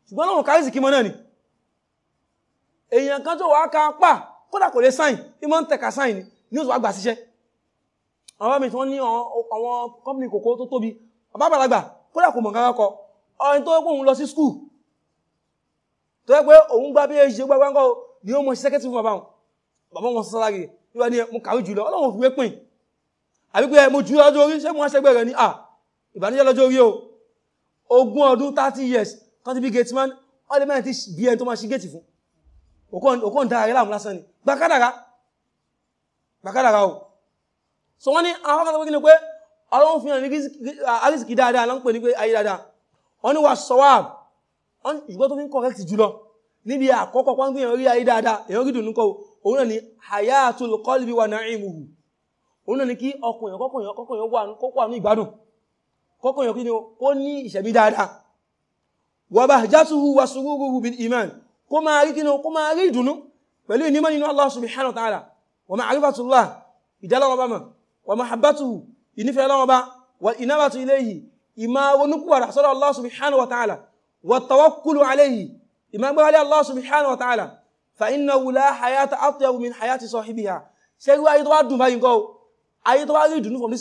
ṣùgbọ́n ọlọ́run ká rìsìkì mọ́ náà ni èèyàn kan tó wàá ka pa kódà kò lè sáìn ní máa ń tẹ̀ka sáìn ni ní oṣù àgbà síṣẹ́ àwọn mi tí wọ́n ní àwọn kọ́mpìnì kòkó tó tóbi bàbá àgbàlagbà kódà kò mọ̀ kankan kọ ọyìn tó kóhun lọ sí skul tó yẹ pé òun gba bí èyí gbogbo àgbáńkọ ni ó mọ sí sẹ́kẹ́tì fún bàbá wọn bàbá wọn sọ mo kàwé jùlọ ọlọ́run mo jù lọ́jọ́ orí ṣé mo ṣẹgbẹ́ ni à ìbànújẹ́ lọ́jọ́ orí o years kan ti bí gateman ọlẹ́mẹ́rin ti bí ẹni tó máa òkò ń dára rẹ̀ láàmù lásán ni gbàkádàrá gbàkádàrá o so wọ́n ní àwọn akọ́kọ́ gíní pé ọlọ́run fi hàn ní àrísìkí dáadáa lọ́n pè ní pé ayé dáadáa wọ́n ní wà sọ́wàb ìgbọ́ tó fi ń correct jùlọ níbi àkọ́kọ́ pọ́n gbìyàn rí ayé dáadáa èyàn rí dùnú kọ́ òun náà ni hayatul qalbi wa na'imuhu òun náà ni kí kó máa rí kínú kó máa rí ìdùnnú pẹ̀lú ìnímọ̀ nínú Allah subhanahu wa ta'ala wa ma'rifatullah ìdálọ́wọ́bá mọ̀ wa mahabbatuhu ìnífẹ́ lọ́wọ́bá wa inabatu ilayhi ìmá ronúkúwàrà sọ́dọ̀ Allah subhanahu wa ta'ala wa tawakkulu alayhi ìmá gbáwálé Allah subhanahu wa ta'ala fa innahu la hayata atyabu min hayati sahibiha ṣe rí ayé tó wá dùn báyìí nǹkan o ayé tó wá rí ìdùnnú from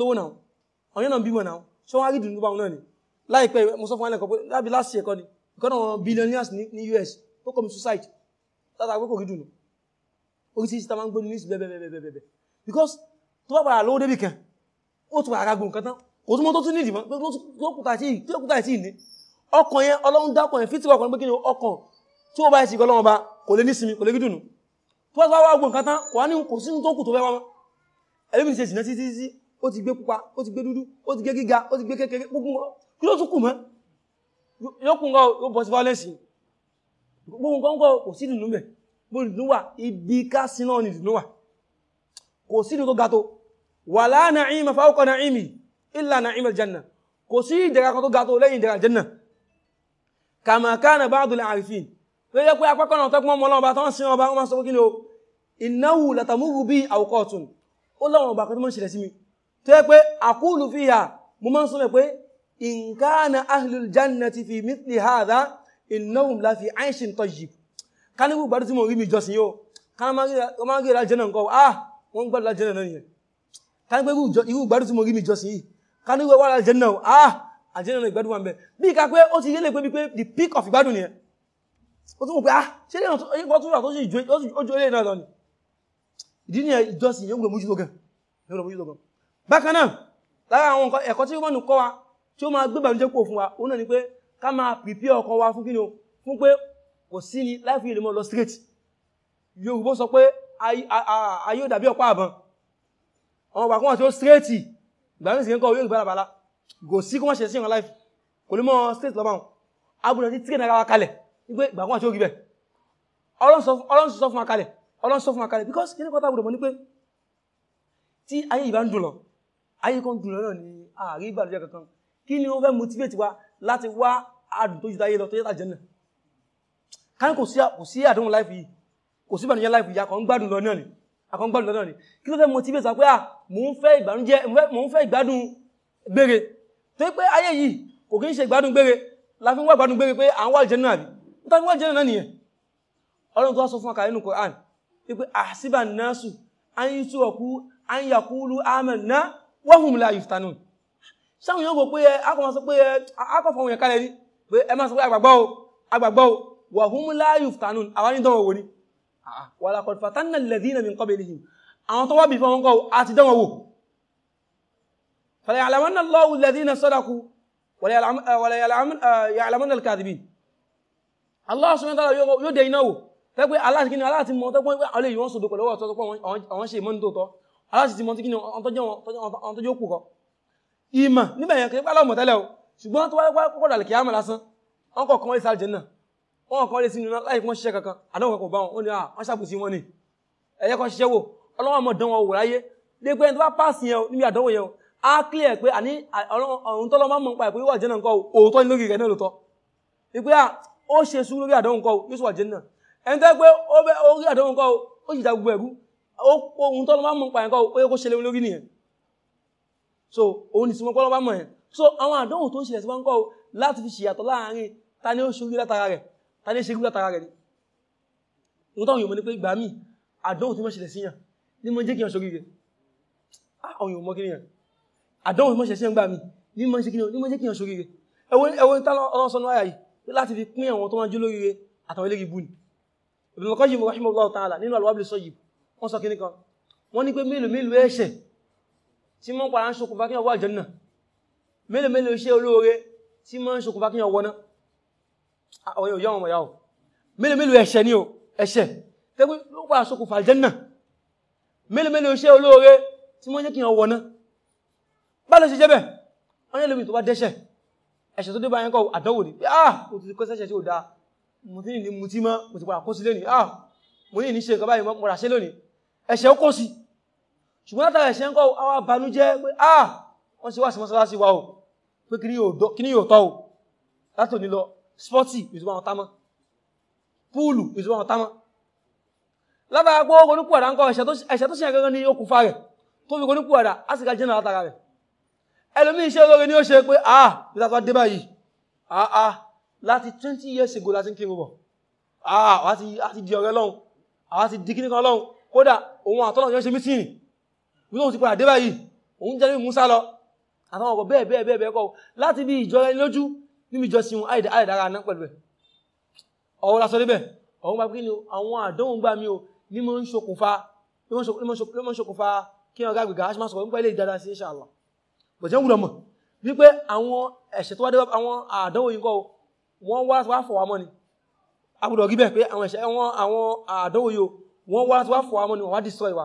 lówó náà àwọn yẹn náà bímọ náà ṣé náà ni láìpẹ́ mo sọ fún wọn lẹ́kọ̀ọ́ pé lábí láti ẹ̀kọ́ ni ìkọ́nà wọn billionaires ní US ó kọ́ mi suicide látà pé kò rí dùn orí tí ìsìta máa ń gbóni ní ìsìn bẹ́ẹ̀bẹ́ẹ̀bẹ́ẹ̀bẹ́ because tó bá padà lówó débì kan ó tún ara gùn kátán kò tún mọ́ tó tún ní ìdìmọ́ lókùtà tí ní ọkàn yẹn ọlọ́run dákọ̀ yẹn fítìwọ̀ ọkàn pé kí ni ọkàn tí ó bá ti gọlọ́wọ́ bá kò lè nísinmi kò lè rí dùnú tó bá wá gùn kátán kò wá ní kò sínú tó kù tó fẹ́ wá mọ́ ẹlẹ́mìí ṣe jìnà títí ó ti gbé pupa ó ti gbé dúdú ó ti gbé gíga ó kí ló tún kù mọ́ yóò kún kọ́ yóò bọ́ sí violence gbogbo nǹkan kọ́ kò sí ìdùnnú mẹ́ bó ìdùnnú wà ibi ká sí náà ni ìdùnnú wà kò sí ìdùnnú tó ga tó wala na'ima fawqa na'imi illa na'ima aljanna kò sí ìdẹ̀ra kan tó ga tó lẹ́yìn ìdẹ̀ra aljanna kama kana ba'dul arifin in kana ahlul jannati fi mithli hadha innahum la fi aishin tayyib kan bu gbádùn tí mo rí mi jọ́sìn yo kan ma ma ge la jana nko ah wọ́n gbádùn la jana nani kan pe bu irú gbádùn tí mo rí mi jọ́sìn yìí kan we wa la jana ah ajana na gbádùn wa nbe bí ka pé ó ti yele pé bí pé the peak of gbádùn ni ó tún mọ̀ pé ah se le yin ko tún ra tó sì jo o jo le na lo ni ìdí ni jọ́sìn yẹn gbọ́ moju to gan yẹn gbọ́ moju to gan bákan náà lára àwọn ẹ̀kọ́ tí wọ́n nu kọ́ wa tí ó máa gbé bànújẹ́ kò fún wa òun náà ni pé ká máa prepare ọkàn wa fún kíni o fún pé kò sí ni láìfi ilé mọ́ lọ straight Yorùbá sọ pé ayé ò dàbí ọ̀pá àbọn ọmọ bàkún wọn tí ó straight ìgbàmí sí kọ́ yóò ìgbàlàbàlà kò sí kí life kò straight lọ́mọ agbóná tí train ara wa kalẹ̀ wípé ìgbàkún wọn tí ó rí bẹ̀ Ọlọ́run sọ fún wa because kí ní kọ́ta gbọdọ̀ mọ́ ní pé tí ayé ìbá ń dùn lọ ayé kan dùn lọ náà ni ààrí ìbàlújẹ́ kankan kí ni ó fẹ́ motivate wa láti wá àdùn tó jù táyé lọ tó yẹ́ta jẹ́nà káyí kò sí àdánwò láìfì yìí kò sí ìbànújẹ́ láìfì yìí akọ̀ lọ náà ni kí ló fẹ́ motivate wa pé à ah, mò ń fẹ́ ìbànújẹ́ mò ń fẹ́ ìgbádùn gbére tó pé ayé yìí kò kí ń ṣe ìgbádùn gbére la fi ń wá ìgbádùn gbére pé à ń wá jẹ́nà àbí ń tàbí wá jẹ́nà náà nìyẹn ọlọ́run sáwọn yóò pé ẹ akọ̀mọ̀ sọ pé ẹ akọ̀fọ̀ òyìn kalẹ̀ rí pé ẹ máa sọ pé àgbàgbọ́ o àgbàgbọ́ o wà húnmú láàyò ftanun àwọn ní dánwò wò ní wà lákọ̀ fatanna alladhina min qablihim àwọn tó wà bí fún ọkọ̀ àti dánwò wò fala ya'lamanna Allahu alladhina sadaqu wala ah, ya'lamanna al-kadhibin Allah subhanahu wa ta'ala yóò dé iná wò tẹ́gbẹ́ aláti kíni aláti mọ́ tẹ́gbọ́n pé àwọn èèyàn sọ̀dọ̀ pẹ̀lú ọ̀tọ́ tó pọ̀ àwọn ṣe mọ́ ní tòótọ́ aláti ti mọ́ tí kíni ọ̀tọ́jọ́ kù ìmọ̀ níbẹ̀ yẹn kìí pálọ̀mọ̀ tẹ́lẹ̀ o ṣùgbọ́n tó wáyé pọ́pọ̀ dàlẹ̀ kìí àmà lásán wọn kọ̀ kan ìsàlẹ̀ jẹ́nà wọn kọ̀ lè sínú láì fún ṣiṣẹ́ kankan àdánwò kankan bá wọn ó ní à wọn ṣàbùsí wọn ni ẹ̀yẹ kan ṣiṣẹ́ wò ọlọ́wọ́n mọ̀ dán wọn wò láyé lé pé ẹni tó bá pàṣì yẹn níbi àdánwò yẹn á clear pé àní ọ̀run tọ́lọ́ máa mọ̀ nípa ìpínlẹ̀ ìwà jẹ́nà nǹkan òótọ́ ni lórí rẹ̀ náà lóòótọ́ ìpé à ó ṣe sùúrù lórí àdánwò nǹkan yóò sì wà jẹ́nà ẹni tó pé ó rí àdánwò nǹkan ó sì dá gbogbo ẹ̀rú ohun tọ́lọ́ máa mọ̀ nípa so òun ni sinmi pọ́lọ́ bá mọ̀ yẹn so àwọn àdánwò tó ń ṣẹlẹ̀ sí wọn kọ́ láti fi ṣìyàtọ̀ láàárín ta ni ó ṣorí látara rẹ̀ ta ni ó ṣorí látara rẹ̀ ni mo táwọn yòó mọ̀ ní pé ìgbà míì àdánwò tí wọ́n ṣẹlẹ̀ síyàn ní mo jẹ́ kí wọ́n ṣorí rẹ̀ ah, àwọn yòó mọ̀ kí nìyàn àdánwò tí wọ́n ṣẹlẹ̀ síyàn gbà mí ní mo jẹ́ kí wọ́n ṣorí rẹ̀ ẹwọ́n tán ọlọ́run sọ náà yìí láti fi pín àwọn to wọ́n jó lórí rẹ̀ àtàwọn eléyìí bú ni Ibn Qayyim rahimahullah ta'ala nínú al-Wabil Sayyib wọ́n sọ kíní kan wọ́n ní pé mélòó mélòó ẹ̀ṣẹ̀ tí mọ́ pàrán ṣokùnfà kí ọwọ́ àjọ́nà mélòó mélòó iṣẹ́ olóore tí mọ́ ń ṣokùnfà kí ọwọ́ náà ah, àwọn yóò yọ́ yàwó mélòó mélòó ní o ẹ̀ṣẹ̀ tẹ́gbẹ́ ló pàrán ṣokùnfà àjọ́nà mélòó mélòó iṣẹ́ olóore tí mọ́ jẹ́ kí ọwọ́ náà bá lọ sí jẹ́ bẹ̀ wọ́n yẹ́ lómi tó ah mo ti kọ́ sẹ́ṣẹ̀ tí ó dáa mo ti ní mutí mọ́ ah mo ní ìníṣe nǹkan báyìí mo rà ṣùgbọ́n látàrà ẹ̀ṣẹ̀ ń kọ́ àwa banújẹ́ pé ah wọ́n ṣe wá sí mọ́sálásí wa o pé kí ní yóò tọ́ o láti òní lọ spọ́tì ìtùbọ̀ àwọn támọ́ púùlù ìtùbọ̀ àwọn támọ́ látàrà pé ó ronúkú àdá ń kọ́ ẹ̀ṣẹ̀ tó ṣe gẹ́gẹ́ ní okùnfà rẹ̀ tó fi ronúkú àdá á sì ká jẹ́nà ni ó ṣe ah bí látàrà dé ah ah láti years ago láti ń kí rúbọ̀ ah àwa ti di ọ̀rẹ́ lọ́hùn àwa ti di kíníkan lọ́hùn kódà òun àtọ́nà yóò ṣe mítìnì bí wọ́n ti padà dé báyìí òun jẹ́ níbi Musa lọ àtàwọn ọkọ̀ bẹ́ẹ̀ bẹ́ẹ̀ bẹ́ẹ̀ bẹ́ẹ̀ kọ́ láti bí ìjọ ẹni lójú níbi ìjọsìn àìdára náà pẹ̀lú ẹ̀ ọ̀rọ̀ lásán níbẹ̀ ọ̀run máa kí ni àwọn àdánwò gbà mí o ní mo ń ṣokùnfà ní mo ń ṣokùnfà kí wọn gàgbègà a ṣe máa sọ̀rọ̀ nípa ilé ìdára sí insha Allah bọ̀jẹ̀ ń wúlọ̀ mọ̀ wípé àwọn ẹ̀ṣẹ̀ tó wá dé àwọn àdánwò yìí kọ́ wọ́n wá wá fọ̀ wá mọ́ ni agbọ̀dọ̀ gíbẹ̀ pé àwọn ẹ̀ṣẹ̀ àwọn àdánwò yìí wọ́n wá wá fọ̀ wá mọ́ ni wọ́n wá dì sọ ìwà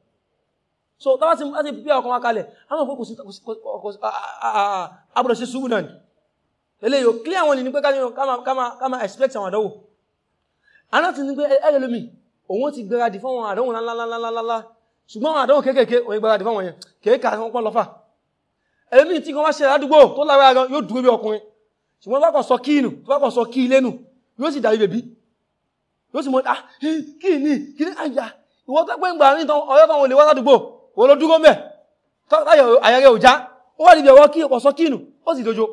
so táwọn ti láti pípẹ́ ọkàn wa kalẹ̀ àwọn òkú kò sí abúrò sí ṣúgbù náà eléyìí ò clear àwọn ìní pé káma expect àwọn àdánwò aláti ní pé ẹlẹ́lómi òun ti gbáradì fáwọn àdánwò lálálálálá ṣùgbọ́n àwọn àdánwò kéèkéé òun gbáradì fáwọn yẹn kéèkà wọn pọ́n lọ́fà ẹlẹ́mí tí kan wá ṣe àdúgbò tó lára gan yóò dúró bí ọkùnrin ṣùgbọ́n bá kàn sọ kí inú tó bá kàn sọ kí ilé nù yóò sì dàrí bèbí yóò sì mọ́ ah kí ni kí ni àyà ìwọ́n tó pé ń gbà ní ọ̀yọ́ táwọn olè wá sádùgbò wọ́n ló dúró mẹ́ ayẹrẹ òjá ó wà níbi ọwọ́ kí ọ̀sọ́ kínú ó sì dojo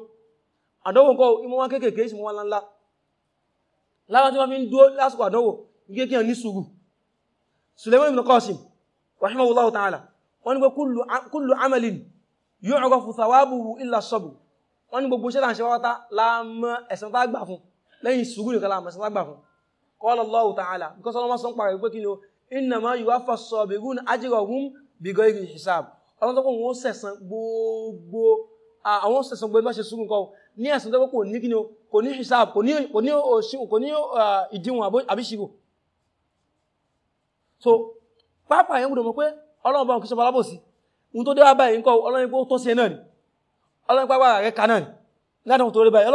àdánwò nǹkan ìmọ̀ wọn kéèkèé sí wọn láńlá lára tí wọ́n fi ń dúó lásìkò àdánwò gé kí ní sùúrù Suleiman ibn Qasim rahimahullahu ta'ala wọ́n ní pé kullu amalin yu'rafu thawabuhu illa sabr wọ́n ní gbogbo ṣẹ́lá ṣe wáta láàmọ́ ẹ̀san tá gbà fún lẹ́yìn sùúrù nìkan láàmọ́ ẹ̀san tá gbà fún qala Allahu ta'ala because ọlọ́mọ sọ ń pàrẹ̀ wípé kí ni ó innama yuwaffa as bígọ́ ìrì hisab ọlọ́dọ́kọ̀ wọn sẹ̀sán gbogbo àwọn sẹ̀sán gbogbo ẹgbẹ́ ṣe sùúrù nǹkan ní ẹ̀sán tó kò ní kí ni o kò ní hisab kò ní ìdíwọ̀n àbíṣirò so pápá yẹn gbọdọ̀ mọ̀ pé ọlọ́run bá òkè sọpọ̀ alábòsí ohun tó dé wá báyìí nǹkan ọlọ́run kó tó sí ẹ náà ni ọlọ́run pápá rẹ̀ ká náà ni ládàá tó rí báyìí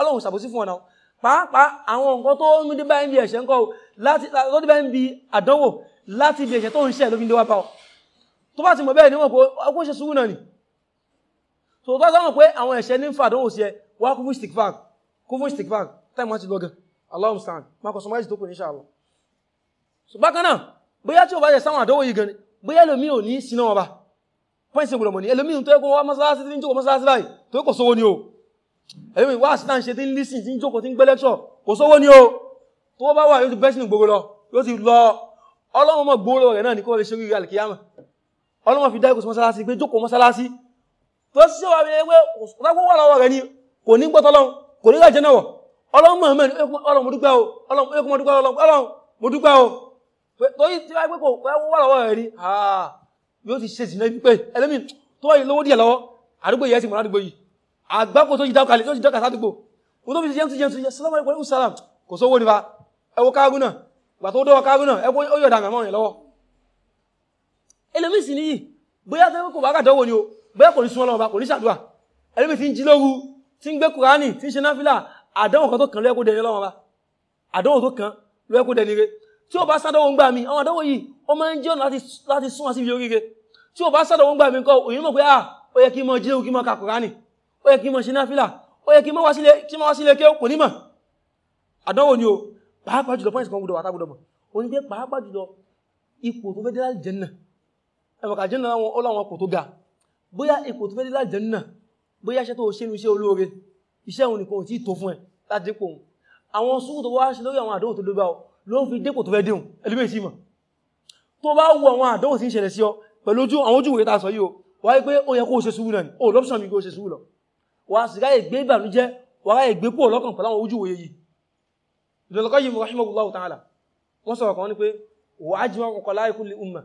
ọlọ́run ṣàbòsí fún ọ̀nà pàápàá àwọn nǹkan tó ń dé báyìí bí ẹ̀ṣẹ̀ nǹkan láti tó dé báyìí bí àdánwò láti bí ẹ̀ṣẹ̀ tó ń ṣẹ̀ lóbi ń dé wá bá ọ tó bá ti mọ̀ bẹ́ẹ̀ ni wọ́n kó ṣe sùúrù náà ni so tó sáwọn pé àwọn ẹ̀ṣẹ̀ ní fàdánwò sí ẹ wá kúfún stikfag kúfún stikfag time wọ́n ti lọ́gẹ̀ Allahumma sàn makọ̀ sọmọ́ ìsì tó kù ní ṣàlọ́ so bákan náà bóyá tí o bá jẹ sáwọn àdánwò yìí gan bóyá ẹlòmí ò ní síná ọba pọ́ìsì gbọ́dọ̀ mọ̀ ní ẹlòmí tó yẹ kó wá mọ́sálásí tí ń jókòó mọ́sálásí báyìí tó kò sówó ni o ẹlòmí wá sí náà ṣe tí ń lísìn tí ń jókòó tí ń gbẹ́lẹ́ṣọ̀ kò sówó ni o tó bá wà yóò ti bẹ́sìn gbogbo lọ yóò ti lọ ọlọ́mọ gbogbo rẹ̀ náà ní kó lè ṣe orí alìkíyàmà ọlọ́mọ fi dáìkù sí mọ́sálásí pé jókòó mọ́sálásí tó sì ṣe wà ní ẹgbẹ́ ọ̀sánkó ni kò ní gbọ́tọ́lọ́ kò ní gàjẹ́ náà ọlọ́mọ mẹ́rin ọlọ́mọ dúpẹ́ o ọlọ́mọ dúpẹ́ o ọlọ́mọ dúpẹ́ o torí tí wáyé pé kò wà ni yóò ti ṣe sí náà pé ẹlẹ́mì tó wáyé lówó díẹ̀ lọ́wọ́ àdúgbò yẹn sì mọ̀ ládùgbò yìí àgbákò tó ti dákà lè tó ti dákà sádùgbò mo tó fi ṣe jẹun ti jẹun ti jẹun sálámà ìpínlẹ̀ ìsàlám kò sówó nípa ẹwọ kárúnà gbà tó dọ́wọ́ kárúnà ẹwọ yọ̀dà mẹ́mọ́ yẹn ẹlòmíì sì níyì bóyá tó kò bá kàdánwò ni o bóyá kò ní súnmọ́ lọ́wọ́ bá kò ní ṣàdúrà ẹlòmíì ti ń jí lóru ti ń gbé kùránì ti ń ṣe náfìlà àdánwò kan tó kàn lóyẹ àdánwò tó o bá sádọ́wọ́ ń gbà mí àwọn àdánwò o bá sádọ́wọ́ ń gbà mí nǹkan òyìn mọ̀ pé ah ó yẹ kí n mọ jí lóru kí n mọ ka kùránì ó yẹ kí n mọ ṣe náfìlà ó yẹ kí o pàápàá jùlọ pọ́ìsì kan gbọdọ̀ wà tágbọdọ̀ mọ̀ onígbé pàápàá jùlọ ipò tó fẹ́ dé láti jẹ́ náà ẹ̀wọ̀n àjẹ́nà ó láwọn ọkọ̀ tó ga bóyá ipò tó fẹ́ dé lájẹ́ náà bóyá iṣẹ́ tó ṣe ní iṣẹ́ olóore iṣẹ́ òun nìkan tí tó fún ẹ láti dépò òun àwọn sùúrù tó wá ṣe lórí àwọn àdánwò tó dé bá ọ ló fi dépò tó fẹ́ déhùn ẹlẹ́mẹ̀ sí mọ̀ tó bá wo àwọn àdánwò tí ń ṣẹlẹ̀ sí ọ pẹ̀lú ojú àwọn ojú ìwòye sọ yìí o wà pé ó yẹ kó ṣe sùúrù náà ni ó lọ́pṣọ̀n mi kó ṣe sùúrù lọ wà á sì ìbànújẹ́ wà á pò lọ́kàn pẹ̀lú àwọn ojú ìwòye yìí Ibn al-Qayyim rahimahullahu ta'ala wọ́n sọ̀rọ̀ kan ní pé wà á jí wọn kọ̀ọ̀kan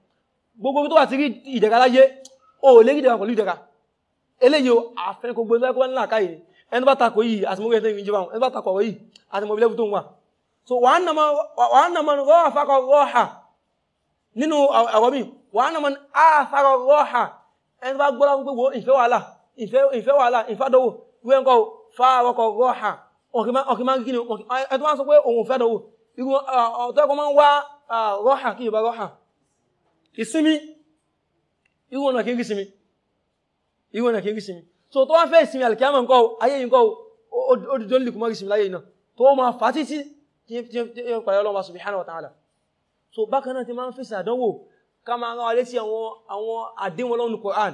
gbogbo tó wà sí ìdẹ̀ka láyé o lè rí ìdẹ̀ka pẹ̀lú ìdẹ̀ka eléyìí àfẹ́ gbogbo ẹgbẹ́ wọn nílà káyìí ẹni bá takò yìí àti mọ́gbẹ́ ẹni ìjọba ẹni bá takò ọ̀rọ̀ yìí àti mọ́gbẹ́ lẹ́bù tó ń wà so wàá nàmọ́ rọ́ọ̀ àfakọ̀ rọ́ọ̀hà nínú ọ̀rọ̀ mi wàá nàmọ́ àfakọ̀ rọ́ọ̀hà ẹni bá gbọ́dọ̀ wípé wo ìfẹ́ wàhálà ìfẹ́ wàhálà ìfádọ́wò wíwẹ́ ń kọ́ fáwọkọ̀ rọ́ọ̀hà ọ̀kì máa ń kí ni ẹni tó máa ń sọ pé òun fẹ́ dọ́wò ọ̀tọ́ ẹ̀kọ́ máa ń wá rọ́ọ̀hà ìsinmi irú ọ̀nà kí n rí sinmi irú ọ̀nà kí n rí sinmi so tó wá fẹ́ ìsinmi alìkíyàmà ń kọ́ ayé yìí ń kọ́ ó dìdó nílùú kúmọ́ rí sinmi láyé yìí náà tó máa fà títí tí ó ń parí ọlọ́wà subhanahu wa ta'ala so bákan náà ti máa ń fèsì àdánwò ká máa rán alé sí àwọn àdéhùn ọlọ́run Qur'an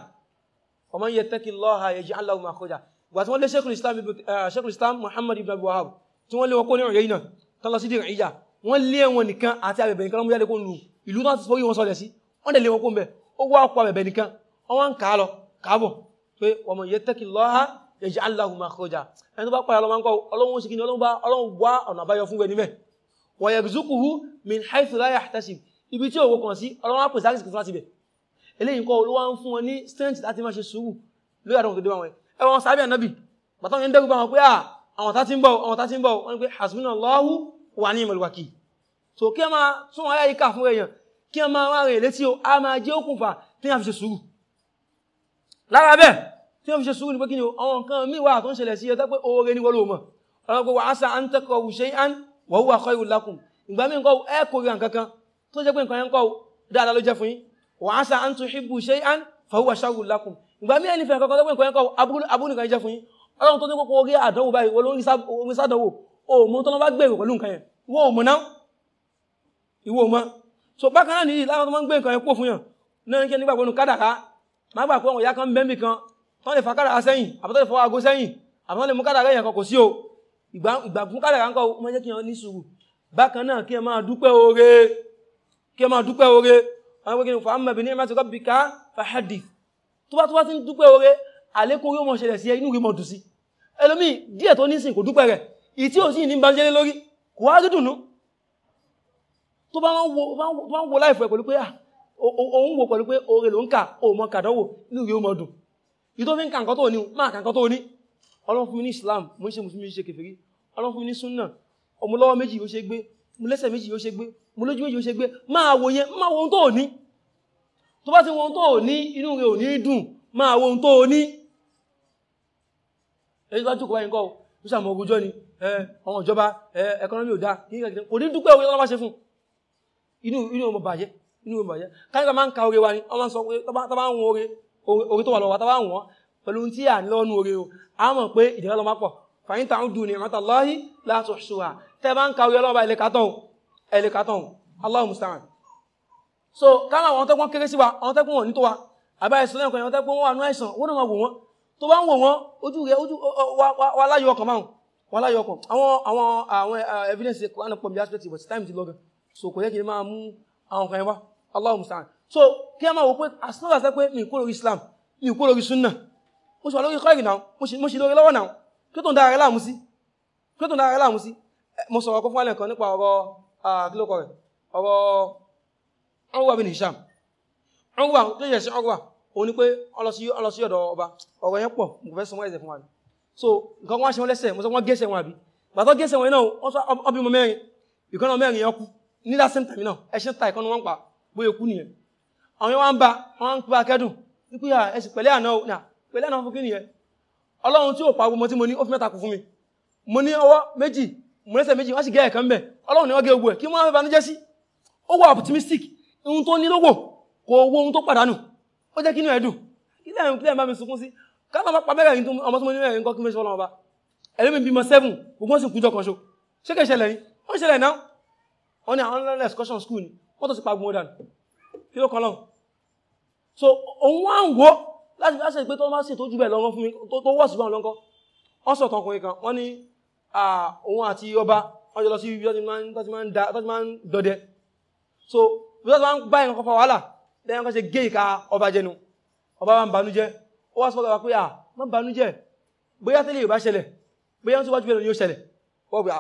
ọmọ yẹ tẹ́kì lọ́ha yẹ jí aláwọ̀ máa kọjá gbà tí wọ́n lé eh, Sheikhul Islam Muhammad ibn Abdul Wahhab tí wọ́n lé wọn kó ní ọ̀rẹ́ yìí náà tọ́lọ sí dìrìn ìyá wọ́n lé wọn nìkan àti àbẹ̀bẹ̀ nìkan lọ́mú jáde kó lu ìlú náà ti sọ yìí wọn sọlẹ̀ sí wọ́n dẹ̀ lé wọn kó mbẹ́ ó wá ọkọ̀ bẹ̀bẹ̀ nìkan wọ́n wá ń kà á lọ kà á bọ̀ pé ọmọ yattaqillaha yaj'al lahu makhraja ẹni tó bá pààyà lọ́wọ́ nǹkan ọlọ́run sì kí ni ọlọ́run wá ọ̀nà àbáyọ fún wẹ̀ níbẹ̀ wa yarzuquhu min haythu la yahtasib ibi tí òwò kàn sí ọlọ́run á pèsè àkìsìkì fún láti bẹ̀ eléyìí nǹkan olówó ń fún wọn ní strength láti máa ṣe sùúrù lórí àdánwò tó dé wọn ẹ wọn sábẹ́ kí a máa rárẹ̀ létí o a máa jẹ́ òkùnfà tí a fi ṣe sùúrù lára bẹ́ẹ̀ tí a fi ṣe sùúrù ní pé kí ni àwọn nǹkan mí wà tó ń ṣẹlẹ̀ sí ẹ̀tọ́ pé oore ní wọ́lọ́ mọ̀ ọ̀rọ̀ pé wàá an takrahu shay'an wa huwa khayrun lakum ìgbà mí nǹkan ẹ kò rí nǹkan kan tó jẹ́ pé nǹkan yẹn kọ́ dáadáa ló so bákan náà nìyí láwọn tó máa ń gbé nǹkan yẹn pò fún yàn náà ní kí nígbàgbọ́ nu kádàrá má gbà pé àwọn ìyá kan bẹ́ẹ̀ kan tán lè fa kádàrá sẹ́yìn àbátọ́ lè fọwọ́ aago sẹ́yìn àbátọ́ lè mú kádàrá yẹn kan kò sí o ìgbà fún kádàrá ńkọ́ máa jẹ́ kí yẹn ni fàámà bìíní ẹ̀ máa ti rọ́ bìkà fàhádì tó bá tó bá ti ń dúpẹ́ oore àlékún tó bá ń wo láìfẹ́ pẹ̀lú pé òun ah, wo pẹ̀lú pé oore ló ń kà o mọ́ kàdánwò ní ìwé ọmọdù ìtò fi ń kà nǹkan tó ní máa kà nǹkan tó ní ọlọ́run fún ní Islam mo ń ṣe mùsùlùmí ṣe kèfèrí ọlọ́run fún mi ní súnà ọmọ lọ́wọ́ méjì yóò ṣe gbé mo lẹ́sẹ̀ méjì yóò ṣe gbé mo lójú méjì yóò ṣe gbé máa wo yẹn máa wo ohun tó ní tó bá ti wo ohun tó ní inú rẹ̀ ò ní dùn inú inú ọmọ bàjẹ́ inú ọmọ bàjẹ́ káyọ̀ máa ń ka oore wa ni ọmọ sọ pé tọ́ba ń wọn oore oore tó wà lọ́wọ́ tọ́ba ń wọn pẹ̀lú tí à ń lọ́nu oore o a mọ̀ pé ìdílé lọ́mọ pọ̀ fàyín tàún dùn ní ìmọ̀tà lọ́hí láti ṣùwà tẹ́ bá ń ka oore ọlọ́ba ẹ̀lẹ́kàtọ̀hún ẹ̀lẹ́kàtọ̀hún Allahu musta'an so káwọn àwọn tẹ́kùn kéré sí wa àwọn tẹ́kùn wọn ní tó wa àbá ìsìlẹ̀ nǹkan àwọn tẹ́kùn wọn àánú àìsàn wọ́n náà wò wọ́n tó bá ń wò wọ́n ojú rẹ̀ ojú wa láyọ̀ ọkàn márùn-ún wa láyọ̀ ọkàn àwọn àwọn eh, evidence kò hàn pọ̀ bí aspect but time ti lọ́gàn so kò yẹ kí n máa mú àwọn kan yẹn wá Allahu musta'an so kí a máa wò pé as long as ẹ pé mi kó lórí Islam mi kó lórí sunna mo ṣe wà lórí kọ́ìrì náà mo ṣe lórí lọ́wọ́ náà kí tó ń dára láàmú sí kí tó ń dára láàmú sí mo sọ̀rọ̀ kó fún alẹ́ kan nípa ọ̀rọ̀ àkílókọ̀ rẹ̀ ọ̀rọ̀ ọ̀rọ̀ bin Hisham ọ̀rọ̀ tó yẹ sí ọ̀rọ̀ òun ni pé ọlọ́sí ọ̀dọ̀ ọba ọ̀rọ̀ yẹn pọ̀ mo fẹ́ sọmọ́ ẹ̀sẹ̀ fún wa ni so nǹkan wọn ṣe wọn lẹ́sẹ̀ mo sọ wọn gẹ́sẹ̀ wọn àbí gbàtọ́ gẹ́sẹ̀ wọn náà ọbí mo mẹ́rin ìkọ́nà mẹ́rin yẹn kú ní that same time náà ẹṣin ta ìkọ́nu wọn pa bóyá kú nìyẹn àwọn yẹn wá ń bá wọn ń pa akẹ́dùn wípé ẹsìn pẹ̀lẹ́ àná ò náà pẹ̀lẹ́ àná fún kí nìyẹn ọlọ́run tí ò pa gbogbo tí mo ní ó fi mẹ́ta kù fún mi mo ní ọwọ́ méjì mo lẹ́sẹ̀ méjì wọ́n sì gẹ́ ẹ̀kan bẹ̀ ọlọ́run ni wọ́n gé ogun ẹ̀ kí wọ́n fẹ́ banújẹ́ sí ó wà optimistic ohun tó ní lówó kò owó ohun tó pàdánù ó jẹ́ kí inú ẹ̀ dùn ilé ẹ̀rùn kílẹ̀ ń bá mi sunkún sí káwọn ọmọ pa mẹ́rẹ̀ẹ́rin tó ọmọ tó mo ní mẹ́rẹ̀ẹ́rin kọ́ kí mẹ́sàn-án ọlọ́run ọba ẹ̀rí mi bímọ seven gbogbo sì kújọ kan ṣo ṣé kẹ́ ṣẹlẹ̀ ni ó ṣẹlẹ̀ náà wọ́n ní àwọn lọ́lẹ̀ excursion school ni wọ́n tó sì pàgbọ́n dànù kí ló kọlọ́ so òun wá ń wo láti fi àṣẹ ìpé tó má sì tó jù bẹ́ẹ̀ lọ́wọ́ fún mi tó wọ́ sí wọn lọ́kọ́ wọ́n sọ tọkùnrin kan wọ́n ní òun so bí wọ́n ti máa ń bá ẹ̀kan fa wàhálà lẹ́yìn kan ṣe gé ìka ọba jẹnu ọba wa ń banújẹ́ ó wá sọ́gbà pé à má banújẹ́ bóyá tẹ́lẹ̀ yóò bá ṣẹlẹ̀ bóyá ń wájú bẹ́ẹ̀ ni yóò ṣẹlẹ̀ ọba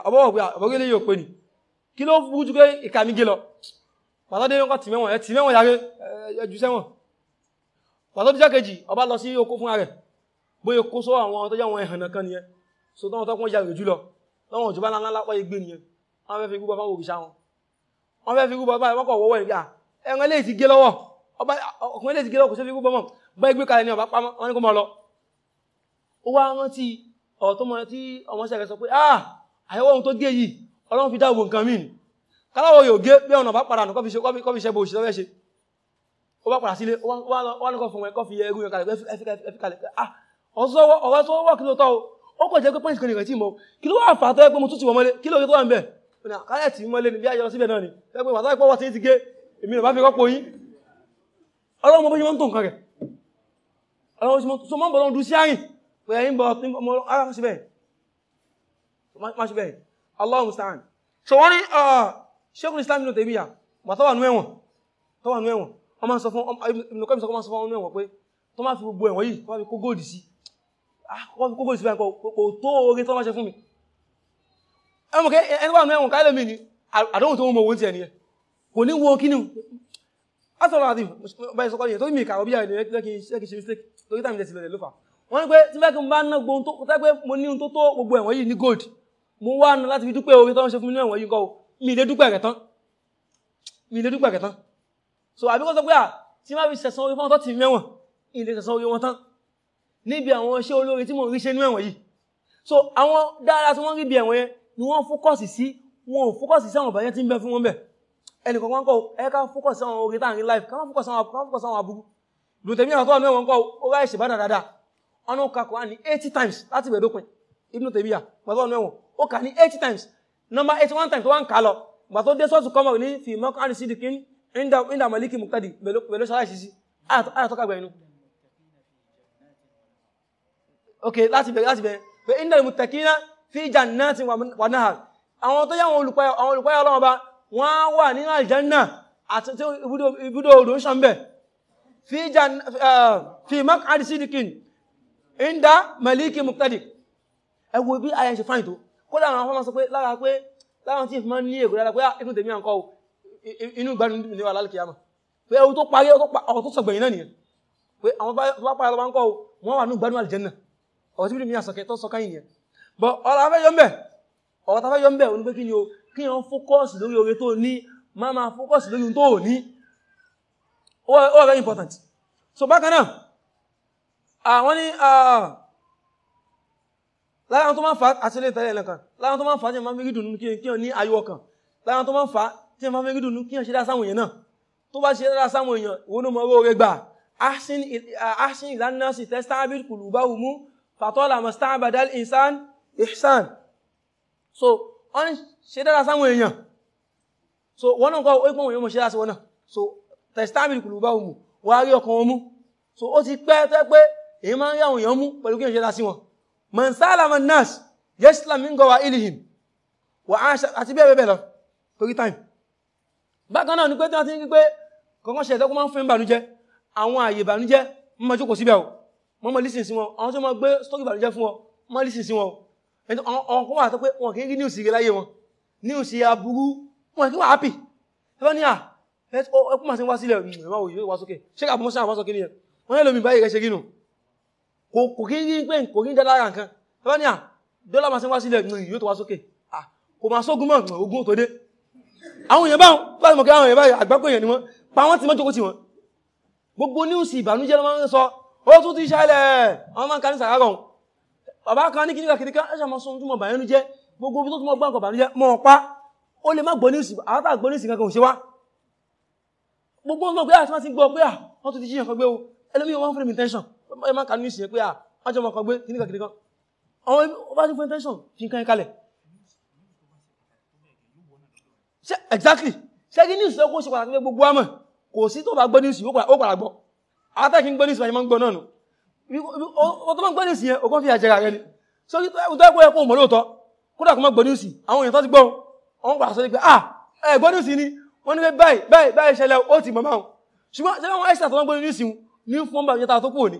kí ló burú jù pé ìka mi gé lọ pàtó dé wọn kọ tì mẹ́wọ̀n ẹ tì mẹ́wọ̀n yàrá ẹ jù sẹ́wọ̀n pàtó bíjọ́ kejì ọba lọ sí oko fúnra rẹ̀ bóyá kó sọ àwọn tó jẹ́ àwọn ẹ̀hànà kan nìyẹn so tọ́wọ́n tọ́kùn ìjà rẹ̀ jùlọ lọ́wọ́n òjò bá ńlá lápá igbe nìyẹn wọ́n fẹ́ fi gúbọ fáwọn òrìṣà wọn wọ́n fẹ́ fi gúbọ bá wọ́n kọ̀ wọ́wọ́ ẹ̀ gbà ẹ̀rọ eléyìí ti gé lọ́wọ́ ọkùnrin eléyìí ti gé lọ́wọ́ kò sí fi gúbọ mọ̀ bá igbe kalẹ̀ ni ọba pamọ́ wọn ni kò mọ lọ. ó wá rántí ọ̀tọ́mọ tí ọmọọṣẹ́ rẹ̀ sọ pé ah àyẹ̀wò ohun tó gé yìí ọlọ́run fi dáàbò nǹkan míì káláwọ̀ yóò gé bí ọ̀nà bá padà nù kọ́fi ṣẹ́bọ̀ òṣìṣẹ́ fẹ́ ṣe ó bá padà sílé wọ́n ní kọ́ fún wọn kọ́fi ẹrú yẹn kalẹ̀ ẹfi kalẹ̀ ah ọ̀rọ̀ tó wà kí ló tọ́ ó kọ̀ jẹ́ pé pọ́ǹsì kan nìkan tí mo kí ló wà fà tó yẹ pé mo tún ti wọ́n mọ́lé kí ló yẹ tó wà ń bẹ̀ kálẹ̀ tí mọ́lé ni bí ayọ̀ síbẹ̀ náà ni fẹ́ pé wàtá ìpọ́wọ́ ti gé èmi rẹ̀ bá fi rọ́pò yín ọlọ́run mo bí wọ́n tó nǹkan rẹ̀ ọlọ́run mo tó mọ́ bọ̀ lọ́dún sí àárín pé ẹ̀yìn bọ̀ ara síbẹ̀ má síbẹ̀ Allahu musta'an so wọ́n ní ṣẹ́kùn ah, Islam inú tèmíyà wà tó wà nú ẹ̀wọ̀n tó wà nú ẹ̀wọ̀n wọ́n máa sọ fún ìbùnúkọ́ ìbùsọ̀kọ́ máa sọ fún ọmọ ẹ̀wọ̀n pé tó máa fi gbogbo ẹ̀wọ̀n yìí wọ́n fi kó góòdì sí wọ́n ah, fi kó góòdì sí báyìí kò tó oore tó máa ṣe fún mi ẹ̀wọ̀n kẹ́ ẹni wà nú ẹ̀wọ̀n káyọ̀ mi ni àdóhùn tó mọ owó tiẹ̀ nìyẹn kò ní wo kíni asọ̀rọ̀ àti báyìí sọ́kọ́ yẹn tó mi kàwọ́ bí i lẹ́kì ṣe mistake torí tàbí tẹ̀sílẹ̀ lọ́fà wọ́n ní pé tí bá kí n bá ná gbogbo tó pé mo ní ohun tó tó gbogbo ẹ̀wọ̀n yìí ní góòdì mo wá nu láti fi dúpẹ́ orí tó ń ṣe fún mi ní ẹ̀wọ̀n kọ́ o mi lè dúpẹ́ rẹ̀ tán mi so àbí kó sọ pé à tí má fi sẹ̀sán orí fáwọn tó ti mẹ́wọ̀n mi lè ní ẹ̀wọ̀n yìí so àwọn dáadáa tí wọ́n rí bí ẹ̀wọ̀n yẹn ni wọ́n fókọ̀sì sí wọn ò fókọ̀sì sí àwọn ọ̀bàyẹn tí ń life ká má fókọ̀sì àwọn aburú lùtẹ̀mí àwọn tó wà mẹ́wọ̀n kọ́ ó ráì ṣèbádà dáadáa ọ̀nà kakọ̀ á ní eighty times láti bẹ̀ẹ́dópin Ibn Taymiyyah pẹ̀lú ọ̀nà ẹ̀wọ̀n ó kà ní eight times number eighty one times tó wá ń kà lọ gbà tó dé sọ́ọ̀tù kọ́mọ̀ ní fi mọ́kàn àrùn sídìí kí ń dà mọ̀líkì mùtádì pẹ̀lú sáláì sísí àtọ́ka gbà inú. ok láti bẹ̀rẹ̀ láti bẹ̀rẹ̀ pé ń dà mùtẹ̀kínà fi jannatin wà náà àwọn tó yá àwọn olùpáyà ọlọ́wọ́ bá wọ́n á wà nínú àlìjánná àti ibùdó odò ń sàn bẹ̀ fi mọ́kàn àrùn sídìí kí ń dà mọ̀líkì mùtádì ẹ wo bí ayé ṣe fáyìn tó kódà àwọn ọmọ sọ pé lára pé láwọn tí ìfìmọ́ ní èrò dára pé ah, inú tèmi àǹkọ́ inú ìgbàlù ní wà lálùkì àmà pé ohun tó parí ọ̀rọ̀ tó sọ̀gbẹ̀yìn náà nìyẹn pé àwọn tó bá parí ọlọ́wọ́ àǹkọ́ wọn wà ní ìgbàlù àlìjẹ́nà ọ̀rọ̀ tí bí mi àsọ̀kẹ́ tó sọ káyìn yẹn bọ̀ ọ̀rọ̀ afẹ́ yọ ń bẹ̀ ọ̀rọ̀ tafẹ́ yọ ń bẹ̀ òun pé o kí ni wọ́n fókọ́ọ̀sì lórí oore tó ní máa máa fókọ́ọ̀sì lórí ohun tó ní ó very important so bákan náà lára tó máa ń fa àtìlẹ́ ìtàlẹ́ ẹ̀lẹ́kan lára tó máa ń fa tí a máa ń fi dùnú kí ọ ní ayọ̀ ọkàn lára tó máa ń fa tí a máa ń fi dùnú kí ọ ṣe dáa sáwọn èèyàn náà tó bá ṣe dáa sáwọn èèyàn ìwọ ló mọ owó rẹ gbà asin ìlànà sí tẹ́ stabil kùlùbáwù mú fatọ́lá mọ̀ stabadal insan ihsan so wọ́n ṣe dáa sáwọn èèyàn so wọ́n náà kọ́ ó pọ̀ wọ́n ṣe dáa sí wọn náà so tẹ́ stabil kùlùbáwù mú wọ́n á rí ọkàn wọn mú so ó ti pẹ́ tẹ́ pé èyí máa ń rí àwọn èèyàn mú pẹ̀lú kí ọ ṣe dáa sí wọn man salama nas yaslam min gawailihim wa aṣa àti bẹ́ẹ̀ bẹ́ẹ̀ lọ torí time bákan náà ni pé tí wọ́n ti ń rí pé kọ̀ọ̀kan ṣe ìtọ́kùn máa ń fún ìbànújẹ́ àwọn àyè ìbànújẹ́ mọ́ jókòó síbẹ̀ o mọ́ mọ́ lísìn sí wọn àwọn tó mọ́ gbé stókì ìbànújẹ́ fún wọn mọ́ lísìn sí wọn àwọn kan wà tó pé wọn kì í rí níwùsì rẹ láyé wọn níwùsì aburú wọn kì í wà happy ẹbá ní à ah, ẹkùn máa ti wá sílẹ̀ hmm, ẹ̀mọ́ òyìnbó wá sókè ṣé kà kò kí rí pé kò rí dálára nǹkan ẹgbẹ́ ni à dọ́là máa ṣe wá sílẹ̀ ní yóò tó wá sókè kò máa sógun ogun tó dé àwọn èèyàn bá àgbákò èèyàn ni wọ́n pa wọ́n ti mọ́ jókòó ti wọ́n gbogbo ní sàárọ̀ bàbá kan ní wọ́n fún mi tẹ́ńsàn ẹ máa kàánú ìsìn pé àjọ ọmọ kan gbé kìníkà kìníkà àwọn ọba ní fún intention fi nǹkan kalẹ̀ exactly ṣẹ́gi ní ìṣẹ́ kó ṣe pàtàkì pé gbogbo àmọ̀ kò sí tó bá gbọ́ ní ìsìn ó pàdà gbọ́ àtẹ́kì ń gbọ́ ní ìsìn àyẹ̀mọ́ ń gbọ́ náà nù ó tó máa gbọ́ ní ìsìn yẹn ó kàn fi àjẹrà rẹ ni so tó ẹ̀kọ́ ẹ̀kọ́ mọ̀ lóòótọ́ kódà kó má gbọ́ ní ìsìn àwọn èèyàn tó ti gbọ́ wọn pàṣẹ sọ pé ah ẹ gbọ́ ní ìsìn ni wọ́n ní pé báyìí báyìí báyìí ṣẹlẹ̀ ó ti mọ̀ máa ṣùgbọ́n ṣẹ́wọ́n ẹ̀ṣẹ̀ tó máa gbọ́ ní ìsìn ní fún ọmọ ìyẹta tó kù òní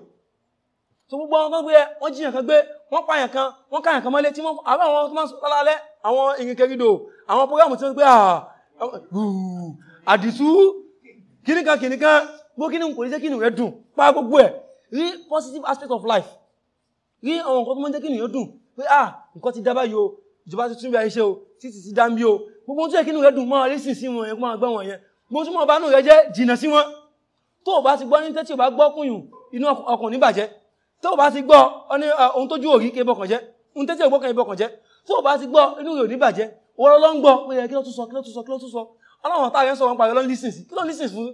so gbogbo àwọn gbogbo ẹ wọ́n jíyàn kan gbé wọ́n pààyàn kan wọ́n káyàn kan mọ́lé tí wọ́n àwọn àwọn tó máa ń sọ lálẹ́ àwọn ìrìnkẹrìdò àwọn programu tí wọ́n gbé ah, ah, àdìsú kìnìkan kìnìkan gbogbo kìnìkan kò ní jẹ́ kìnìkan rẹ̀ dùn pa gbogbo ẹ̀ rí positive aspect of life rí àwọn nǹkan tó máa ń jẹ́ kìnìkan dùn pé ah nǹkan ti dábà yóò ìjọba ti tún bí iṣẹ́ o títí ti dámbí o gbogbo tó yẹ kìnìkan rẹ̀ dùn máa rí sìn sí wọn yẹn máa gbọ́ wọn yẹn gbogbo tó máa bá nù rẹ̀ jẹ́ jìnà sí wọn tó o bá ti gbọ́ ní tẹ́tí o bá gbọ́ kùnyùn inú ọkàn ní bàjẹ́ tó bá ti gbọ́ ah, ohun tójú òrí kí ibọ̀kàn jẹ́ ohun tẹ́tí ìgbọ́kàn ibọ̀kàn jẹ́ tó bá ti gbọ́ inú rẹ̀ ò ní bàjẹ́ wọ́n lọ́ ń gbọ́ pé kí ló tún sọ kí ló tún sọ kí ló tún sọ ọlọ́run táwọn sọ wọn parí lọ́n lísìn sí kí ló lísìn fún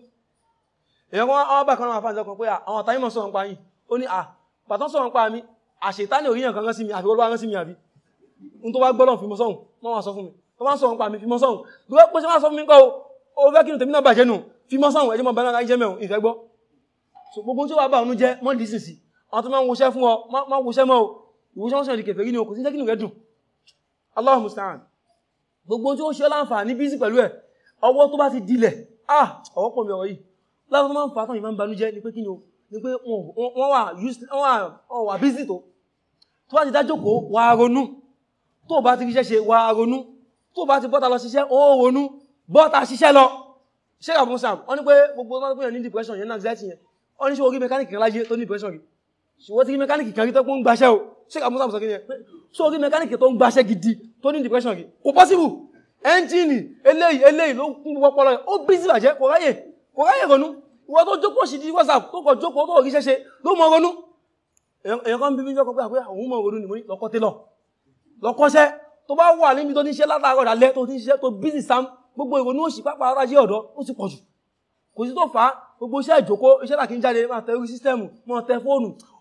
èèyàn kan wọ́n bá kan náà fáńsọ kan pé ah, àwọn táyé mọ̀ sọ wọn pa yìí ó ní ah, à bàtán sọ wọn pa mi àṣetánì orí yàn kankan sí mi àfi wọ́n bá rán sí mi àbí ohun tó bá gbọ́ lọ́n fi mọ́ sọ́hùn wọ́n wá sọ fún mi wọ́n bá sọ wọn pa mi fi mọ́ sọ́hùn bí wọ́n pè sí wọ́n sọ fún mi kọ́ o fẹ́ kí n tèmi náà bàjẹ́ nù fi mọ́ sọ́hùn ẹjọ́ mọ́ bá náà jẹ́ mẹ́rin ìfẹ́ gbọ́ gbogbo tí wàá bá òun jẹ́ mọ́ lísìn sí àwọn tó máa ń wòṣẹ́ fún ọ máa wòṣẹ́ mọ́ ìwòṣẹ́ wọ́n sọ ìdí kèfèrí musta'an gbogbo tí ó ṣe láǹfààní bísí pẹ̀lú ẹ̀ ọwọ́ bá ti dilẹ̀ ah ọwọ́ pọ̀ mi ọ̀rọ̀ yìí láwọn tó máa ń fa ni pé kí o ni pé wọ́n wà bísí tó tó bá ti dájókò wà ronú tó bá ti ríṣẹ́ ṣe wà ronú tó bá ti bọ́ta lọ ṣiṣẹ́ ó ronú bọ́ta ṣiṣẹ́ lọ ṣé àbúnsàm wọ́n ní pé gbogbo tó máa ń pè ní depression yẹn náà anxiety yẹn wọ́n ní ṣe orí mechanic láyé tó ní depression yìí ṣùgbọ́n tí mẹkáníkì kan rí tó ń gbaṣẹ́ o ṣe kà mọ́sàmùsà kí ni ẹ so rí mẹkáníkì tó ń gbaṣẹ́ gidi tó ní depression rí kò possible ẹ́ńjìnì eléyìí eléyìí ló kún púpọ̀ pọ̀lọ́ ó bí sí bàjẹ́ kò ráyè kò ráyè ronú ìwọ tó jókòó sí di whatsapp tó kọ̀ jókòó tó rí ṣẹ́ṣe ló mọ ronú èèyàn kan bíbí jọ kọ pé àpé òun mọ ronú nìmọ́ lọ́kọ́ télọ̀ lọ́kọ́ṣẹ́ tó bá wà níbi tó ní ṣe látàárọ̀ dalẹ́ tó ti ṣiṣẹ́ tó bísì sam gbogbo ìrònú òṣì pápá ara jẹ́ ọ̀dọ́ ó ti pọ̀ jù kò sí tó fà á gbogbo iṣẹ́ ìjókòó iṣẹ́ làkínjáde máa tẹ orí sísẹ́mù máa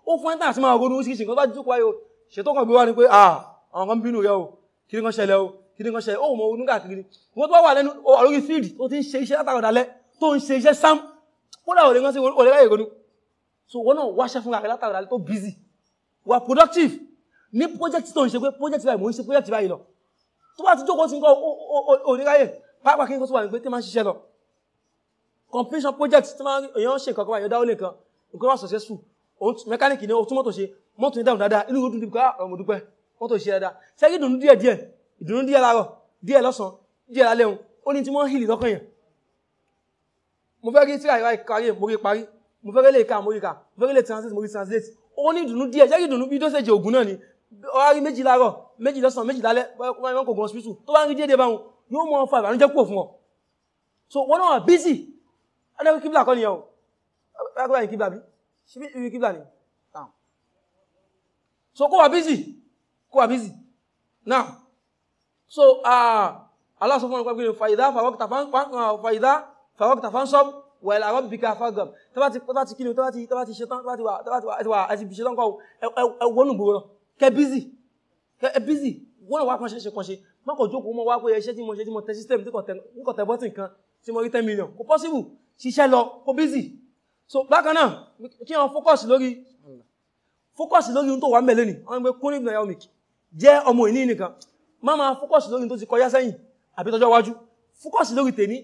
ó fún ẹ́ntà sí máa ronú oríṣiríṣi nǹkan bá ti jókòó ayò ṣètò kan gbé wá ni pé ah àwọn kan bínú rẹ o kí ni kan ṣẹlẹ̀ o kí ni kan ṣẹlẹ̀ ó mọ orun káàkiri wọn tó wà lẹ́nu lórí fíìdì tó ti ń ṣe iṣẹ́ látàkọ̀dà lẹ́ tó ń ṣe iṣẹ́ sam kódà òde kan sí òde láyè ronú so wọn náà wáṣẹ́ fún ààrẹ látàkọ̀dà lẹ́ busy wà productive ní project tó ń project báyìí mò ń ṣe project báyìí lọ tó bá ti jókòó sí nǹkan òde láyè pàápàá kí n kó tó wà completion project tí máa ń èèyàn ṣe nǹkan kan wà èèyàn dáwọ́ lè kan nǹkan wà successful mẹkáníkì ní ọtún mọ́tò ṣe mọ́tò ní dáhùn dáadáa inú ìdúndú ká ah, ọmọ dúpẹ́ mọ́tò ṣe dáadáa sẹ́gí ìdùnnú díẹ̀ díẹ̀ ìdùnnú díẹ̀ láàárọ̀ díẹ̀ lọ́sàn díẹ̀ lálẹ́ òun ó ní tí wọ́n hìlì lọ́kàn yẹn mo fẹ́ rí tíra ìwà ìkárí mo rí parí mo fẹ́ rí lè ka mo rí ka mo fẹ́ rí lè translate mo rí translate ó ní ìdùnnú díẹ̀ sẹ́gí ìdùnnú bí tó ṣe jẹ ògùn náà ni ọ̀rá rí méjì láàárọ̀ méjì lọ́sàn méjì lálẹ́ wọ́n kò gan hospital tó bá ń rí déédéé báwọn yóò mọ fa ìbànújẹ́ pọ̀ fún ọ so wọn náà busy adéwì kíbla kọ́ nìyẹn o bákan báyìí kíbla bíi ṣe bí ìrìn kíblà ni now so kó wà bízì kó wà bízì now so ah, Allah sọ fún wọn pẹ́pẹ́ fàyídá fàwọ́kìtà fánsọ́p wẹ̀lẹ̀ àwọn bìkà fagab tọ́bá ti kíni tọ́bá ti ṣetán kọ́ ẹwọ́nù gbogbo lọ kẹ bízì kẹ bízì wọ́n wá kan ṣe ṣe kan ṣe mọ́kàn jókòó mọ́ wá pé ẹṣẹ́ tí mo ṣe tí mo tẹ system tí kò tẹ bọ́tì kan tí mo rí 10 million kò possible ṣiṣẹ́ lọ kò bízì so bákan náà kí wọ́n fókọ̀sì lórí fókọ̀sì lórí ohun tó wà mẹ́lẹ́ ni wọ́n gbé kún ìbìnà yaomic jẹ́ ọmọ ìní nìkan má ma fókọ̀sì lórí tó ti kọjá sẹ́yìn àbí tọjọ́ wájú fókọ̀sì lórí tèní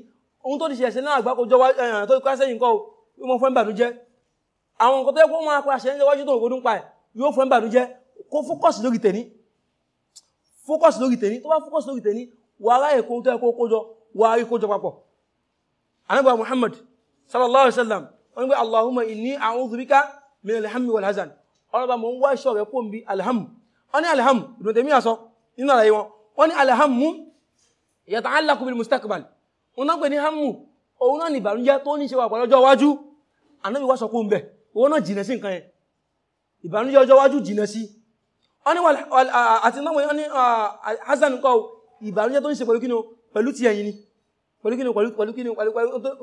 ohun tó ti ṣẹ̀ṣẹ̀ náà àgbà kọjọ́ eh, tó kọjá sẹ́yìn kọ́ yóò fún ìbànújẹ́ àwọn nǹkan tó yẹ kó máa pa àṣẹ níwájú tó rògbòdún pa ẹ̀ yóò fún ìbànújẹ́ kó fókọ̀sì lórí tèní fókọ̀sì lórí tèní tó bá fókọ̀sì lórí tèní wà ará èkó tó yẹ kó kójọ wà á rí kójọ papọ̀ anábà Muhammad sallallahu alaihi wasallam wọ́n ní pé Allahumma inni a'udhu bika min alhammi wal hazan ọlọ́ba mọ̀ ń wá iṣọ́ rẹ̀ kó ń bi alhammu wọ́n ní alhammu Ibn Taymiyyah sọ nínú àlàyé wọn wọ́n ní alhammu yata'allaqu bil mustaqbal wọn náà pè ní hammu òun náà ní ìbànújẹ́ tó ní ṣe wà pẹ̀lú ọjọ́ iwájú ànábi wá sọ kó ń bẹ̀ òun náà jìnà sí nǹkan yẹn ìbànújẹ́ ọjọ́ iwájú jìnà sí wọ́n ní àti náà wọ́n ní hazan kọ́ ìbànújẹ́ tó ní ṣe pẹ̀lú kíni pẹ̀lú ti ẹ̀yìn ni pẹ̀lú kíni pẹ̀lú kíni pẹ̀lú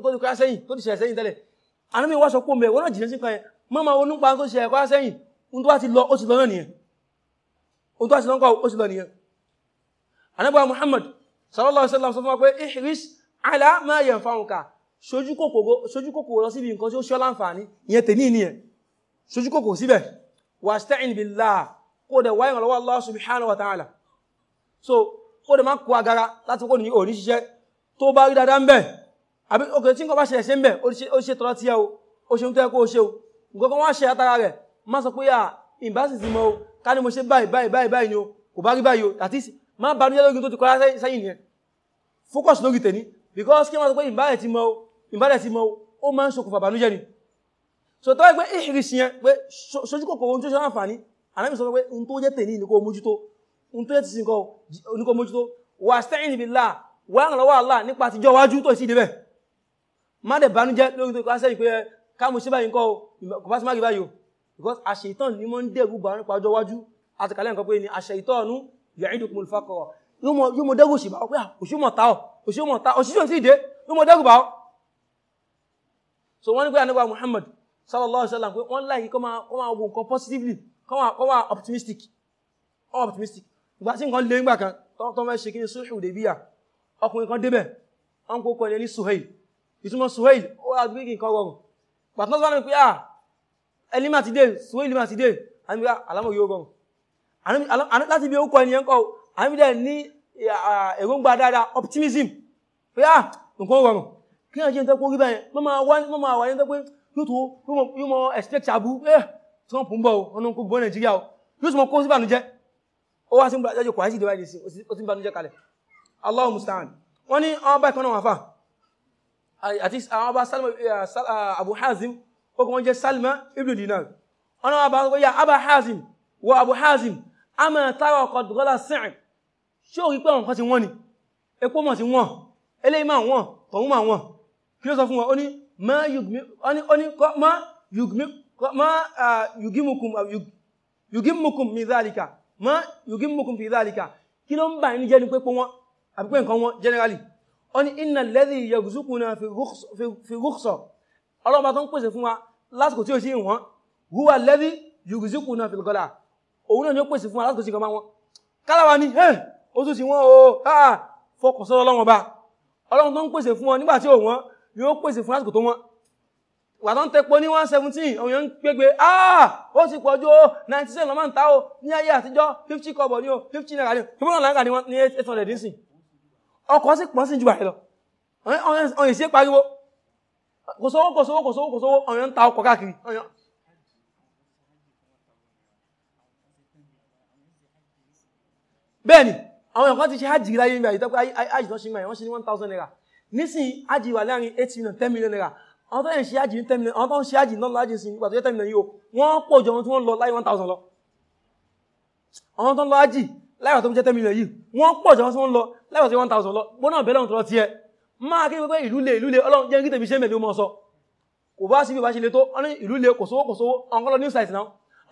tó ti kọ́ sẹ́yìn tó ti ṣẹ̀ sẹ́yìn tẹ́lẹ̀ àná mi wá sọ pé mẹ́ wọ́n náà jìnà sí kan yẹn mọ́ ma ronú pa tó ṣe ẹ̀kọ́ sẹ́yìn ohun tó wá ti lọ ó ti lọ náà nìyẹn ohun tó wá ti lọ́nkọ́ ó Muhammad sallallahu alaihi wasallam sọ fún wa pé ihris ala ma yanfa'uka ṣojú kòkòrò lọ síbi kó dẹ̀ wáyé lọ́wọ́ subhanahu wa ta'ala so kó dẹ̀ má kó agara láti kó ní òní ṣiṣẹ́ tó bá rí dáadáa ń bẹ́ẹ̀ àbí ọkọ̀ tí nǹkan bá ṣẹlẹ̀ ṣe ń bẹ̀ ó ṣe tọ́lá tí ẹ o ó ṣe ń tẹ́ kó o ṣe o nǹkan kan wá ṣe àtàrà rẹ̀ má sọ pé à ìbá sì ti mọ o ká ní mo ṣe báyìí báyìí báyìí ni o kò bá rí báyìí o àti má ba níjẹ́ lórí tó ti kọ́ra sẹ́yìn nìyẹn focus lórí tèmi because kí wọ́n sọ pé ìbá rẹ̀ ti o ìbá rẹ̀ ti mọ o ó máa ń ṣokùnfà bànújẹ́ ni so tọ́ pé ìhìrìṣì yẹn pé sojú kòkòrò ohun tó ṣe láǹfààní ànábì sọ pé ohun tó jẹ́ tèmi ní kò mójútó ohun tó jẹ́ ti sin kò ní kò mójútó wà stẹ́yìn níbi là wà ń lọ́wọ́ àlà nípa àtijọ́ wájú tó sì débẹ̀ má dẹ̀ bánújẹ́ lórí tó kásẹ̀ ìpé káàmù ṣe báyìí kọ́ kò bá sí máàkì báyìí o because àṣeyìtàn ni mo ń dẹ̀rù bá nípa ọjọ́ iwájú àtìkálẹ̀ nǹkan pé ni àṣeyìtàn yaidukum al-faqr yóò mọ dẹ́gùn sí bá ọ pé òṣìmọ̀ ta ọ òṣìmọ̀ ta òṣìṣẹ́ sí ìdé yóò mọ dẹ́gùn bá ọ. so wọ́n ní pé àníwá Muhammad sallallahu alaihi wasallam pé wọ́n láyé kọ́ máa wo nǹkan positively kọ́ máa optimistic kọ́ máa optimistic ìgbà tí nǹkan lé nígbà kan tọ́ fẹ́ ṣe kí ni sulhu Hudaybiyyah ọkùnrin kan débẹ̀ ọ̀nkọ́ kọ́ ẹni ní Suhail ìtumọ̀ suhail ó wà gbígbì nǹkan rọrùn pàtàkì wọ́n pé à ah, ẹlímà ti dé suhail ma ti dé àmìlá alámọ̀ ah, yóò rọrùn láti bí orúkọ ènìyàn kọ́ àmìlá ní èròǹgbà dáadáa optimism pé à ah, nǹkan rọrùn kí wọ́n jẹ́ ń tẹ́kọ́ rí báyẹn mọ́ máa wà ní tẹ́kọ́ yóò mọ expect abu eh Trump ń bọ̀ ọ̀nà kó gbọ́ Nàìjíríà yóò sì mọ kó sí bànújẹ́ ó wá sí ń bàjẹ́ kò wá sí ìdíwáyé sí ó sì ń bànújẹ́ kalẹ̀ Allahu musta'an wọ́n ní ọba ìkanáwà fáà àti àwọn ọba salma uh, uh, abu hazim ó kọ́ wọ́n jẹ́ salma ibn dinar wọn náà bá wọ́n yà abba hazim wọ abu hazim a máa tààrà ọkọ̀ dọ́là sẹ́ẹ̀ ṣé ò rí pé àwọn kan ti wọ́n ni epo mọ̀ sí wọ́n eléyìí máa wọ́n tọ̀hún máa wọ́n kí ló sọ fún wọn ó ní ma uh, yugimukum mi zalika ma yugimukum fi zalika kí ló ń bà ní jẹ́ ni pé pé wọ́n àbí pé nǹkan wọn generally ó ní iná lẹ́dí yẹgùsùkúnà fi rúkṣọ̀ ọlọ́ọ̀bá tó ń pèsè fún wa lásìkò tí ó sí ìwọ̀n húwà lẹ́dí yẹgùsùkúnà fi gọ́lá òun náà ni ó pèsè fún wa lásìkò sí ìkọmá wọn kálàwà ní ẹ́ ó tún sí wọ́n o háà fọkàn sọ́rọ̀ ọlọ́wọ́n bá ọlọ́run tó ń pèsè fún wọn nígbà tí ò wọ́n yóò pèsè fún lásìkò tó wọ́n wà tó ń tẹpo ní 117 òun yẹn ń gbégbé ah ó sì pọ̀ ju 97 lọ́mọ́ ń ta ó ní ayé àtijọ́ 50 kọ́bọ̀ ní o 50 náírà ní o ṣùgbọ́n náà láǹkà ní 800 nísìn ọkọ̀ sí pọ̀ sí jù báyìí lọ ọ̀yẹ̀ sí pariwo kò sówó kò sówó kò sówó kò sówó ọ̀yẹ̀ ń ta ọkọ̀ káàkiri ọ̀yẹ̀ bẹ́ẹ̀ni àwọn ẹ̀kọ́ ti ṣe hajj láyé ìgbà ìtọ́pẹ́ hajj tó ṣe gbà wọ́n ṣe ní 1000 naira nísìn hajj wà láàrin 8 million 10 million naira àwọn tó ń ṣe hajj ní 10 million àwọn tó ń ṣe hajj náà láàjì sí ìgbà tó jẹ́ 10 million yìí wọ́n pọ̀ jọ wọn tí wọ́n lọ láyé 1000 lọ àwọn tó ń lọ hajj láyọ̀ tó ń jẹ́ 10 million yìí wọ́n pọ̀ jọ sí wọ́n lọ láyọ̀ sí 1000 lọ gbọ́nà bẹ́ẹ̀ lọ́n tọ́lọ́ ti ẹ máa kí pẹ́pẹ́ ìlú le ìlú le ọlọ́run jẹ́ gítẹ̀mí ṣe mẹ́lẹ́ mọ́ sọ kò bá sí bí bá ṣe le tó ọ̀nà ìlú le kò sówó kò sówó ọ̀nkọ́lọ new site náà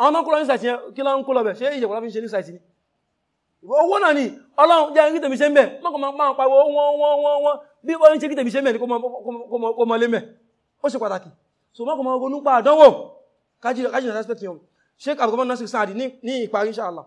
àwọn náà kúrò new site yẹn kí lọ́n kúrò bẹ̀ ṣé ìjẹ̀kọ́lá fi ń ṣe new site ni owó náà ni ọlọ́run jẹ́ gítẹ̀mí ṣe mẹ́ mọ́kàn máa pariwo wọ́n wọ́n wọ́n wọ́n bí wọ́n ń ṣe gítẹ̀mí ṣe mẹ́ ni kó mọ lé mẹ́ ó ṣe pàtàkì so mọ́kàn máa ronú pa àdánwò kájí respect yẹn Sheikh Abdulrahman Nasir Saadi ní ìparí insha Allah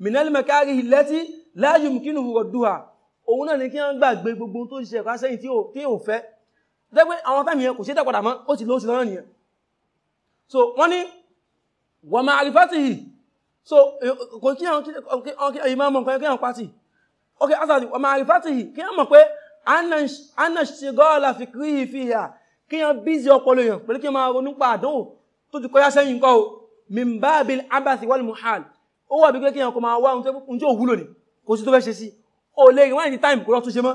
minal makarihi lati la yumkinuhu radduha òun náà ni kí wọ́n gbàgbé gbogbo tó ṣe ẹ̀kọ́ sẹ́yìn tí ò fẹ́ dẹ́gbẹ́ àwọn táìmì yẹn kò ṣe tẹ́padà mọ́ ó ti lóṣù lọ́rọ̀ nìyẹn so wọ́n ní wa so kò kí àwọn mọ̀ nǹkan kí àwọn pàtì ok asàdì wa ma'rifatihi kí wọ́n mọ̀ pé anna ṣigọ́ọ̀lá fikrihi fiha kí wọ́n bízi ọpọlọ èèyàn pẹ̀lú kí wọ́n máa ronú pa àdánwò tó ti kọjá sẹ́yìn ó wà bí pé kí ẹ̀yàn kò máa wá ohun tí ó wúlò ní kò sí tó fẹ́ ṣe sí ó lè rìn wáyé ní táìmù kò lọ́tún ṣe mọ́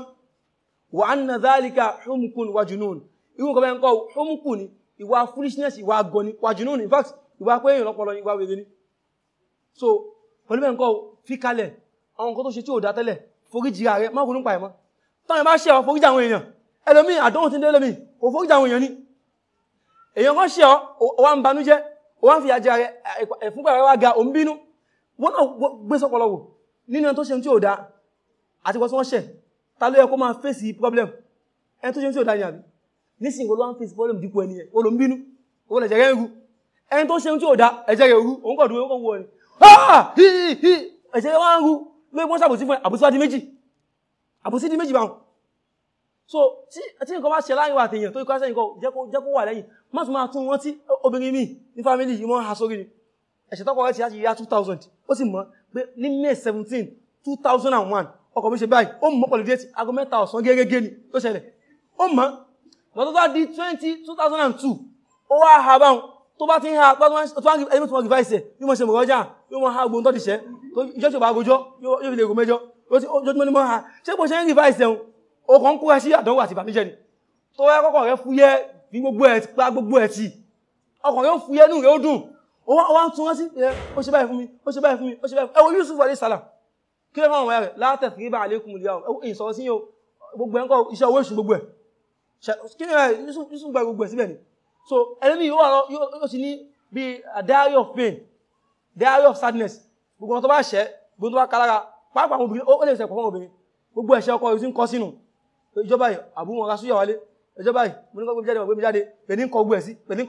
wà á nà dhalika humkun wa junun irú nǹkan bẹ́ẹ̀ ń kọ́ humkun ni ìwà foolishness ìwà agọ ni wa junun in fact ìwà pé èèyàn lọ́pọlọ ìwà wèrè ni so pẹ̀lú bẹ́ẹ̀ ń kọ́ fi kalẹ̀ àwọn nǹkan tó ṣe tí ò dá tẹ́lẹ̀ foríjì ààrẹ má ronú pa ẹ̀ mọ́ táwọn bá ṣe ọ foríjì àwọn èèyàn ẹlòmíì àdánwò ti ń dé ẹlòmíì kò foríjì àwọn èèyàn ni èèyàn kan ṣe ọ wà ń banújẹ́ wà ń fi àjẹ ààrẹ ẹ̀fúnpá rẹ wá ga òun bínú wọ́n náà gbé sọ́pọ̀lọ́wọ̀ nínú ẹni tó ṣe tí ó dá àti wọ́n tí wọ́n ṣẹ̀ ta ló yẹ kó máa fèsì problem ẹni tó ṣe tí ó dá ní àbí nísìn ìwọ̀n ló ń fèsì problem dípò ẹni ẹ̀ ó ló ń bínú ó lè jẹ́rẹ́ ìrú ẹni tó ṣe tí ó dá ẹ̀jẹ̀ rẹ̀ rú òun kọ̀ dúró kó wọ ni ah! ẹ̀jẹ̀ so tí nǹkan bá ṣe láyìn wà tèèyàn tó ikọ́ sẹ́yìn kọ́ jẹ́ kó wà lẹ́yìn má tún máa tún wọ́n tí obìnrin mi ní fámílì ẹ̀ṣẹ̀ tọ́kọ̀ rẹ̀ ti láti yá 2000 ó sì mọ̀ pé ní may 17 2001 ọkọ̀ mi ṣe báyìí ó mọ̀ pẹ̀lú déètì aago mẹ́ta ọ̀sán gẹ́gẹ́ ni tó ṣẹlẹ̀ ó mọ̀ lọ́tọ́ tó di 20 2002 ó wá ha báwọn tó bá ti ń ha ẹni tó mọ̀ gífà ìṣẹ̀ yóò mọ̀ ṣe mọ̀ rọ́jà yóò mọ̀ ha gbóhùn tó ti ṣẹ́ ìjọ́ tí ò bá gojọ́ yóò fi lè gò mẹ́jọ ojoojúmọ́ ni mọ̀ ha ṣé bó ṣe ń gífà ìṣẹ̀ o kàn ń kó ẹ sí àdánwò àti ìbànújẹ́ ni tó wá kọ́kọ́ rẹ fúyẹ́ ní gbogbo ẹ̀ ti pa gbogbo ẹ̀ ti ọkàn rẹ ó fúyẹ́ nù rẹ dùn wọ́n tún wọ́n sí ó ṣe báyìí fún mi ó ṣe báyìí fún mi ó ṣe báyìí fún mi ẹwọ Yusuf alayhi salam kí ló fún àwọn rẹ̀ látẹ̀sí bá alaykum ìyá ìsọ̀rọ̀ sí yóò gbogbo ẹ̀ńkọ́ iṣẹ́ owó èṣù gbogbo ẹ̀ a diary of pain diary of sadness gbogbo ọ̀n tó bá ṣẹ́ gbogbo tó bá kálára pàápàá àwọn obìnrin ó lè ṣe pọ̀fọ́ obìnrin gbogbo ẹ̀ṣẹ̀ ọkọ yìí ń kọ́ sínú ìjọba yìí àbúrò wọn ra súyà wálé ìjọba yìí mo ní kọ́ gbé jáde mo gbé jáde pẹ̀lú ń kọ́ gbé ẹ̀ sí pẹ̀lú ń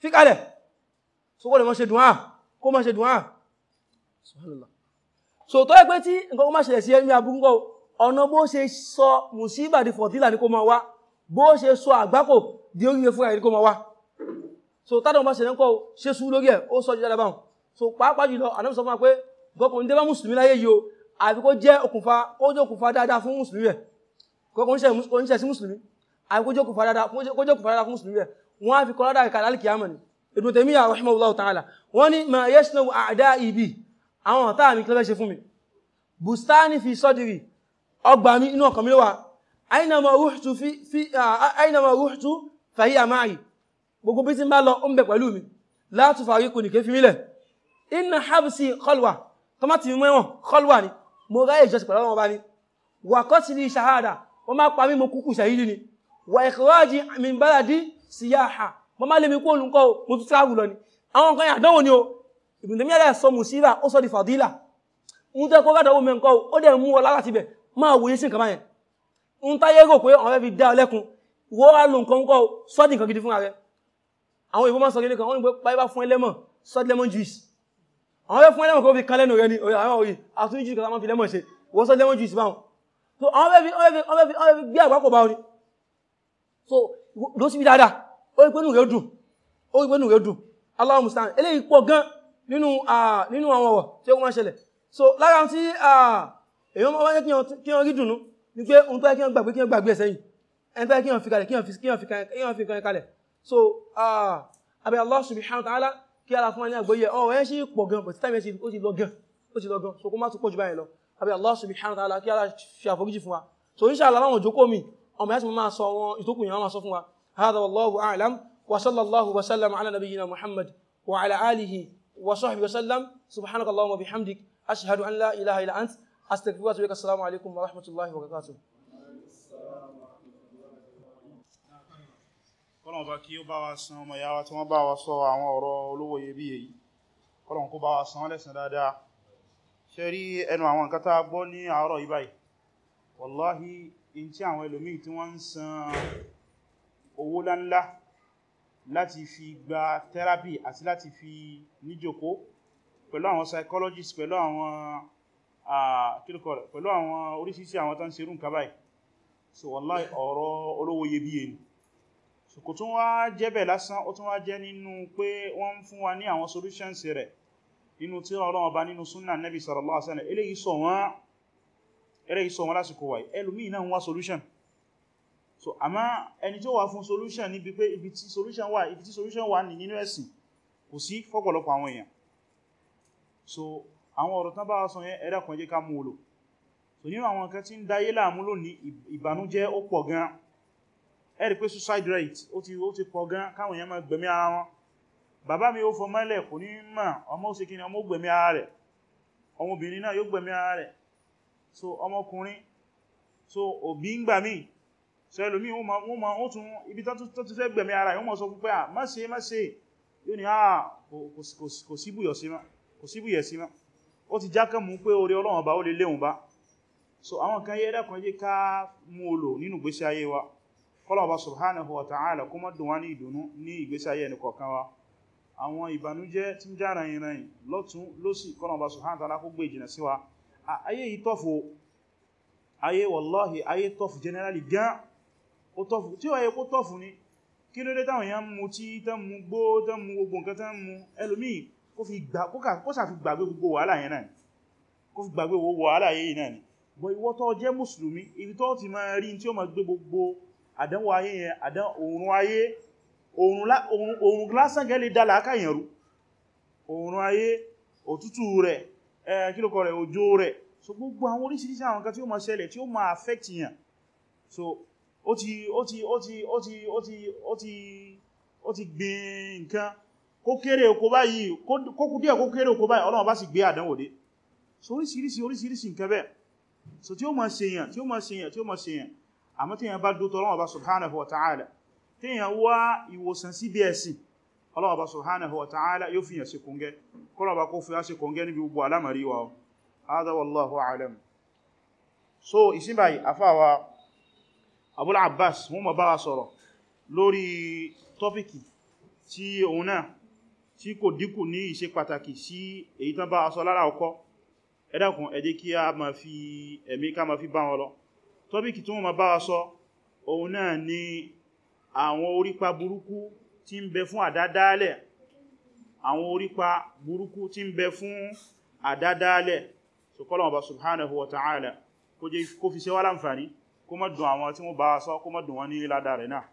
fi kalẹ̀ so kó lè mọ́ ṣe dùn án kó mọ́ ṣe dùn án subhanallah so tó yẹ pé tí nǹkan kó má ṣẹlẹ̀ sí ẹni abúgbọ́ ọ̀nà bó ṣe sọ mùsíbà di fọ̀tílà ní kó máa wá bó ṣe sọ àgbákò di oríire fúnra ní kó máa wá so tádọ̀ bá ṣẹlẹ̀ ń kọ́ ṣe sú lórí ẹ̀ ó sọ jíjára báhùn so pàápàá jùlọ àná sọ fún wa pé gọkùnrin dé bá mùsùlùmí láyé yìí o àbí kó jẹ́ okùnfà kó jẹ́ okùnfà dáadáa fún mùsùlùmí rẹ̀ kó kó wọ́n á fi kọ́ lọ́dà kàlálì kìámà ni Ibn Taymiyyah rahimahullahu ta'ala wọ́n ní ma yashna àdá ibi àwọn ọ̀tá mi kílẹ̀ ṣe fún mi bustani fi sọ́dìrì ọgbà mi inú ọkàn mi ló wà aynama ruhtu fi aynama ní wà wọ́n má pa mí mo kúkú ni wà ikhraji min baladi síyáhà mo má lè mi kó olùkọ́ o mo tún travel lọ ni àwọn nǹkan yẹn àdánwò ni o Ibn Taymiyyah dẹ̀ sọ mùsíbà ó sọ di fàdílà ń tẹ́ kó gádàwó mẹ́ nǹkan ó dẹ̀ mú ọ lára ti bẹ̀ máa wòye sí nǹkan báyẹn ń táyé rò pé ọ̀rẹ́ fi dá ọ lẹ́kun wo á lo nǹkan kọ́ sọ́dí nǹkan gidi fún ààrẹ àwọn ìbò máa sọ gidi kan wọ́n ní pé páyé bá fún ẹlẹ́mọ̀ sọ́dí lemon juice àwọn fẹ́ fún ẹlẹ́mọ̀ kó fi kan lẹ́nu rẹ ni àwọn òye àtúnyí juice kan fi lemon ṣe wọ́n sọ́dí lemon juice báwọn so àwọn fẹ́ fi gbé àgbákò báwọn ni so ló síbi dáadáa ó rí pé nù rẹ̀ dùn ó rí pé nù rẹ̀ dùn Allahu musta'an eléyìí pọ̀ gan nínú nínú àwọn ọ̀rọ̀ tí ó máa ṣẹlẹ̀ so lára tí èèyàn máa wáyé kí wọ́n rí dùnú ni pé òun pẹ́ kí wọ́n gbàgbé kí wọ́n gbàgbé ẹ̀sẹ̀yìn ẹni pẹ́ kí wọ́n fi kalẹ̀ kí wọ́n fi kan kalẹ̀ so abẹ́ Allah subhanahu wa ta'ala kí ara fún wa ní àgbóyẹ ọ̀rọ̀ ẹ̀ ṣe pọ̀ gan bọ̀ títàmì ẹ̀ṣin ó ti lọ gan ó ti lọ gan so kó má tún pọ̀ jù báyìí lọ abẹ́ Allah subhanahu wa ta'ala kí ara fi àforíjì fún wa so inshallah láwọn òjòkó mi ọmọ yá sì máa sọ wọn ìtókù yẹn máa sọ fún wa hada wallahu a'lam wa sallallahu wa sallam ala nabiyyina muhammad wa ala alihi wa sahbihi wa sallam subhanaka allahumma wa bihamdik ashhadu an la ilaha illa ant astaghfiruka wa atubu alaikum wa rahmatullahi wa barakatuh wallahi in tí àwọn ẹlòmíì tí wọ́n ń san owó láńlá láti fi gba therapy àti láti fi níjòkó pẹ̀lú àwọn psychologist pẹ̀lú àwọn pẹ̀lú àwọn oríṣiríṣi àwọn tán ṣe rún kàbáyì so wallahi ọ̀rọ̀ olówó iyebíye ni so kò tún wá jẹ́bẹ̀ lásán ó tún wá jẹ́ nínú pé wọ́n ń fún wa ní àwọn solutions rẹ̀ nínú tí Ọlọ́run bá nínú súnnà Nabi sallallahu alaihi wasallam eléyìí sọ wọ́n eré ìsọ wọn lásìkò wà ẹlòmíì náà wá solution so àmá ẹni tó wà fún solution níbi pé ibi tí solution wà ibi tí solution wà ní nínú ẹ̀sìn kò sí fọ́pọ̀lọpọ̀ àwọn èèyàn so àwọn ọ̀rọ̀ tán bá sọ yẹn ẹ̀dà jẹ́ ká mú olò so nínú àwọn nǹkan tí ń dáyé láàmú lónìí ìbànújẹ́ ó pọ̀ gan ẹ rí pé suicide rate ó ti ó ti pọ̀ gan káwọn èèyàn máa gbẹ̀mí ara wọn bàbá mi ó fọmọ́lẹ̀ kò ní mọ̀ ọmọ ó sì kí ni ọmọ gbẹ̀mí ara rẹ̀ ọmọbìnrin náà yóò gbẹ̀mí ara rẹ̀ so ọmọkùnrin so òbí ń gbà mí so ẹlòmí wọ́n ma ó tún ibi tó ti fẹ́ gbẹ̀mí ara yóò mọ̀ sọ fún pé à má ṣe má ṣe yóò ní àà kò síbùyẹ̀ sí má ó ti jákẹ́ mú pé orí Ọlọ́run bá ó so àwọn kan yẹ́ dákan jẹ́ ká mú olò nínú ìgbésí ayé wa kọlọ̀ọ̀bá subhanahu wa ta'ala kó mọ́ dùn wá ní ìdùnnú ní ìgbésí ayé ẹnìkọ̀ọ̀kan wa àwọn ìbànújẹ́ tí ń já ràyìn ràyìn lọ́tún lósì kọlọ̀ọ̀bá subhanahu wa ta'ala kó gbé ìjìnà sí ayé yìí tọ́fù ayé wallahi ayé tọ́fù generally gan ó tọ́fù tí ó ayé kó tọ́fù ní kí ló dé táwọn èèyàn mú tí tán mú gbó tán mú gbogbo nǹkan tán mú ẹlòmí kó fi gbàgbé gbogbo wàhálà yẹn náà kó fi gbàgbé gbogbo wàhálà yẹn náà ni bọ̀ ìwọ tó jẹ́ mùsùlùmí ibi tó ti máa rí tí ó máa gbé kílòkọ rẹ̀ òjò rẹ̀ so gbogbo àwọn oríṣiríṣi àwọn kan tí ó máa ṣẹlẹ̀ tí ó máa affect yàn so ó ti ó ti ó ti ó ti ó ti ó ti ó ti gbìn nǹkan kó kéré oko báyìí kó kú díẹ̀ kó kéré oko báyìí Ọlọ́run bá sì gbé àdánwò dé so oríṣiríṣi oríṣiríṣi nǹkan bẹ́ẹ̀ so tí ó máa ṣe yàn tí ó máa ṣe yàn tí ó máa ṣe yàn àmọ́ tí èyàn bá dótọ́ Ọlọ́run bá subhanahu wa ta'ala tí èyàn wá ìwòsàn síbi ẹ̀sìn ọlọ́ọ̀bá subhanahu wa ta'ala yóò fi yàn sí kóngẹ́ kọ́lọ̀bá kó fi yàn sí kóngẹ́ níbi gbogbo alamari wa hada wallahu alam so ìsínbàyí afáwa abul abbas wọ́n ma bá wa sọ̀rọ̀ lórí tọ́fíkì tí òun náà tí kò dínkù ní ìṣe pàtàkì sí èyí tán bá aṣọ lára ọkọ́ ẹ dákun ẹ jẹ́ kí a ma fi ẹ̀mí ká ma fi bá wọn lọ tọ́fíkì tí wọ́n ma bá wa sọ òun náà ni àwọn orípa burúkú tí ń bẹ fún àdádálẹ̀ àwọn orípa burúkú tí ń bẹ fún àdádálẹ̀ so kọ́lọ̀wọ̀ bá subhanahu wa ta'ala kó fi ṣe wá láǹfàní kó má dùn àwọn tí wọ́n bá sọ kó má dùn wọn ní ládàá rẹ̀ náà